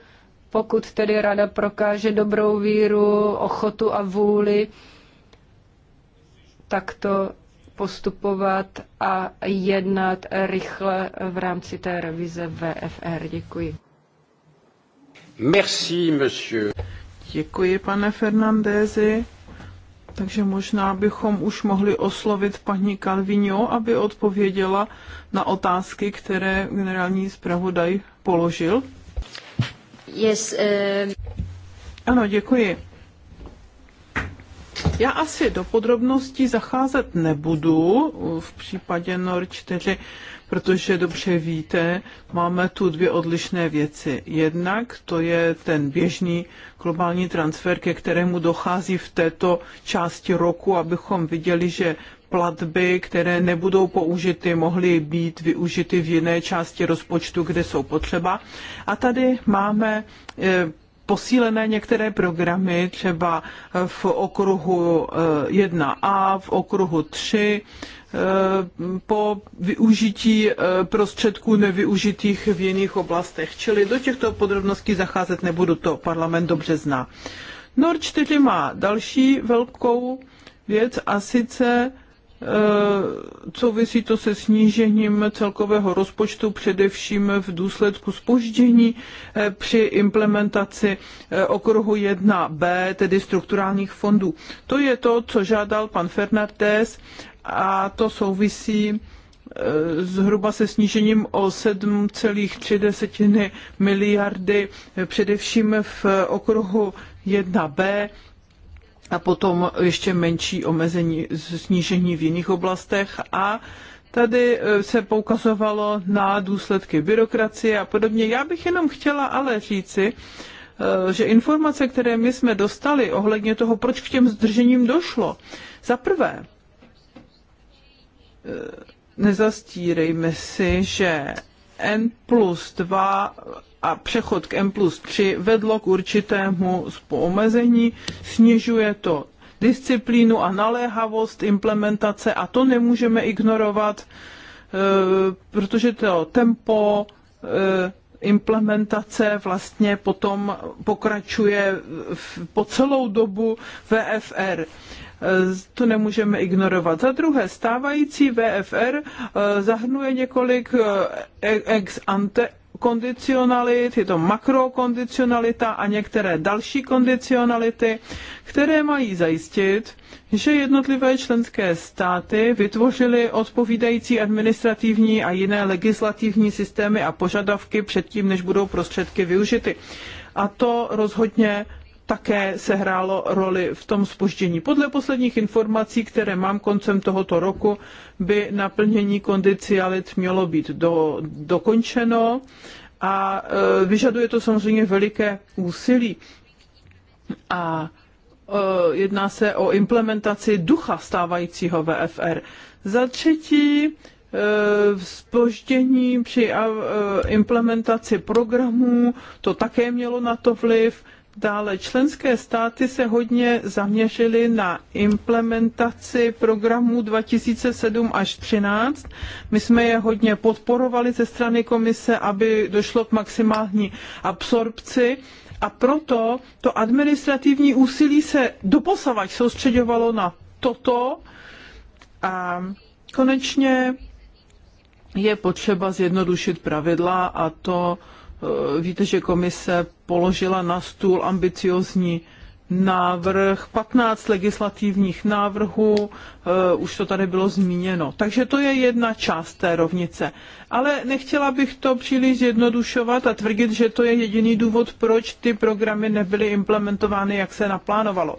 Pokud tedy rada prokáže dobrou víru, ochotu a vůli, tak to postupovat a jednat rychle v rámci té revize VFR. Děkuji. Merci, monsieur. Děkuji, pane Fernandézi. Takže možná bychom už mohli oslovit paní Calvino, aby odpověděla na otázky, které generální zpravodaj položil. Yes, uh... Ano, děkuji. Já asi do podrobností zacházet nebudu uh, v případě NOR 4, protože dobře víte, máme tu dvě odlišné věci. Jednak to je ten běžný globální transfer, ke kterému dochází v této části roku, abychom viděli, že platby, které nebudou použity, mohly být využity v jiné části rozpočtu, kde jsou potřeba. A tady máme eh, posílené některé programy, třeba v okruhu 1A, eh, v okruhu 3, eh, po využití eh, prostředků nevyužitých v jiných oblastech. Čili do těchto podrobností zacházet nebudu, to parlament dobře zná. Nord 4 má další velkou věc a sice Eh, souvisí to se snížením celkového rozpočtu, především v důsledku spoždění eh, při implementaci eh, okruhu 1b, tedy strukturálních fondů. To je to, co žádal pan Fernandez a to souvisí zhruba se snížením o 7,3 miliardy, především v okruhu 1b a potom ještě menší omezení, snížení v jiných oblastech a Tady e, se poukazovalo na důsledky byrokracie a podobně. Já bych jenom chtěla ale říci, e, že informace, které my jsme dostali ohledně toho, proč k těm zdržením došlo, za prvé, e, nezastírejme si, že N plus 2 a přechod k M plus 3 vedlo k určitému omezení, snižuje to disciplínu a naléhavost implementace a to nemůžeme ignorovat, e, protože to tempo e, implementace vlastně potom pokračuje po celou dobu VFR e, to nemůžeme ignorovat. Za druhé, stávající VFR zahrnuje několik ex ante kondicionalit, je to makrokondicionalita a některé další kondicionality, které mají zajistit, že jednotlivé členské státy vytvořily odpovídající administrativní a jiné legislativní systémy a požadavky předtím, než budou prostředky využity. A to rozhodně také sehrálo roli v tom spoždění. Podle posledních informací, které mám koncem tohoto roku, by naplnění kondicialit mělo být do, dokončeno a e, vyžaduje to samozřejmě veliké úsilí. A e, jedná se o implementaci ducha stávajícího VFR. Za třetí, spoždění e, při e, implementaci programů, to také mělo na to vliv. Dále členské státy se hodně zaměřily na implementaci programů 2007 až 2013. My jsme je hodně podporovali ze strany komise, aby došlo k maximální absorpci a proto to administrativní úsilí se doposavať soustředovalo na toto a konečně je potřeba zjednodušit pravidla a to Eh, víte, že komise položila na stůl ambiciozní návrh, 15 legislativních návrhů, eh, už to tady bylo zmíněno. Takže to je jedna část té rovnice. Ale nechtěla bych to příliš zjednodušovat a tvrdit, že to je jediný důvod, proč ty programy nebyly implementovány, jak se naplánovalo.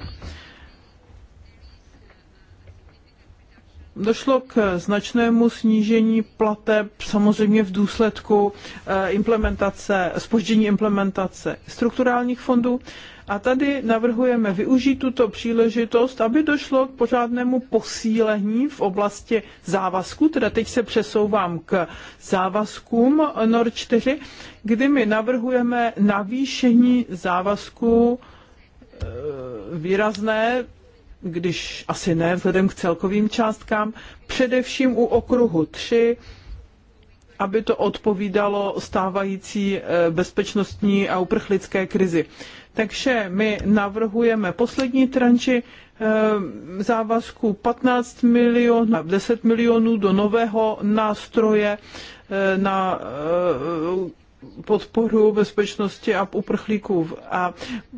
došlo k značnému snížení plateb samozřejmě v důsledku eh, implementace, spoždění implementace strukturálních fondů. A tady navrhujeme využít tuto příležitost, aby došlo k pořádnému posílení v oblasti závazku, teda teď se přesouvám k závazkům NOR 4, kdy my navrhujeme navýšení závazku eh, výrazné když asi ne, vzhledem k celkovým částkám, především u okruhu 3, aby to odpovídalo stávající eh, bezpečnostní a uprchlické krizi. Takže my navrhujeme poslední tranči eh, závazku 15 milionů, 10 milionů do nového nástroje eh, na podporu bezpečnosti a uprchlíků. A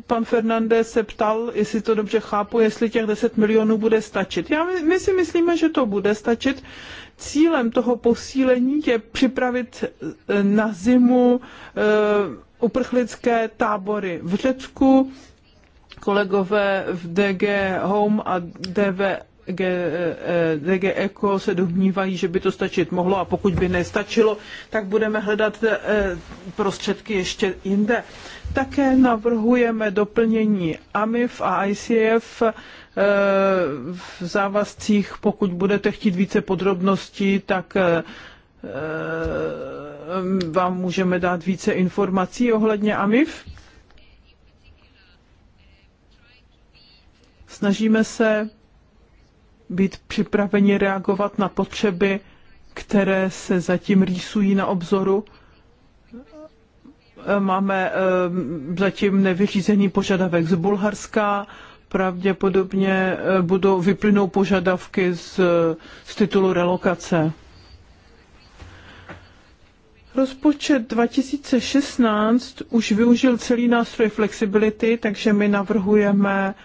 pan Fernandez se ptal, jestli to dobře chápu, jestli těch 10 milionů bude stačit. Já, my si myslíme, že to bude stačit. Cílem toho posílení je připravit eh, na zimu eh, uprchlické tábory v Řecku, kolegové v DG Home a DV DG Eco e, se domnívají, že by to stačit mohlo a pokud by nestačilo, tak budeme hledat e, prostředky ještě jinde. Také navrhujeme doplnění AMIF a ICF e, v závazcích, pokud budete chtít více podrobností, tak vám můžeme dát více informací ohledně AMIF. Snažíme se být připraveni reagovat na potřeby, které se zatím rýsují na obzoru. Máme ehm, zatím nevyřízený požadavek z Bulharska, pravděpodobně eh, budou, vyplynou požadavky z, z titulu relokace. Rozpočet 2016 už využil celý nástroj flexibility, takže my navrhujeme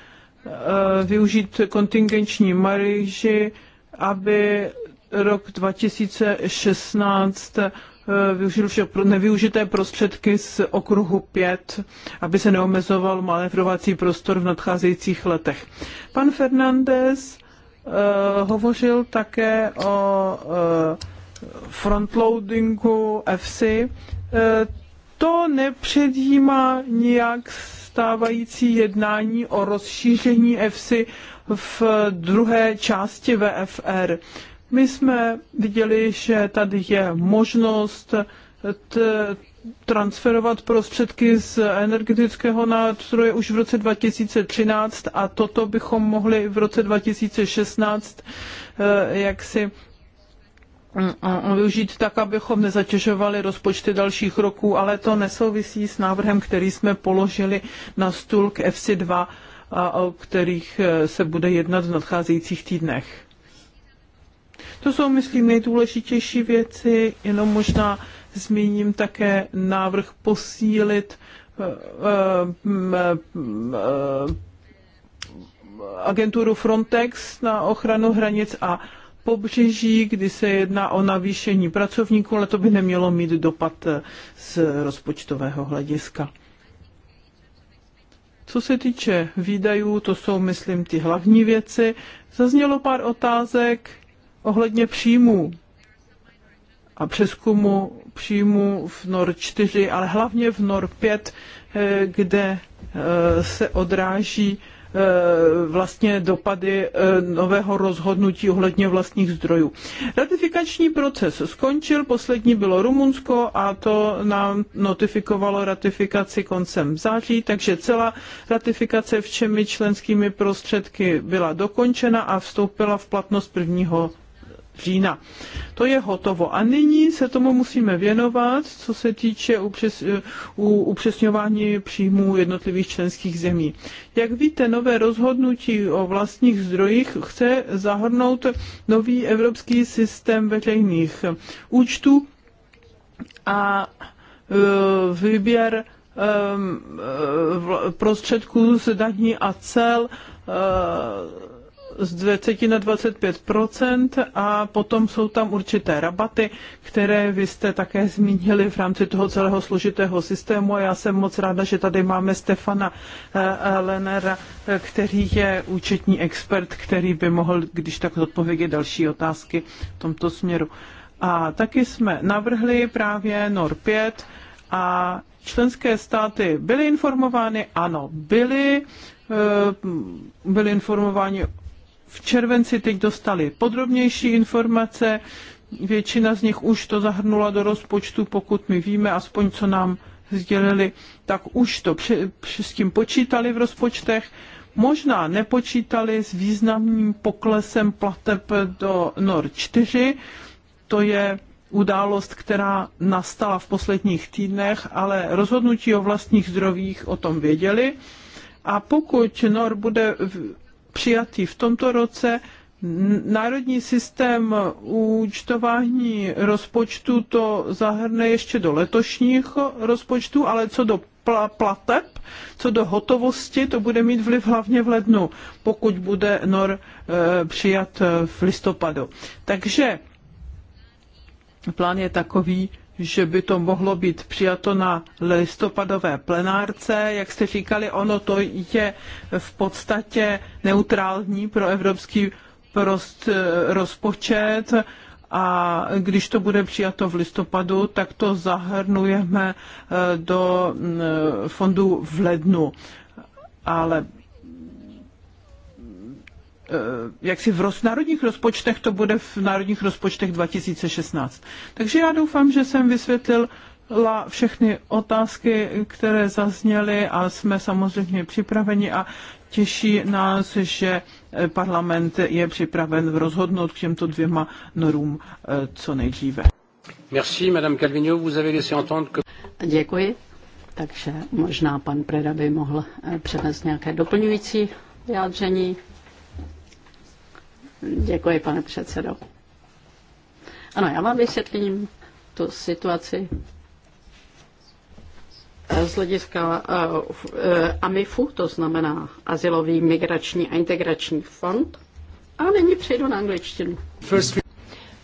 Eh, využít kontingenční marži, aby rok 2016 eh, využil však nevyužité prostředky z okruhu 5, aby se neomezoval manévrovací prostor v nadcházejících letech. Pan Fernandez uh, hovořil také o uh, frontloadingu FC. Uh, to nepředjímá nijak stávající jednání o rozšíření EFSI v druhé části VFR. My jsme viděli, že tady je možnost transferovat prostředky z energetického nástroje už v roce 2013 a toto bychom mohli v roce 2016 eh, jak si využít tak, abychom nezatěžovali rozpočty dalších roků, ale to nesouvisí s návrhem, který jsme položili na stůl k FC2, a o kterých e, se bude jednat v nadcházejících týdnech. To jsou, myslím, nejdůležitější věci, jenom možná zmíním také návrh posílit e, e, agenturu Frontex na ochranu hranic a pobřeží, kdy se jedná o navýšení pracovníků, ale to by nemělo mít dopad eh, z rozpočtového hlediska. Co se týče výdajů, to jsou, myslím, ty hlavní věci. Zaznělo pár otázek ohledně příjmů a přeskumu příjmů v NOR 4, ale hlavně v NOR 5, eh, kde eh, se odráží Eh, vlastně dopady eh, nového rozhodnutí ohledně vlastních zdrojů. Ratifikační proces skončil, poslední bylo Rumunsko a to nám notifikovalo ratifikaci koncem září, takže celá ratifikace všemi členskými prostředky byla dokončena a vstoupila v platnost 1 října. To je hotovo. A nyní se tomu musíme věnovat, co se týče upřes, u, upřesňování příjmů jednotlivých členských zemí. Jak víte, nové rozhodnutí o vlastních zdrojích chce zahrnout nový evropský systém veřejných účtů a e, výběr e, e, prostředků z daní a cel z 20 na 25 a potom jsou tam určité rabaty, které vy jste také zmínili v rámci toho celého složitého systému a já jsem moc ráda, že tady máme Stefana eh, eh, Lenera, eh, který je účetní expert, který by mohl, když tak odpovědět další otázky v tomto směru. A taky jsme navrhli právě NOR 5 a členské státy byly informovány? Ano, byly. Byli informováni v červenci teď dostali podrobnější informace, většina z nich už to zahrnula do rozpočtu, pokud my víme, aspoň co nám sdělili, tak už to při, při, s tím počítali v rozpočtech. Možná nepočítali s významným poklesem plateb do NOR 4, to je událost, která nastala v posledních týdnech, ale rozhodnutí o vlastních zdrovích o tom věděli. A pokud NOR bude přijatý v tomto roce. Národní systém účtování rozpočtu to zahrne ještě do letošních rozpočtů, ale co do plateb, co do hotovosti, to bude mít vliv hlavně v lednu, pokud bude NOR e, přijat v listopadu. Takže plán je takový, že by to mohlo být přijato na listopadové plenárce. Jak jste říkali, ono to je v podstatě neutrální pro evropský prost, eh, rozpočet a když to bude přijato v listopadu, tak to zahrnujeme eh, do mm, eh, fondu v lednu. Ale Eh, jaksi v roz, národních rozpočtech, to bude v národních rozpočtech 2016. Takže já doufám, že jsem vysvětlil la všechny otázky, které zazněly a jsme samozřejmě připraveni a těší nás, že eh, parlament je připraven rozhodnout k těmto dvěma norům eh, co nejdříve. Merci, Madame Calvino, vous avez laissé entendre que... Děkuji. Takže možná pan Preda by mohl přednést nějaké doplňující vyjádření. Děkuji, pane předsedo. Ano, já vám vysvětlím tu situaci z hlediska eh, AMIFu, to znamená Asilový migrační a integrační fond. A nyní přejdu na angličtinu. First...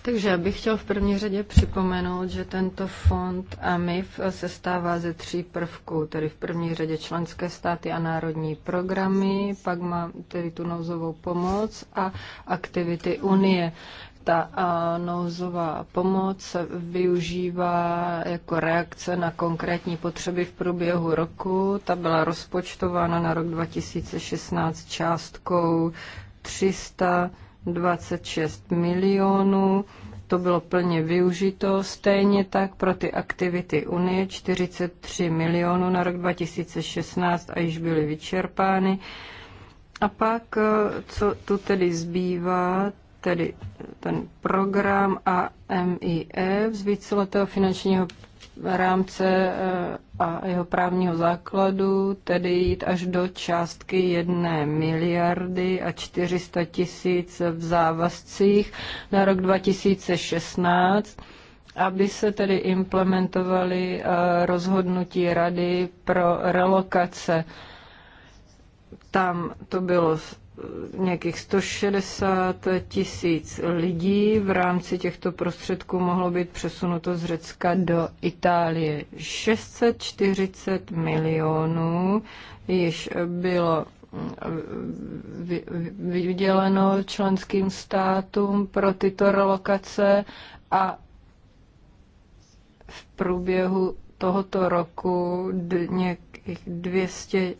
Takže já bych chtěl v první řadě připomenout, že tento fond AMIF se stává ze tří prvků, tedy v první řadě členské státy a národní programy, pak má tedy tu nouzovou pomoc a aktivity Unie. Ta nouzová pomoc se využívá jako reakce na konkrétní potřeby v průběhu roku. Ta byla rozpočtována na rok 2016 částkou 300 26 milionů, to bylo plně využito, stejně tak pro ty aktivity Unie 43 milionů na rok 2016 a již byly vyčerpány. A pak, co tu tedy zbývá, tedy ten program AMIF z víceletého finančního rámce eh, a jeho právního základu, tedy jít až do částky 1 miliardy a 400 tisíc v závazcích na rok 2016 aby se tedy implementovaly eh, rozhodnutí rady pro relokace. Tam to bylo nějakých 160 tisíc lidí v rámci těchto prostředků mohlo být přesunuto z Řecka do Itálie. 640 milionů již bylo mm, vyděleno členským státům pro tyto relokace a v průběhu tohoto roku nějakých 200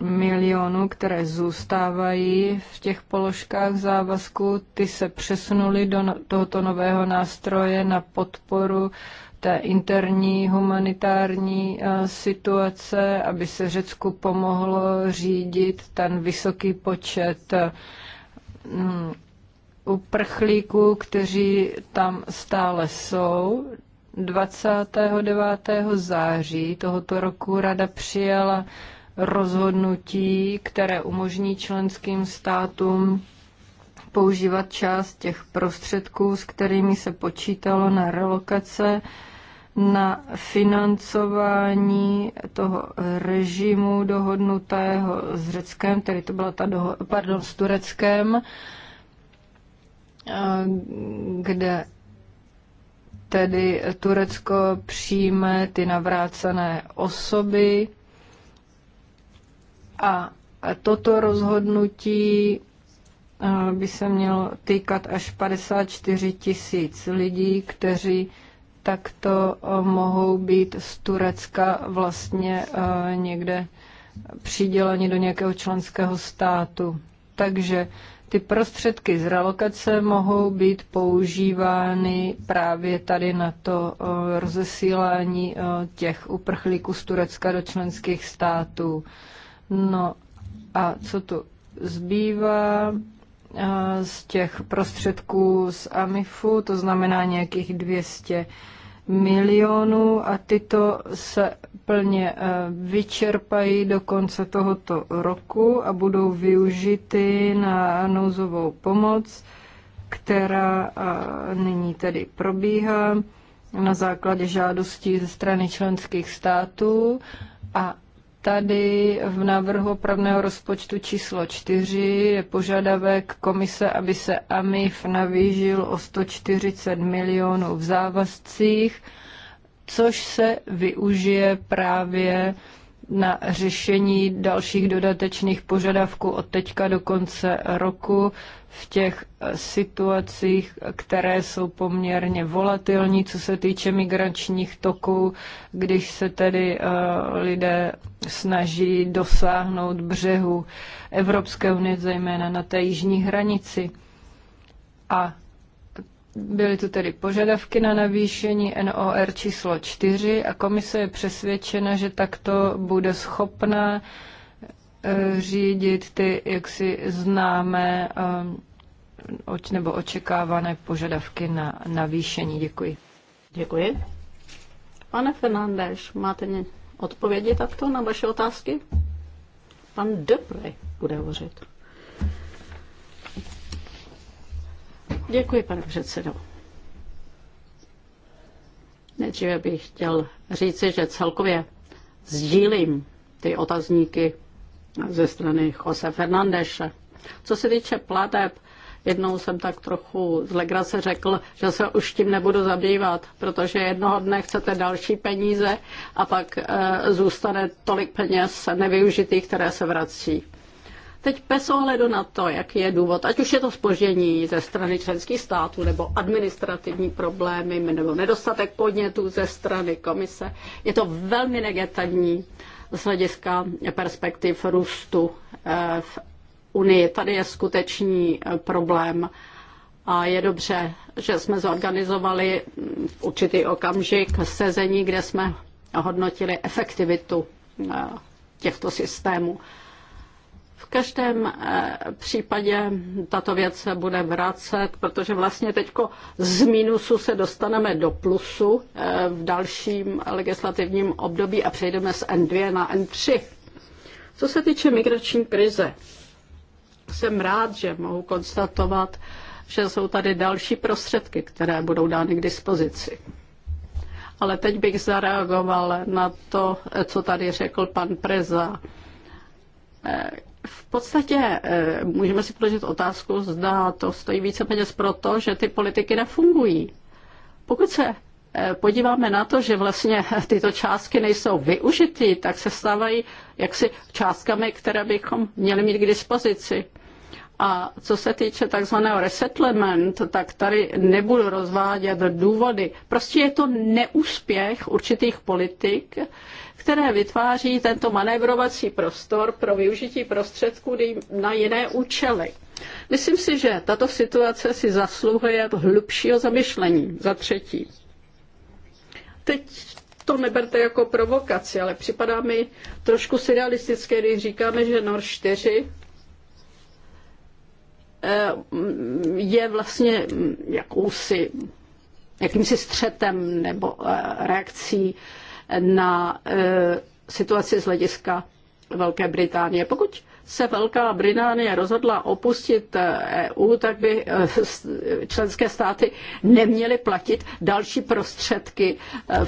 milionů, které zůstávají v těch položkách závazku, ty se přesunuly do no- tohoto nového nástroje na podporu té interní humanitární eh, situace, aby se Řecku pomohlo řídit ten vysoký počet eh, mm, uprchlíků, kteří tam stále jsou. 29. září tohoto roku rada přijala rozhodnutí, které umožní členským státům používat část těch prostředků, s kterými se počítalo na relokace, na financování toho režimu dohodnutého s Řeckem, tedy to byla ta doho- pardon, s Tureckem, kde tedy Turecko přijme ty navrácené osoby a toto rozhodnutí eh, by se mělo týkat až 54 tisíc lidí, kteří takto eh, mohou být z Turecka vlastně eh, někde přiděleni do nějakého členského státu. Takže ty prostředky z relokace mohou být používány právě tady na to rozesílání těch uprchlíků z Turecka do členských států. No a co tu zbývá z těch prostředků z AMIFu, to znamená nějakých 200 milionů a tyto se plně vyčerpají do konce tohoto roku a budou využity na nouzovou pomoc, která nyní tedy probíhá na základě žádostí ze strany členských států a Tady v návrhu opravného rozpočtu číslo 4 je požadavek komise, aby se AMIF navýžil o 140 milionů v závazcích, což se využije právě na řešení dalších dodatečných požadavků od teďka do konce roku v těch eh, situacích, které jsou poměrně volatilní, co se týče migračních toků, když se tedy eh, lidé snaží dosáhnout břehu Evropské unie, zejména na té jižní hranici. A Byly tu tedy požadavky na navýšení NOR číslo 4 a komise je přesvědčena, že takto bude schopna eh, řídit ty, jak si známe, eh, nebo očekávané požadavky na navýšení. Děkuji. Děkuji. Pane Fernandeš, máte odpovědi takto na vaše otázky? Pan Depre bude hovořit. Děkuji, pane předsedo. Nejdříve bych chtěl říci, že celkově sdílím ty otazníky ze strany Jose Fernandeše. Co se týče plateb, jednou jsem tak trochu z legrace řekl, že se už tím nebudu zabývat, protože jednoho dne chcete další peníze a pak e, zůstane tolik peněz nevyužitých, které se vrací. Teď bez ohledu na to, jaký je důvod, ať už je to spožení ze strany členských států, nebo administrativní problémy, nebo nedostatek podnětů ze strany komise, je to velmi negativní z hlediska perspektiv růstu eh, v Unii. Tady je skutečný eh, problém a je dobře, že jsme zorganizovali v mm, určitý okamžik sezení, kde jsme hodnotili efektivitu eh, těchto systémů. V každém eh, případě tato věc se bude vracet, protože vlastně teď z mínusu se dostaneme do plusu eh, v dalším legislativním období a přejdeme z N2 na N3. Co se týče migrační krize, jsem rád, že mohu konstatovat, že jsou tady další prostředky, které budou dány k dispozici. Ale teď bych zareagoval na to, eh, co tady řekl pan Preza v podstatě eh, můžeme si položit otázku, zda to stojí více peněz proto, že ty politiky nefungují. Pokud se eh, podíváme na to, že vlastně tyto částky nejsou využity, tak se stávají jaksi částkami, které bychom měli mít k dispozici. A co se týče takzvaného resettlement, tak tady nebudu rozvádět důvody. Prostě je to neúspěch určitých politik, které vytváří tento manévrovací prostor pro využití prostředků na jiné účely. Myslím si, že tato situace si zasluhuje hlubšího zamyšlení. Za třetí. Teď to neberte jako provokaci, ale připadá mi trošku surrealistické, když říkáme, že NOR 4 eh, mm, je vlastně mm, jakousi, jakýmsi střetem nebo eh, reakcí na e, situaci z hlediska Velké Británie. Pokud se Velká Británie rozhodla opustit EU, e tak by e, členské státy neměly platit další prostředky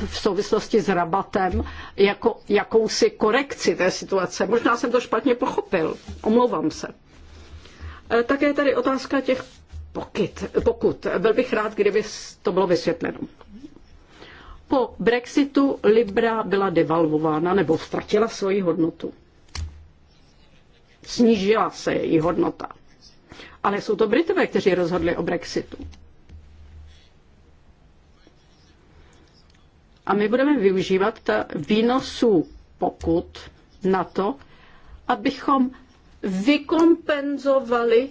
v souvislosti s rabatem jako jakousi korekci té situace. Možná jsem to špatně pochopil, omlouvám se. Také je tady otázka těch pokud. Pokud Byl bych rád, kdyby to bylo vysvětleno. Po Brexitu Libra byla devalvována nebo ztratila svoji hodnotu. Snížila se její hodnota. Ale jsou to Britové, kteří rozhodli o Brexitu. A my budeme využívat výnosů pokut na to, abychom vykompenzovali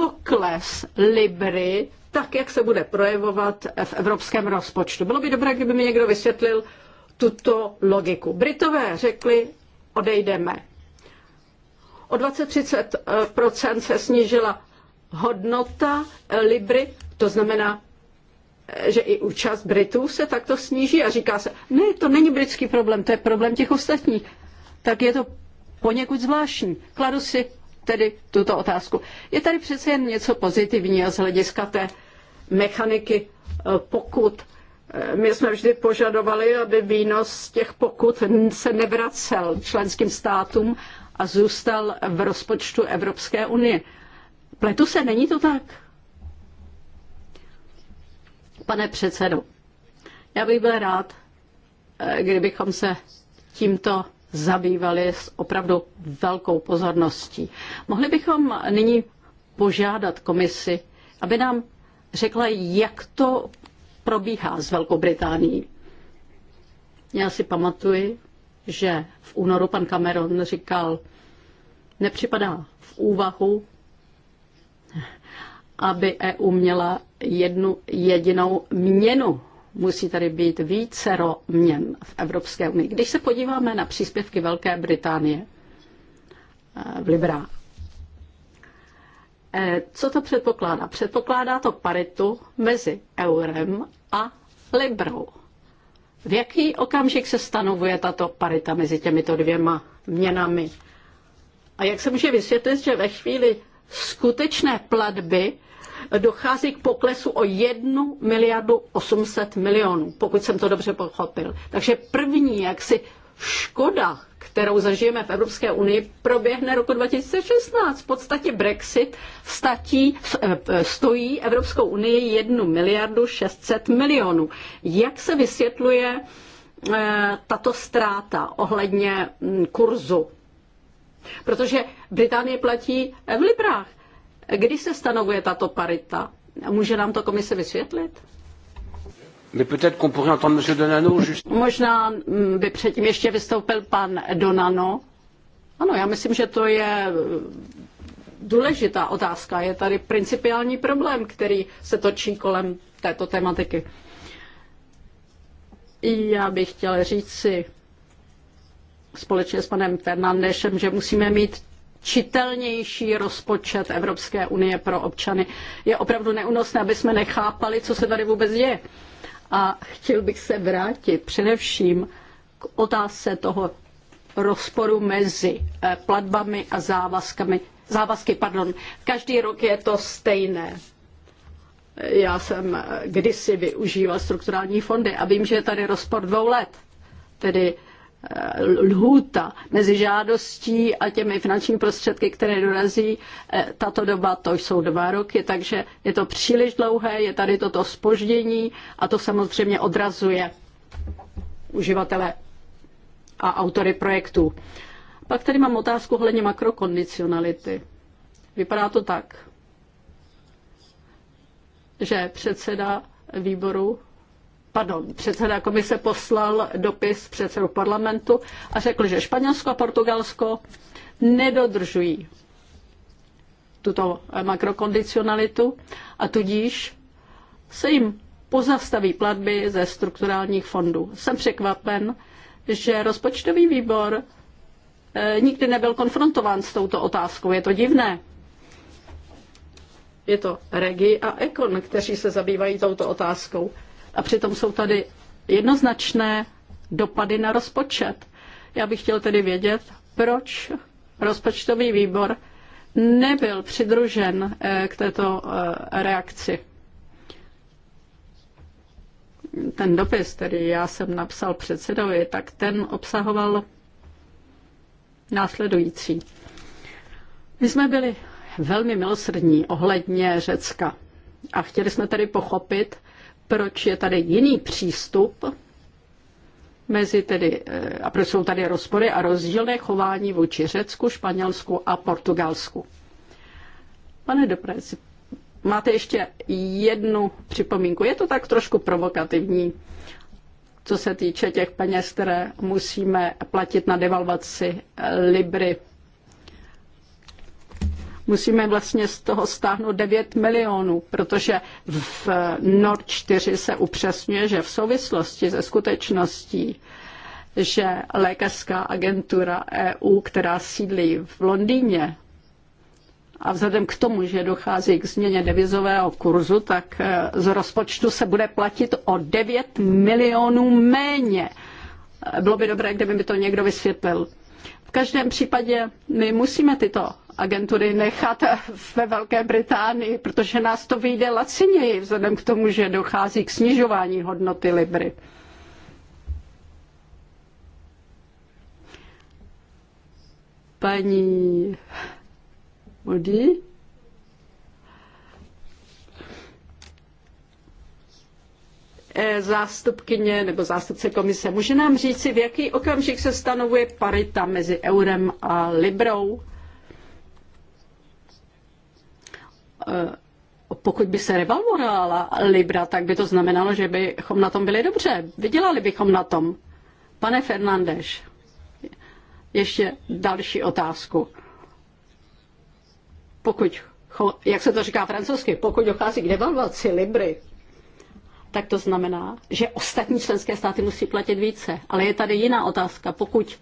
pokles Libry tak, jak se bude projevovat v evropském rozpočtu. Bylo by dobré, kdyby mi někdo vysvětlil tuto logiku. Britové řekli, odejdeme. O 20-30% se snížila hodnota Libry, to znamená, že i účast Britů se takto sníží a říká se, ne, to není britský problém, to je problém těch ostatních. Tak je to poněkud zvláštní. Kladu si tedy tuto otázku. Je tady přece jen něco pozitivního z hlediska té mechaniky e, pokud. E, my jsme vždy požadovali, aby výnos těch pokut se nevracel členským státům a zůstal v rozpočtu Evropské unie. Pletu se, není to tak? Pane předsedo, já bych byl rád, e, kdybychom se tímto zabývali s opravdu velkou pozorností. Mohli bychom nyní požádat komisi, aby nám řekla, jak to probíhá s Velkou Británií. Já si pamatuji, že v únoru pan Cameron říkal, nepřipadá v úvahu, aby EU měla jednu jedinou měnu Musí tady být více měn v Evropské unii. Když se podíváme na příspěvky Velké Británie eh, v Librách, eh, co to předpokládá? Předpokládá to paritu mezi eurem a librou. V jaký okamžik se stanovuje tato parita mezi těmito dvěma měnami? A jak se může vysvětlit, že ve chvíli, skutečné platby dochází k poklesu o 1 miliardu 800 milionů, pokud jsem to dobře pochopil. Takže první jaksi škoda, kterou zažijeme v Evropské unii, proběhne roku 2016. V podstatě Brexit statí, eh, stojí Evropskou unii 1 miliardu 600 milionů. Jak se vysvětluje eh, tato ztráta ohledně mm, kurzu Protože Británie platí eh, v librách. Kdy se stanovuje tato parita? Může nám to komise vysvětlit? Možná mm, by předtím ještě vystoupil pan Donano. Ano, já myslím, že to je eh, důležitá otázka. Je tady principiální problém, který se točí kolem této tematiky. Já bych chtěla říct si, společně s panem Fernandešem, že musíme mít čitelnější rozpočet Evropské unie pro občany. Je opravdu neúnosné, aby jsme nechápali, co se tady vůbec děje. A chtěl bych se vrátit především k otázce toho rozporu mezi eh, platbami a závazkami. Závazky, pardon. Každý rok je to stejné. Já jsem eh, kdysi využíval strukturální fondy a vím, že je tady rozpor dvou let. Tedy Eh, lhůta mezi žádostí a těmi finančními prostředky, které dorazí, eh, tato doba, to jsou dva roky, takže je to příliš dlouhé, je tady toto spoždění a to samozřejmě odrazuje uživatele a autory projektů. Pak tady mám otázku ohledně makrokondicionality. Vypadá to tak, že předseda výboru pardon, předseda komise poslal dopis předsedu parlamentu a řekl, že Španělsko a Portugalsko nedodržují tuto makrokondicionalitu a tudíž se jim pozastaví platby ze strukturálních fondů. Jsem překvapen, že rozpočtový výbor eh, nikdy nebyl konfrontován s touto otázkou. Je to divné. Je to Regi a Ekon, kteří se zabývají touto otázkou. A přitom jsou tady jednoznačné dopady na rozpočet. Já bych chtěl tedy vědět, proč rozpočtový výbor nebyl přidružen eh, k této eh, reakci. Ten dopis, který já jsem napsal předsedovi, tak ten obsahoval následující. My jsme byli velmi milosrdní ohledně Řecka a chtěli jsme tedy pochopit, proč je tady jiný přístup mezi tedy, eh, a proč jsou tady rozpory a rozdílné chování vůči Řecku, Španělsku a Portugalsku. Pane Dopreci, máte ještě jednu připomínku. Je to tak trošku provokativní, co se týče těch peněz, které musíme platit na devalvaci Libry musíme vlastně z toho stáhnout 9 milionů, protože v NOR 4 se upřesňuje, že v souvislosti se skutečností, že lékařská agentura EU, která sídlí v Londýně, a vzhledem k tomu, že dochází k změně devizového kurzu, tak eh, z rozpočtu se bude platit o 9 milionů méně. Eh, bylo by dobré, kdyby mi to někdo vysvětlil. V každém případě my musíme tyto agentury nechat ve Velké Británii, protože nás to vyjde laciněji, vzhledem k tomu, že dochází k snižování hodnoty Libry. Paní Modi? Eh, zástupkyně nebo zástupce komise. Může nám říci, v jaký okamžik se stanovuje parita mezi eurem a librou? Eh, pokud by se revalvovala Libra, tak by to znamenalo, že bychom na tom byli dobře. Vydělali bychom na tom. Pane Fernandeš, ještě další otázku. Pokud, jak se to říká francouzsky, pokud dochází k devalvaci Libry, tak to znamená, že ostatní členské státy musí platit více. Ale je tady jiná otázka. Pokud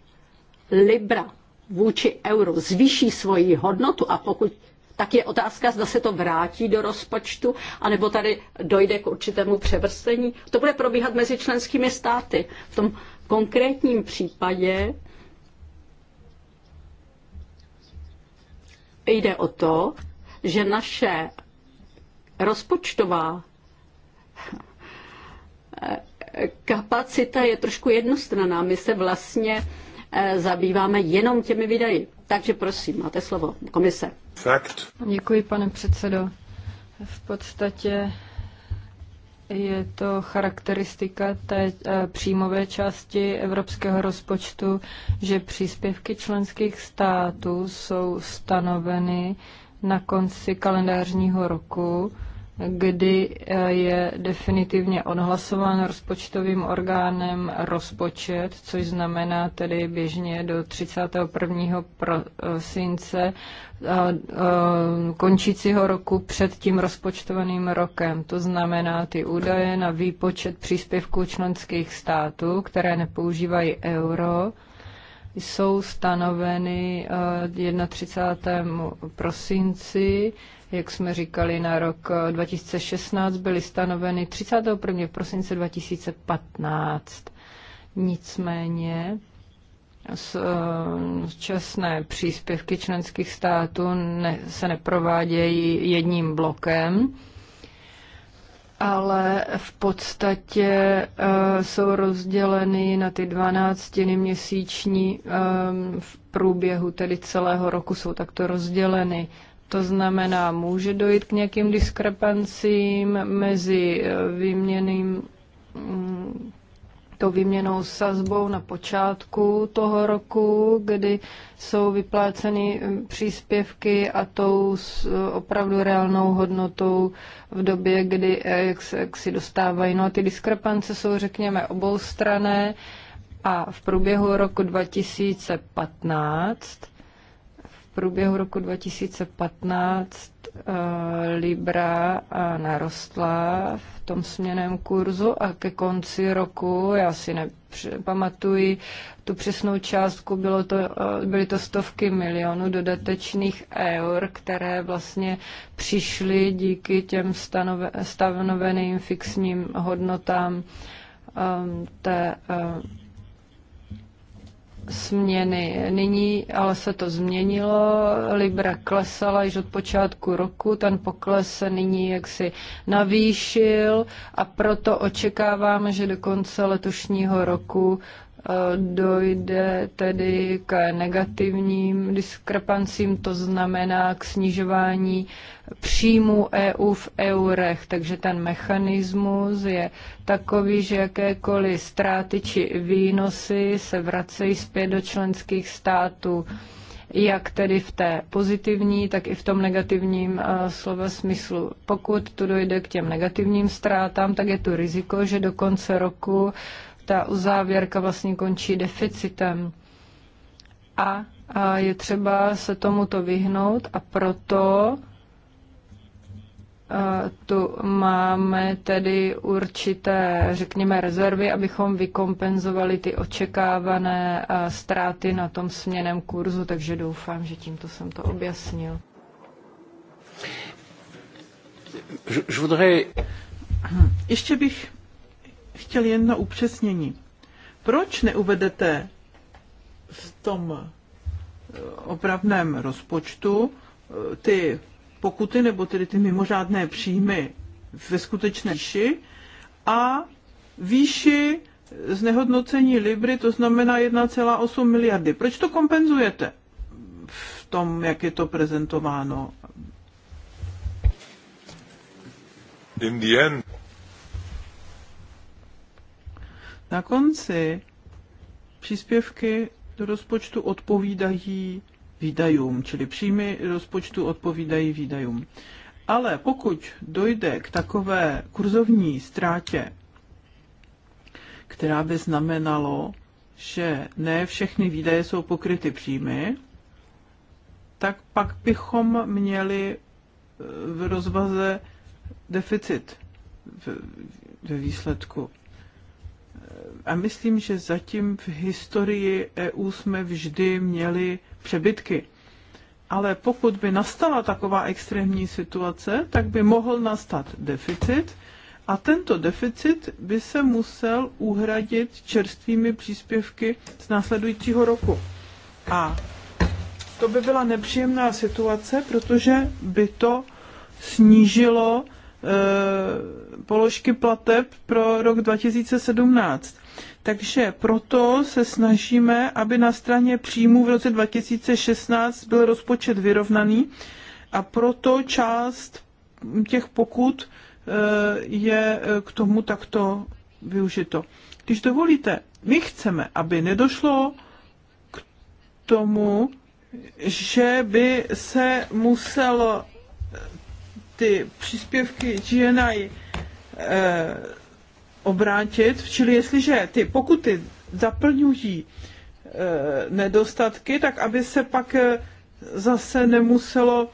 Libra vůči euru zvýší svoji hodnotu a pokud tak je otázka, zda se to vrátí do rozpočtu, anebo tady dojde k určitému převrstení. To bude probíhat mezi členskými státy. V tom konkrétním případě jde o to, že naše rozpočtová eh, kapacita je trošku jednostranná. My se vlastně eh, zabýváme jenom těmi výdaji. Takže prosím, máte slovo, komise. Fakt. Děkuji, pane předsedo. V podstatě je to charakteristika té eh, příjmové části evropského rozpočtu, že příspěvky členských států jsou stanoveny na konci kalendářního roku kdy eh, je definitivně odhlasován rozpočtovým orgánem rozpočet, což znamená tedy běžně do 31. prosince eh, eh, končícího roku před tím rozpočtovaným rokem. To znamená ty údaje na výpočet příspěvků členských států, které nepoužívají euro, jsou stanoveny 31. prosinci jak jsme říkali, na rok 2016 eh, byly stanoveny 31. prosince 2015. Nicméně současné eh, příspěvky členských států ne, se neprovádějí jedním blokem, ale v podstatě uh, jsou rozděleny na ty 12 měsíční um, v průběhu tedy celého roku jsou takto rozděleny. To znamená, může dojít k nějakým diskrepancím mezi eh, výměným mm, to výměnou sazbou na počátku toho roku, kdy jsou vypláceny mm, příspěvky a tou eh, opravdu reálnou hodnotou v době, kdy eh, jak se, jak si dostávají. No a ty diskrepance jsou, řekněme, oboustrané a v průběhu roku 2015 průběhu roku 2015 eh, Libra eh, narostla v tom směném kurzu a ke konci roku, já si nepamatuji tu přesnou částku, bylo to, eh, byly to stovky milionů dodatečných eur, které vlastně přišly díky těm stanoveným fixním hodnotám té směny. Nyní ale se to změnilo, Libra klesala již od počátku roku, ten pokles se nyní jaksi navýšil a proto očekáváme, že do konce letošního roku Eh, dojde tedy k negativním diskrepancím, to znamená k snižování příjmu e EU v eurech. Takže ten mechanismus je takový, že jakékoliv ztráty či výnosy se vracejí zpět do členských států jak tedy v té pozitivní, tak i v tom negativním eh, slova smyslu. Pokud tu dojde k těm negativním ztrátám, tak je tu riziko, že do konce roku ta uzávěrka vlastně končí deficitem. A, a je třeba se tomuto vyhnout a proto tu máme tedy určité, řekněme, rezervy, abychom vykompenzovali ty očekávané ztráty na tom směném kurzu, takže doufám, že tímto jsem to objasnil. Ještě bych chtěl jen na upřesnění. Proč neuvedete v tom eh, opravném rozpočtu eh, ty pokuty nebo tedy ty mimořádné příjmy ve skutečné výši a výši znehodnocení Libry, to znamená 1,8 miliardy. Proč to kompenzujete v tom, jak je to prezentováno? In the end. Na konci příspěvky do rozpočtu odpovídají výdajům, čili příjmy rozpočtu odpovídají výdajům. Ale pokud dojde k takové kurzovní ztrátě, která by znamenalo, že ne všechny výdaje jsou pokryty příjmy, tak pak bychom měli eh, v rozvaze deficit ve výsledku a myslím, že zatím v historii EU jsme vždy měli přebytky. Ale pokud by nastala taková extrémní situace, tak by mohl nastat deficit a tento deficit by se musel uhradit čerstvými příspěvky z následujícího roku. A to by byla nepříjemná situace, protože by to snížilo Eh, položky plateb pro rok 2017. Takže proto se snažíme, aby na straně příjmů v roce 2016 byl rozpočet vyrovnaný a proto část těch pokut eh, je eh, k tomu takto využito. Když dovolíte, my chceme, aby nedošlo k tomu, že by se muselo ty příspěvky GNI e, eh, obrátit, čili jestliže ty pokuty zaplňují e, nedostatky, tak aby se pak eh, zase nemuselo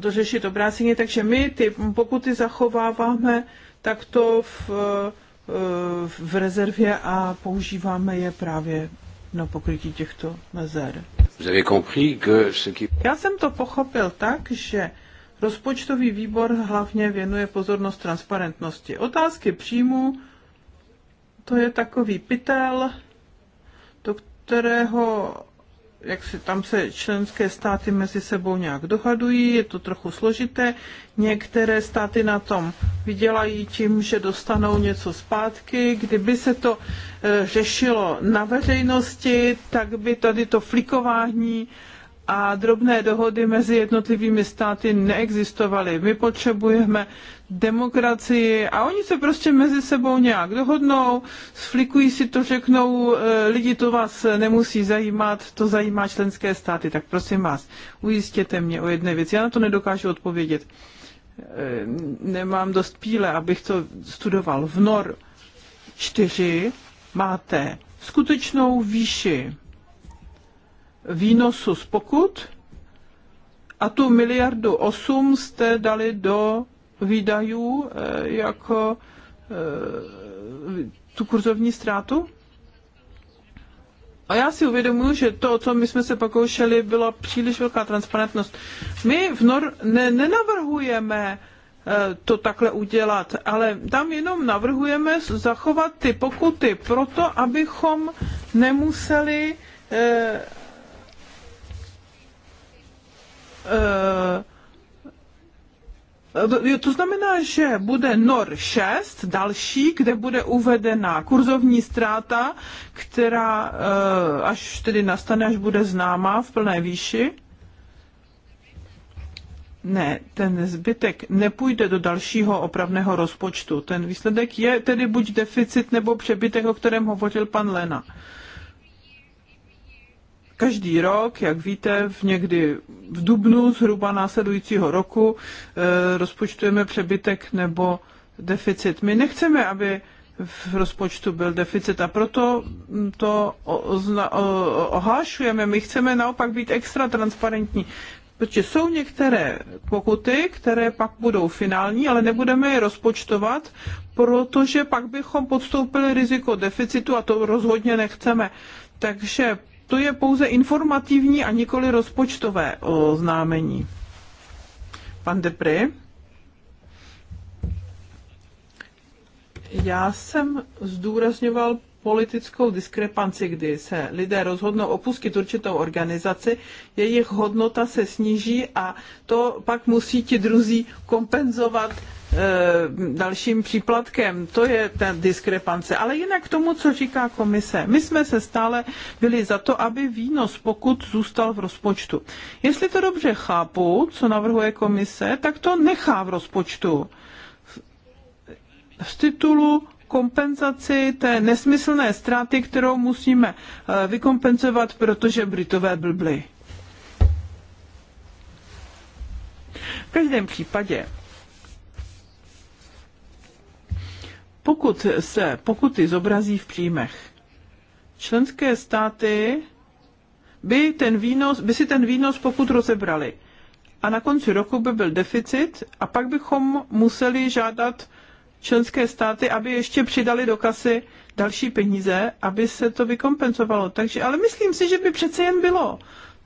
to řešit obráceně. Takže my ty pokuty zachováváme takto v, v rezervě a používáme je právě na pokrytí těchto mezer. Já jsem to pochopil tak, že rozpočtový výbor hlavně věnuje pozornost transparentnosti. Otázky příjmu, to je takový pytel, do kterého jak se tam se členské státy mezi sebou nějak dohadují, je to trochu složité. Některé státy na tom vydělají tím, že dostanou něco zpátky. Kdyby se to eh, řešilo na veřejnosti, tak by tady to flikování a drobné dohody mezi jednotlivými státy neexistovaly. My potřebujeme demokracii a oni se prostě mezi sebou nějak dohodnou, sflikují si to, řeknou, e, lidi to vás nemusí zajímat, to zajímá členské státy, tak prosím vás, ujistěte mě o jedné věci, já na to nedokážu odpovědět. E, nemám dost píle, abych to studoval. V NOR 4 máte skutečnou výši výnosu z pokut a tu miliardu osm jste dali do výdajů eh, jako eh, tu kurzovní ztrátu? A já si uvědomuji, že to, o co my jsme se pokoušeli, byla příliš velká transparentnost. My v Nor ne, nenavrhujeme eh, to takhle udělat, ale tam jenom navrhujeme zachovat ty pokuty proto, abychom nemuseli Eh, to znamená, že bude NOR 6, další, kde bude uvedena kurzovní ztráta, která eh, až tedy nastane, až bude známa v plné výši. Ne, ten zbytek nepůjde do dalšího opravného rozpočtu. Ten výsledek je tedy buď deficit nebo přebytek, o kterém hovořil pan Lena. Uh, Každý rok, jak víte, v někdy v dubnu zhruba následujícího roku eh, rozpočtujeme přebytek nebo deficit. My nechceme, aby v rozpočtu byl deficit a proto to ohlášujeme. My chceme naopak být extra transparentní, protože jsou některé pokuty, které pak budou finální, ale nebudeme je rozpočtovat, protože pak bychom podstoupili riziko deficitu a to rozhodně nechceme. Takže to je pouze informativní a nikoli rozpočtové oznámení. Pan Depry? Já jsem zdůrazňoval politickou diskrepanci, kdy se lidé rozhodnou opustit určitou organizaci, jejich hodnota se sníží a to pak musí ti druzí kompenzovat E, dalším příplatkem. To je ta diskrepance. Ale jinak k tomu, co říká komise. My jsme se stále byli za to, aby výnos pokud zůstal v rozpočtu. Jestli to dobře chápu, co navrhuje komise, tak to nechá v rozpočtu. Z titulu kompenzaci té nesmyslné ztráty, kterou musíme e, vykompenzovat, protože Britové blbly. V každém případě pokud se pokuty zobrazí v příjmech. Členské státy by, ten výnos, by si ten výnos pokud rozebrali. A na konci roku by byl deficit a pak bychom museli žádat členské státy, aby ještě přidali do kasy další peníze, aby se to vykompenzovalo. Takže, ale myslím si, že by přece jen bylo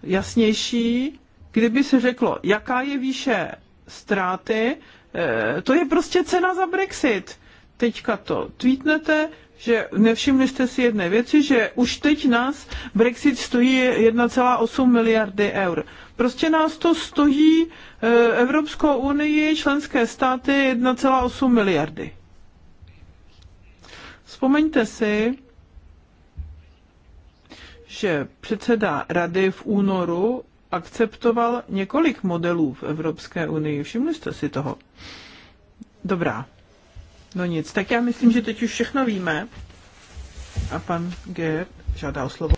jasnější, kdyby se řeklo, jaká je výše ztráty, eh, to je prostě cena za Brexit teďka to tweetnete, že nevšimli jste si jedné věci, že už teď nás Brexit stojí 1,8 miliardy eur. Prostě nás to stojí eh, Evropskou unii, členské státy 1,8 miliardy. Vzpomeňte si, že předseda rady v únoru akceptoval několik modelů v Evropské unii. Všimli jste si toho? Dobrá. No nic, tak já myslím, že teď už všechno víme. A pan Gerd žádá o slovo.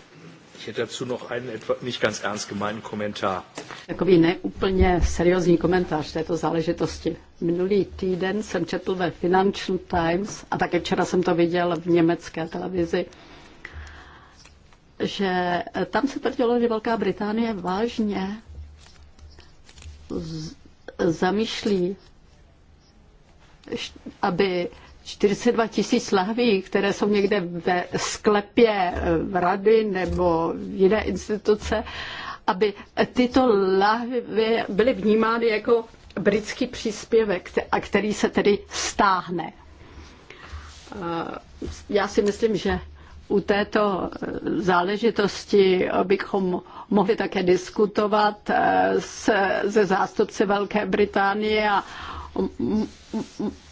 Takový neúplně seriózní komentář této záležitosti. Minulý týden jsem četl ve Financial Times a také včera jsem to viděl v německé televizi, že tam se tvrdilo, že Velká Británie vážně zamýšlí aby 42 tisíc lahví, které jsou někde ve sklepě v eh, rady nebo v jiné instituce, aby tyto lahvy byly vnímány jako britský příspěvek, a který se tedy stáhne. Eh, já si myslím, že u této eh, záležitosti bychom mohli také diskutovat se, se zástupci Velké Británie a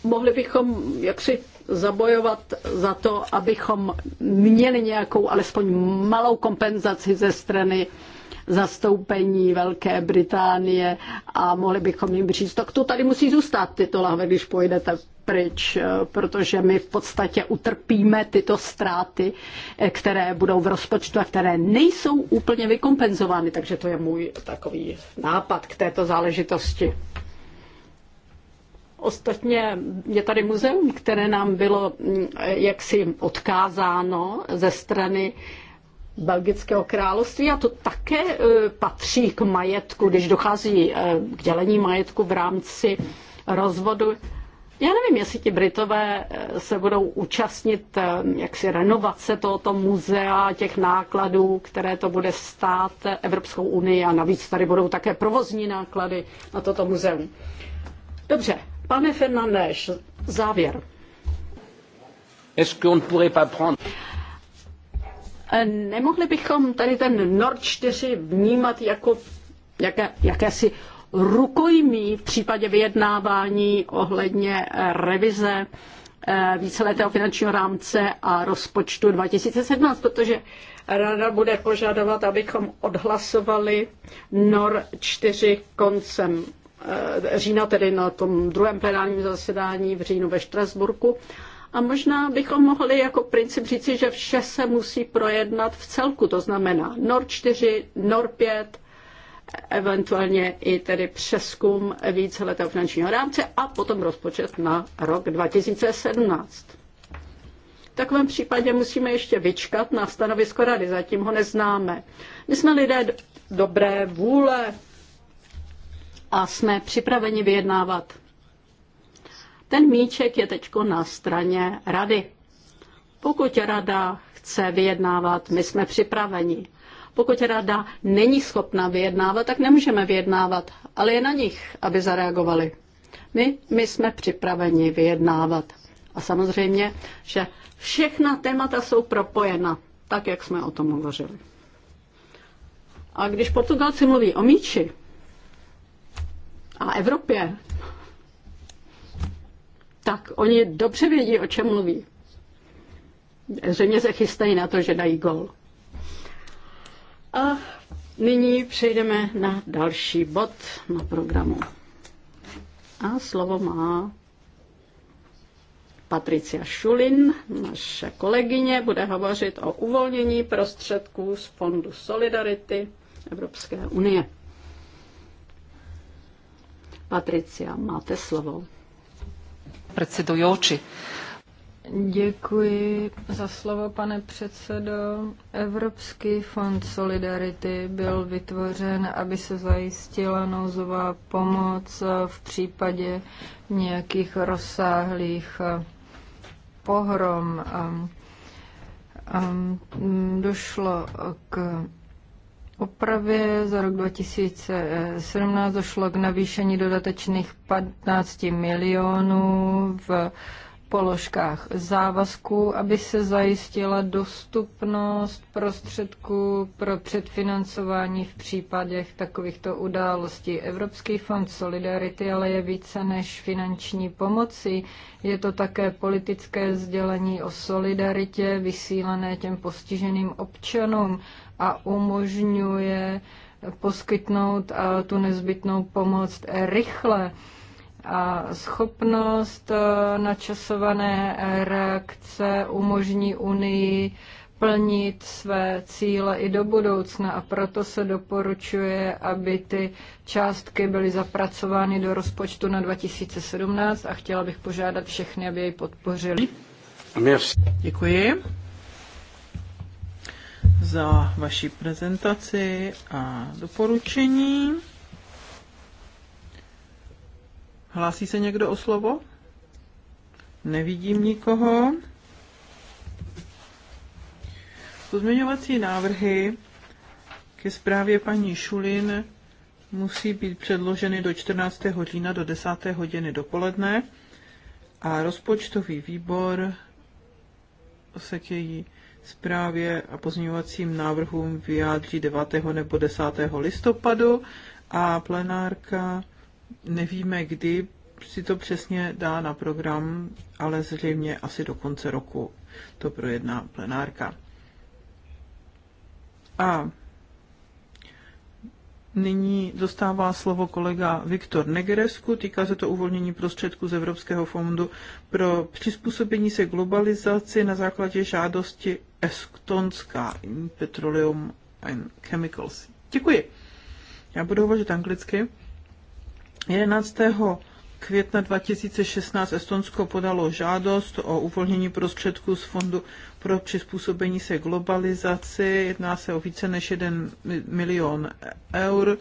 mohli bychom jaksi zabojovat za to, abychom měli nějakou alespoň malou kompenzaci ze strany zastoupení Velké Británie a mohli bychom jim říct, tak to tady musí zůstat tyto lahve, když pojedete pryč, protože my v podstatě utrpíme tyto ztráty, které budou v rozpočtu a které nejsou úplně vykompenzovány. Takže to je můj takový nápad k této záležitosti. Ostatně je tady muzeum, které nám bylo mm, jaksi odkázáno ze strany Belgického království a to také e, patří k majetku, když dochází e, k dělení majetku v rámci rozvodu. Já nevím, jestli ti Britové e, se budou účastnit jaksi renovace tohoto muzea, těch nákladů, které to bude stát Evropskou unii a navíc tady budou také provozní náklady na toto muzeum. Dobře, Pane Fernandéš, závěr. Nemohli bychom tady ten Nord 4 vnímat jako jaké, jakési rukojmí v případě vyjednávání ohledně eh, revize eh, víceletého finančního rámce a rozpočtu 2017, protože rada bude požadovat, abychom odhlasovali NOR 4 koncem Eh, října, tedy na tom druhém plenárním zasedání v říjnu ve Štrasburku. A možná bychom mohli jako princip říci, že vše se musí projednat v celku, to znamená NOR 4, NOR 5, eventuálně i tedy přeskum víceletého finančního rámce a potom rozpočet na rok 2017. V takovém případě musíme ještě vyčkat na stanovisko rady, zatím ho neznáme. My jsme lidé dobré vůle, a jsme připraveni vyjednávat. Ten míček je teď na straně rady. Pokud rada chce vyjednávat, my jsme připraveni. Pokud rada není schopna vyjednávat, tak nemůžeme vyjednávat, ale je na nich, aby zareagovali. My, my jsme připraveni vyjednávat. A samozřejmě, že všechna témata jsou propojena, tak jak jsme o tom hovořili. A když Portugalci mluví o míči, a Evropě, tak oni dobře vědí, o čem mluví. Zřejmě se chystají na to, že dají gol. A nyní přejdeme na další bod na programu. A slovo má Patricia Šulin, naše kolegyně, bude hovořit o uvolnění prostředků z Fondu Solidarity Evropské unie. Patricia, máte slovo. Predsedujoči. Děkuji za slovo, pane předsedo. Evropský fond Solidarity byl vytvořen, aby se zajistila nouzová pomoc v případě nějakých rozsáhlých eh, pohrom. Mm, došlo k opravě za rok 2017 došlo k navýšení dodatečných 15 milionů v položkách závazků, aby se zajistila dostupnost prostředků pro předfinancování v případech takovýchto událostí. Evropský fond Solidarity ale je více než finanční pomoci. Je to také politické sdělení o solidaritě vysílané těm postiženým občanům a umožňuje poskytnout eh, tu nezbytnou pomoc rychle. A schopnost eh, načasované reakce umožní Unii plnit své cíle i do budoucna a proto se doporučuje, aby ty částky byly zapracovány do rozpočtu na 2017 a chtěla bych požádat všechny, aby jej podpořili. Děkuji za vaši prezentaci a doporučení. Hlásí se někdo o slovo? Nevidím nikoho. Pozměňovací návrhy ke zprávě paní Šulin musí být předloženy do 14. října do 10. hodiny dopoledne a rozpočtový výbor se k její zprávě a pozměňovacím návrhům vyjádří 9. nebo 10. listopadu a plenárka nevíme, kdy si to přesně dá na program, ale zřejmě asi do konce roku to projedná plenárka. A nyní dostává slovo kolega Viktor Negeresku. Týká se to uvolnění prostředků z Evropského fondu pro přizpůsobení se globalizaci na základě žádosti Estonská Petroleum and Chemicals. Děkuji. Já budu hovořit anglicky. 11. května 2016 Estonsko podalo žádost o uvolnění prostředků z Fondu pro přizpůsobení se globalizaci. Jedná se o více než 1 milion eur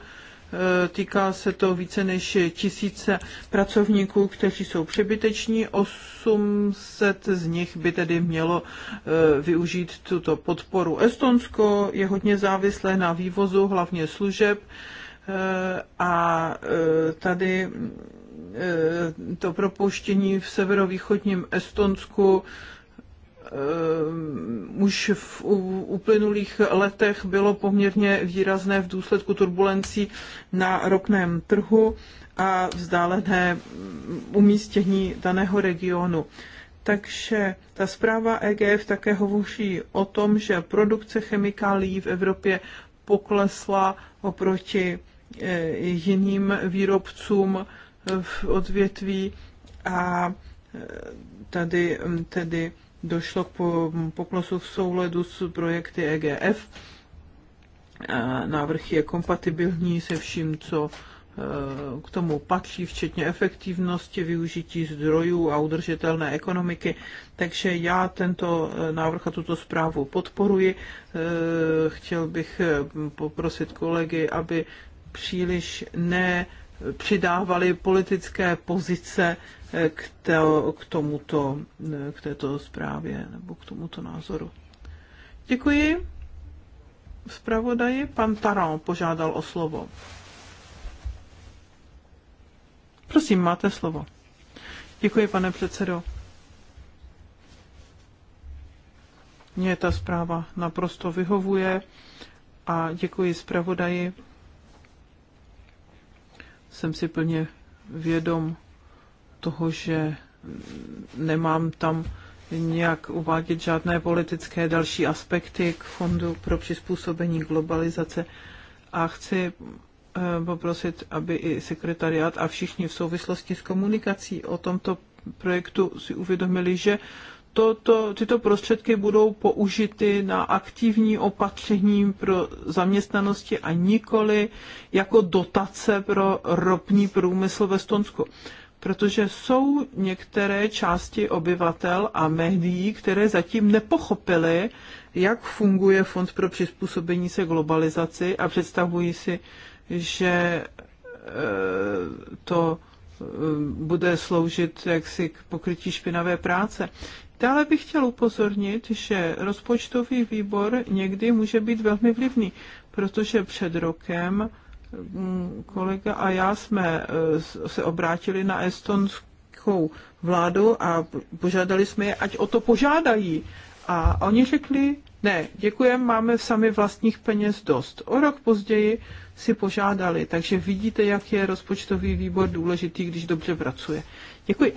Eh, týká se to více než tisíce pracovníků, kteří jsou přebyteční. 800 z nich by tedy mělo eh, využít tuto podporu. Estonsko je hodně závislé na vývozu, hlavně služeb eh, a tady to propuštění v severovýchodním Estonsku Ehm, už v uplynulých letech bylo poměrně výrazné v důsledku turbulencí na ropném trhu a vzdálené mm, umístění daného regionu. Takže ta zpráva EGF také hovoří o tom, že produkce chemikálií v Evropě poklesla oproti e, jiným výrobcům v odvětví a e, tady, tedy došlo k poklesu v souledu s projekty EGF. Návrh je kompatibilní se vším, co e, k tomu patří, včetně efektivnosti využití zdrojů a udržitelné ekonomiky. Takže já tento e, návrh a tuto zprávu podporuji. E, chtěl bych poprosit kolegy, aby příliš ne přidávali politické pozice k, to, k tomuto, k této zprávě nebo k tomuto názoru. Děkuji. Zpravodaji pan Taran požádal o slovo. Prosím, máte slovo. Děkuji, pane předsedo. Mně ta zpráva naprosto vyhovuje a děkuji zpravodaji. Jsem si plně vědom toho, že nemám tam nějak uvádět žádné politické další aspekty k Fondu pro přizpůsobení globalizace a chci eh, poprosit, aby i sekretariát a všichni v souvislosti s komunikací o tomto projektu si uvědomili, že to, to, tyto prostředky budou použity na aktivní opatření pro zaměstnanosti a nikoli jako dotace pro ropní průmysl ve Stonsku protože jsou některé části obyvatel a médií, které zatím nepochopily, jak funguje Fond pro přizpůsobení se globalizaci a představují si, že e, to e, bude sloužit jaksi k pokrytí špinavé práce. Dále bych chtěl upozornit, že rozpočtový výbor někdy může být velmi vlivný, protože před rokem kolega a já jsme eh, se obrátili na estonskou vládu a požádali jsme je, ať o to požádají. A oni řekli, ne, děkujeme, máme sami vlastních peněz dost. O rok později si požádali, takže vidíte, jak je rozpočtový výbor důležitý, když dobře pracuje. Děkuji.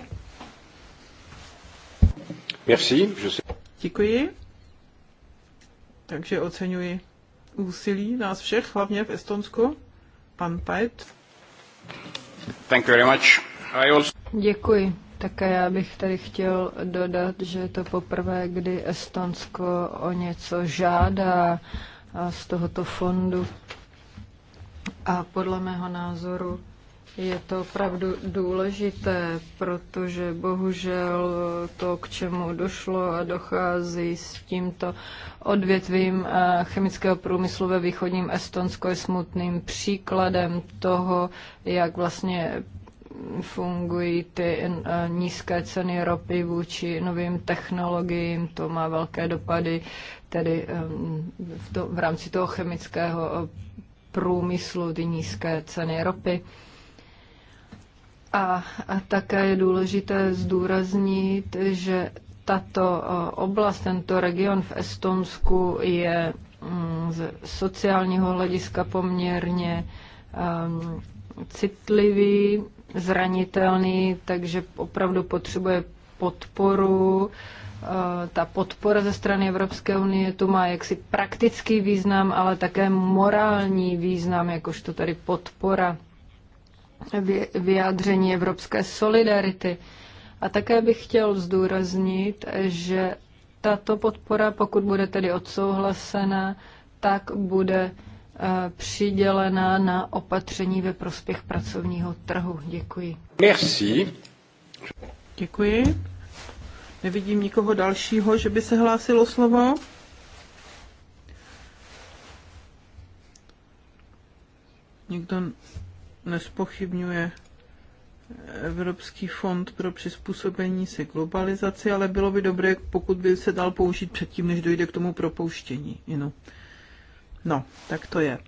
Merci. Děkuji. Takže oceňuji úsilí nás všech, hlavně v Estonsku. Pan Thank you very much. I also... Děkuji. Také já bych tady chtěl dodat, že je to poprvé, kdy Estonsko o něco žádá z tohoto fondu. A podle mého názoru je to opravdu důležité, protože bohužel to, k čemu došlo a dochází s tímto odvětvím eh, chemického průmyslu ve východním Estonsko je smutným příkladem toho, jak vlastně fungují ty eh, nízké ceny ropy vůči novým technologiím. To má velké dopady tedy eh, v, to, v rámci toho chemického průmyslu, ty nízké ceny ropy. A, a také je důležité zdůraznit, že tato oblast, tento region v Estonsku je mm, z sociálního hlediska poměrně um, citlivý, zranitelný, takže opravdu potřebuje podporu. Ta podpora ze strany Evropské unie tu má jaksi praktický význam, ale také morální význam, jakožto tady podpora vyjádření evropské solidarity. A také bych chtěl zdůraznit, že tato podpora, pokud bude tedy odsouhlasena, tak bude eh, přidělená na opatření ve prospěch pracovního trhu. Děkuji. Merci. Děkuji. Nevidím nikoho dalšího, že by se hlásilo slovo. Nikdo nespochybňuje Evropský fond pro přizpůsobení se globalizaci, ale bylo by dobré, pokud by se dal použít předtím, než dojde k tomu propouštění. Inu. No, tak to je.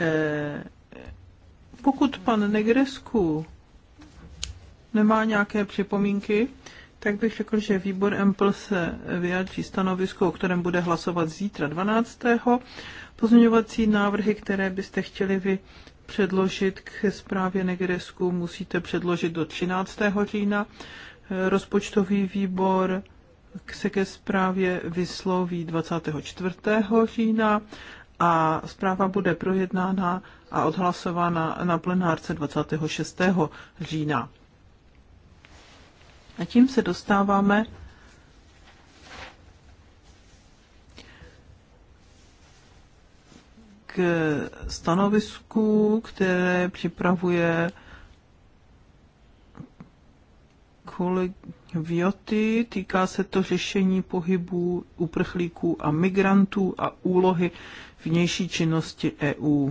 E, pokud pan Negresku nemá nějaké připomínky, tak bych řekl, že výbor MPL se vyjádří stanovisko, o kterém bude hlasovat zítra 12. Pozměňovací návrhy, které byste chtěli vy předložit k zprávě Negresku, musíte předložit do 13. října. Rozpočtový výbor se ke zprávě vysloví 24. října a zpráva bude projednána a odhlasována na plenárce 26. října. A tím se dostáváme k stanovisku, které připravuje kolik Vioty. Týká se to řešení pohybu uprchlíků a migrantů a úlohy vnější činnosti EU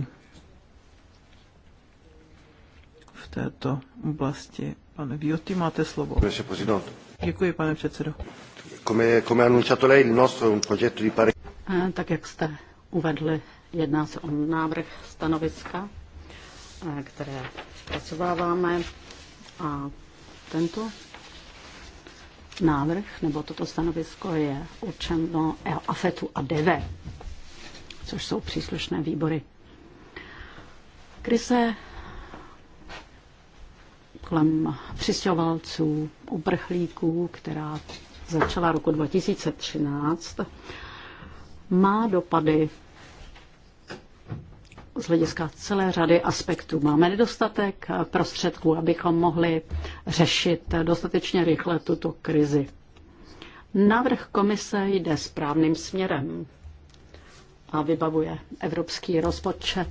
v této oblasti. Pane Vioty, máte slovo. Děkuji, pane předsedo. Come, come annunciato lei, il nostro è un progetto di pari... Eh, tak jak jste uvedli, Jedná se o návrh stanoviska, eh, které zpracováváme a tento návrh nebo toto stanovisko je určeno AFETu a DV, což jsou příslušné výbory. Krize kolem přistěhovalců, uprchlíků, která začala roku 2013, má dopady z hlediska celé řady aspektů. Máme nedostatek prostředků, abychom mohli řešit dostatečně rychle tuto krizi. Návrh komise jde správným směrem a vybavuje evropský rozpočet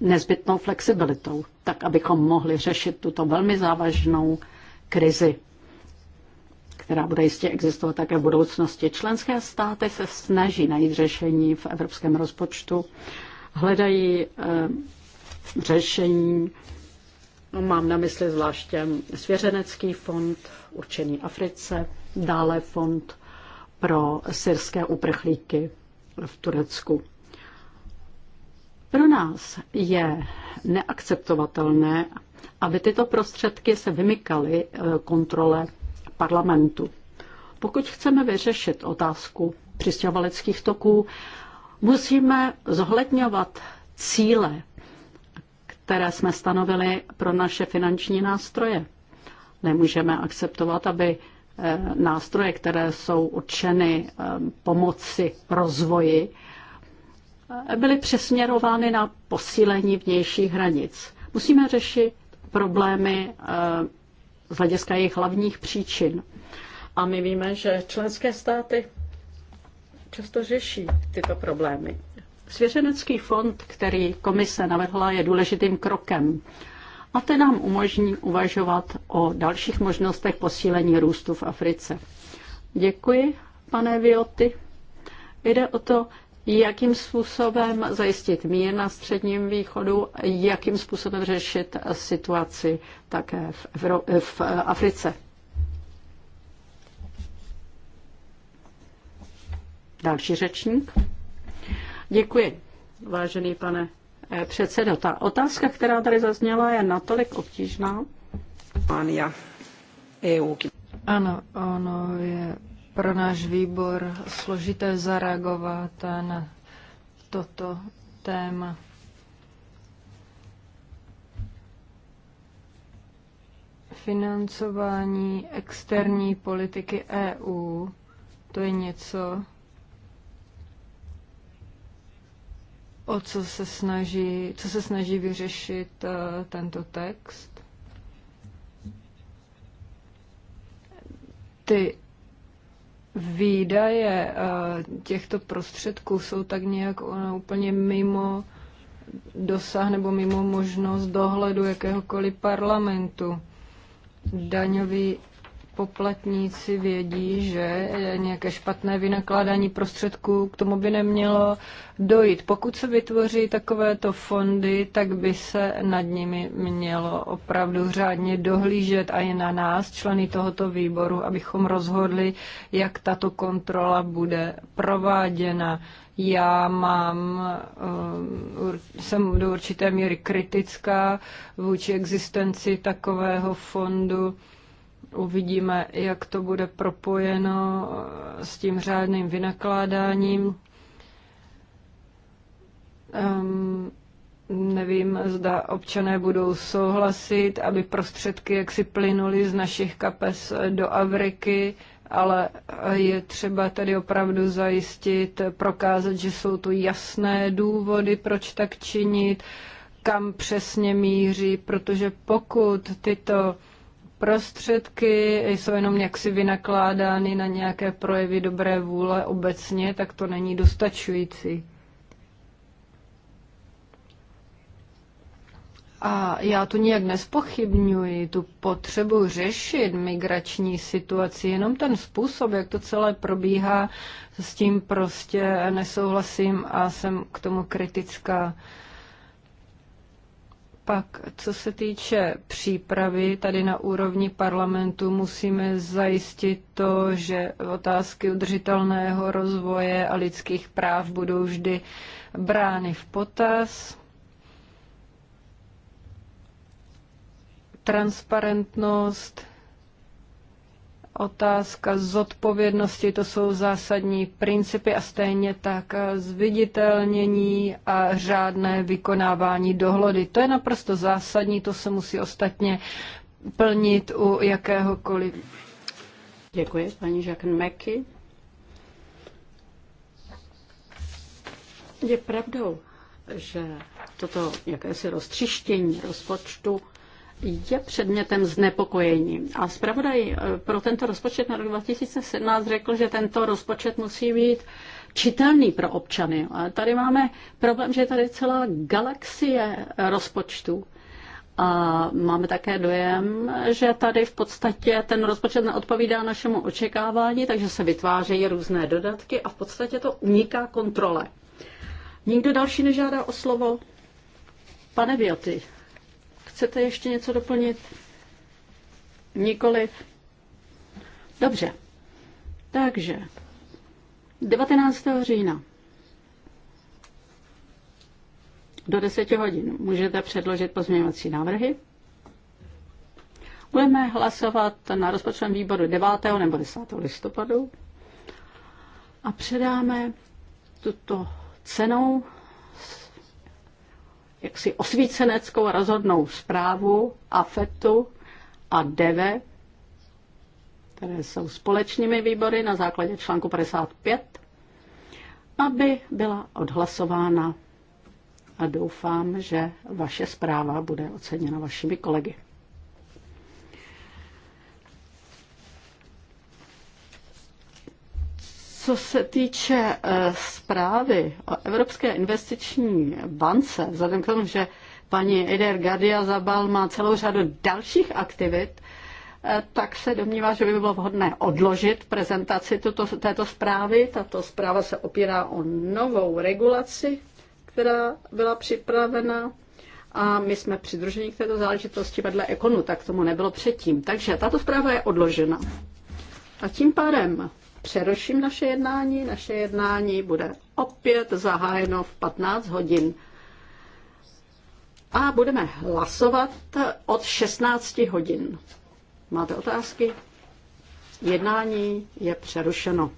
nezbytnou flexibilitou, tak abychom mohli řešit tuto velmi závažnou krizi, která bude jistě existovat také v budoucnosti. Členské státy se snaží najít řešení v evropském rozpočtu hledají eh, řešení. Mám na mysli zvláště svěřenecký fond určený Africe, dále fond pro syrské uprchlíky v Turecku. Pro nás je neakceptovatelné, aby tyto prostředky se vymykaly eh, kontrole parlamentu. Pokud chceme vyřešit otázku přistěhovaleckých toků, Musíme zohledňovat cíle, které jsme stanovili pro naše finanční nástroje. Nemůžeme akceptovat, aby eh, nástroje, které jsou určeny eh, pomoci rozvoji, eh, byly přesměrovány na posílení vnějších hranic. Musíme řešit problémy z hlediska jejich hlavních příčin. A my víme, že členské státy často řeší tyto problémy. Svěřenecký fond, který komise navrhla, je důležitým krokem a ten nám umožní uvažovat o dalších možnostech posílení růstu v Africe. Děkuji, pane Vioty. Jde o to, jakým způsobem zajistit mír na Středním východu, jakým způsobem řešit situaci také v, Evro- v Africe. Další řečník. Děkuji, vážený pane eh, předsedo. Ta otázka, která tady zazněla, je natolik obtížná. Pánia, EU. Ano, ono je pro náš výbor složité zareagovat na toto téma. Financování externí politiky EU, to je něco, o co se snaží, co se snaží vyřešit eh, tento text. Ty výdaje eh, těchto prostředků jsou tak nějak úplně mimo dosah nebo mimo možnost dohledu jakéhokoliv parlamentu. Daňový poplatníci vědí, že nějaké špatné vynakládání prostředků k tomu by nemělo dojít. Pokud se vytvoří takovéto fondy, tak by se nad nimi mělo opravdu řádně dohlížet a je na nás, členy tohoto výboru, abychom rozhodli, jak tato kontrola bude prováděna. Já mám, eh, jsem do určité míry kritická vůči existenci takového fondu Uvidíme, jak to bude propojeno s tím řádným vynakládáním. Um, nevím, zda občané budou souhlasit, aby prostředky jaksi plynuly z našich kapes do Afriky, ale je třeba tady opravdu zajistit, prokázat, že jsou tu jasné důvody, proč tak činit, kam přesně míří, protože pokud tyto prostředky jsou jenom jaksi vynakládány na nějaké projevy dobré vůle obecně, tak to není dostačující. A já tu nijak nespochybňuji tu potřebu řešit migrační situaci, jenom ten způsob, jak to celé probíhá, s tím prostě nesouhlasím a jsem k tomu kritická. Pak, co se týče přípravy, tady na úrovni parlamentu musíme zajistit to, že otázky udržitelného rozvoje a lidských práv budou vždy brány v potaz. Transparentnost otázka zodpovědnosti, to jsou zásadní principy a stejně tak zviditelnění a řádné vykonávání dohlody. To je naprosto zásadní, to se musí ostatně plnit u jakéhokoliv. Děkuji, paní Jacqueline Mackey. Je pravdou, že toto jakési roztřištění rozpočtu je předmětem znepokojení. A zpravodaj eh, pro tento rozpočet na rok 2017 řekl, že tento rozpočet musí být čitelný pro občany. A tady máme problém, že je tady celá galaxie rozpočtů. A máme také dojem, že tady v podstatě ten rozpočet neodpovídá našemu očekávání, takže se vytvářejí různé dodatky a v podstatě to uniká kontrole. Nikdo další nežádá o slovo? Pane Bioty, Chcete ještě něco doplnit? Nikoliv. Dobře. Takže 19. října do 10 hodin můžete předložit pozměňovací návrhy. Budeme hlasovat na rozpočtovém výboru 9. nebo 10. listopadu a předáme tuto cenou jaksi osvíceneckou rozhodnou zprávu AFETu a DEVE, které jsou společnými výbory na základě článku 55, aby byla odhlasována. A doufám, že vaše zpráva bude oceněna vašimi kolegy. Co se týče eh, zprávy o Evropské investiční bance, vzhledem k tomu, že paní Eder Gardia Zabal má celou řadu dalších aktivit, eh, tak se domnívá, že by bylo vhodné odložit prezentaci tuto, této zprávy. Tato zpráva se opírá o novou regulaci, která byla připravena a my jsme přidruženi k této záležitosti vedle Ekonu, tak tomu nebylo předtím. Takže tato zpráva je odložena. A tím pádem přeruším naše jednání. Naše jednání bude opět zahájeno v 15 hodin. A budeme hlasovat od 16 hodin. Máte otázky? Jednání je přerušeno.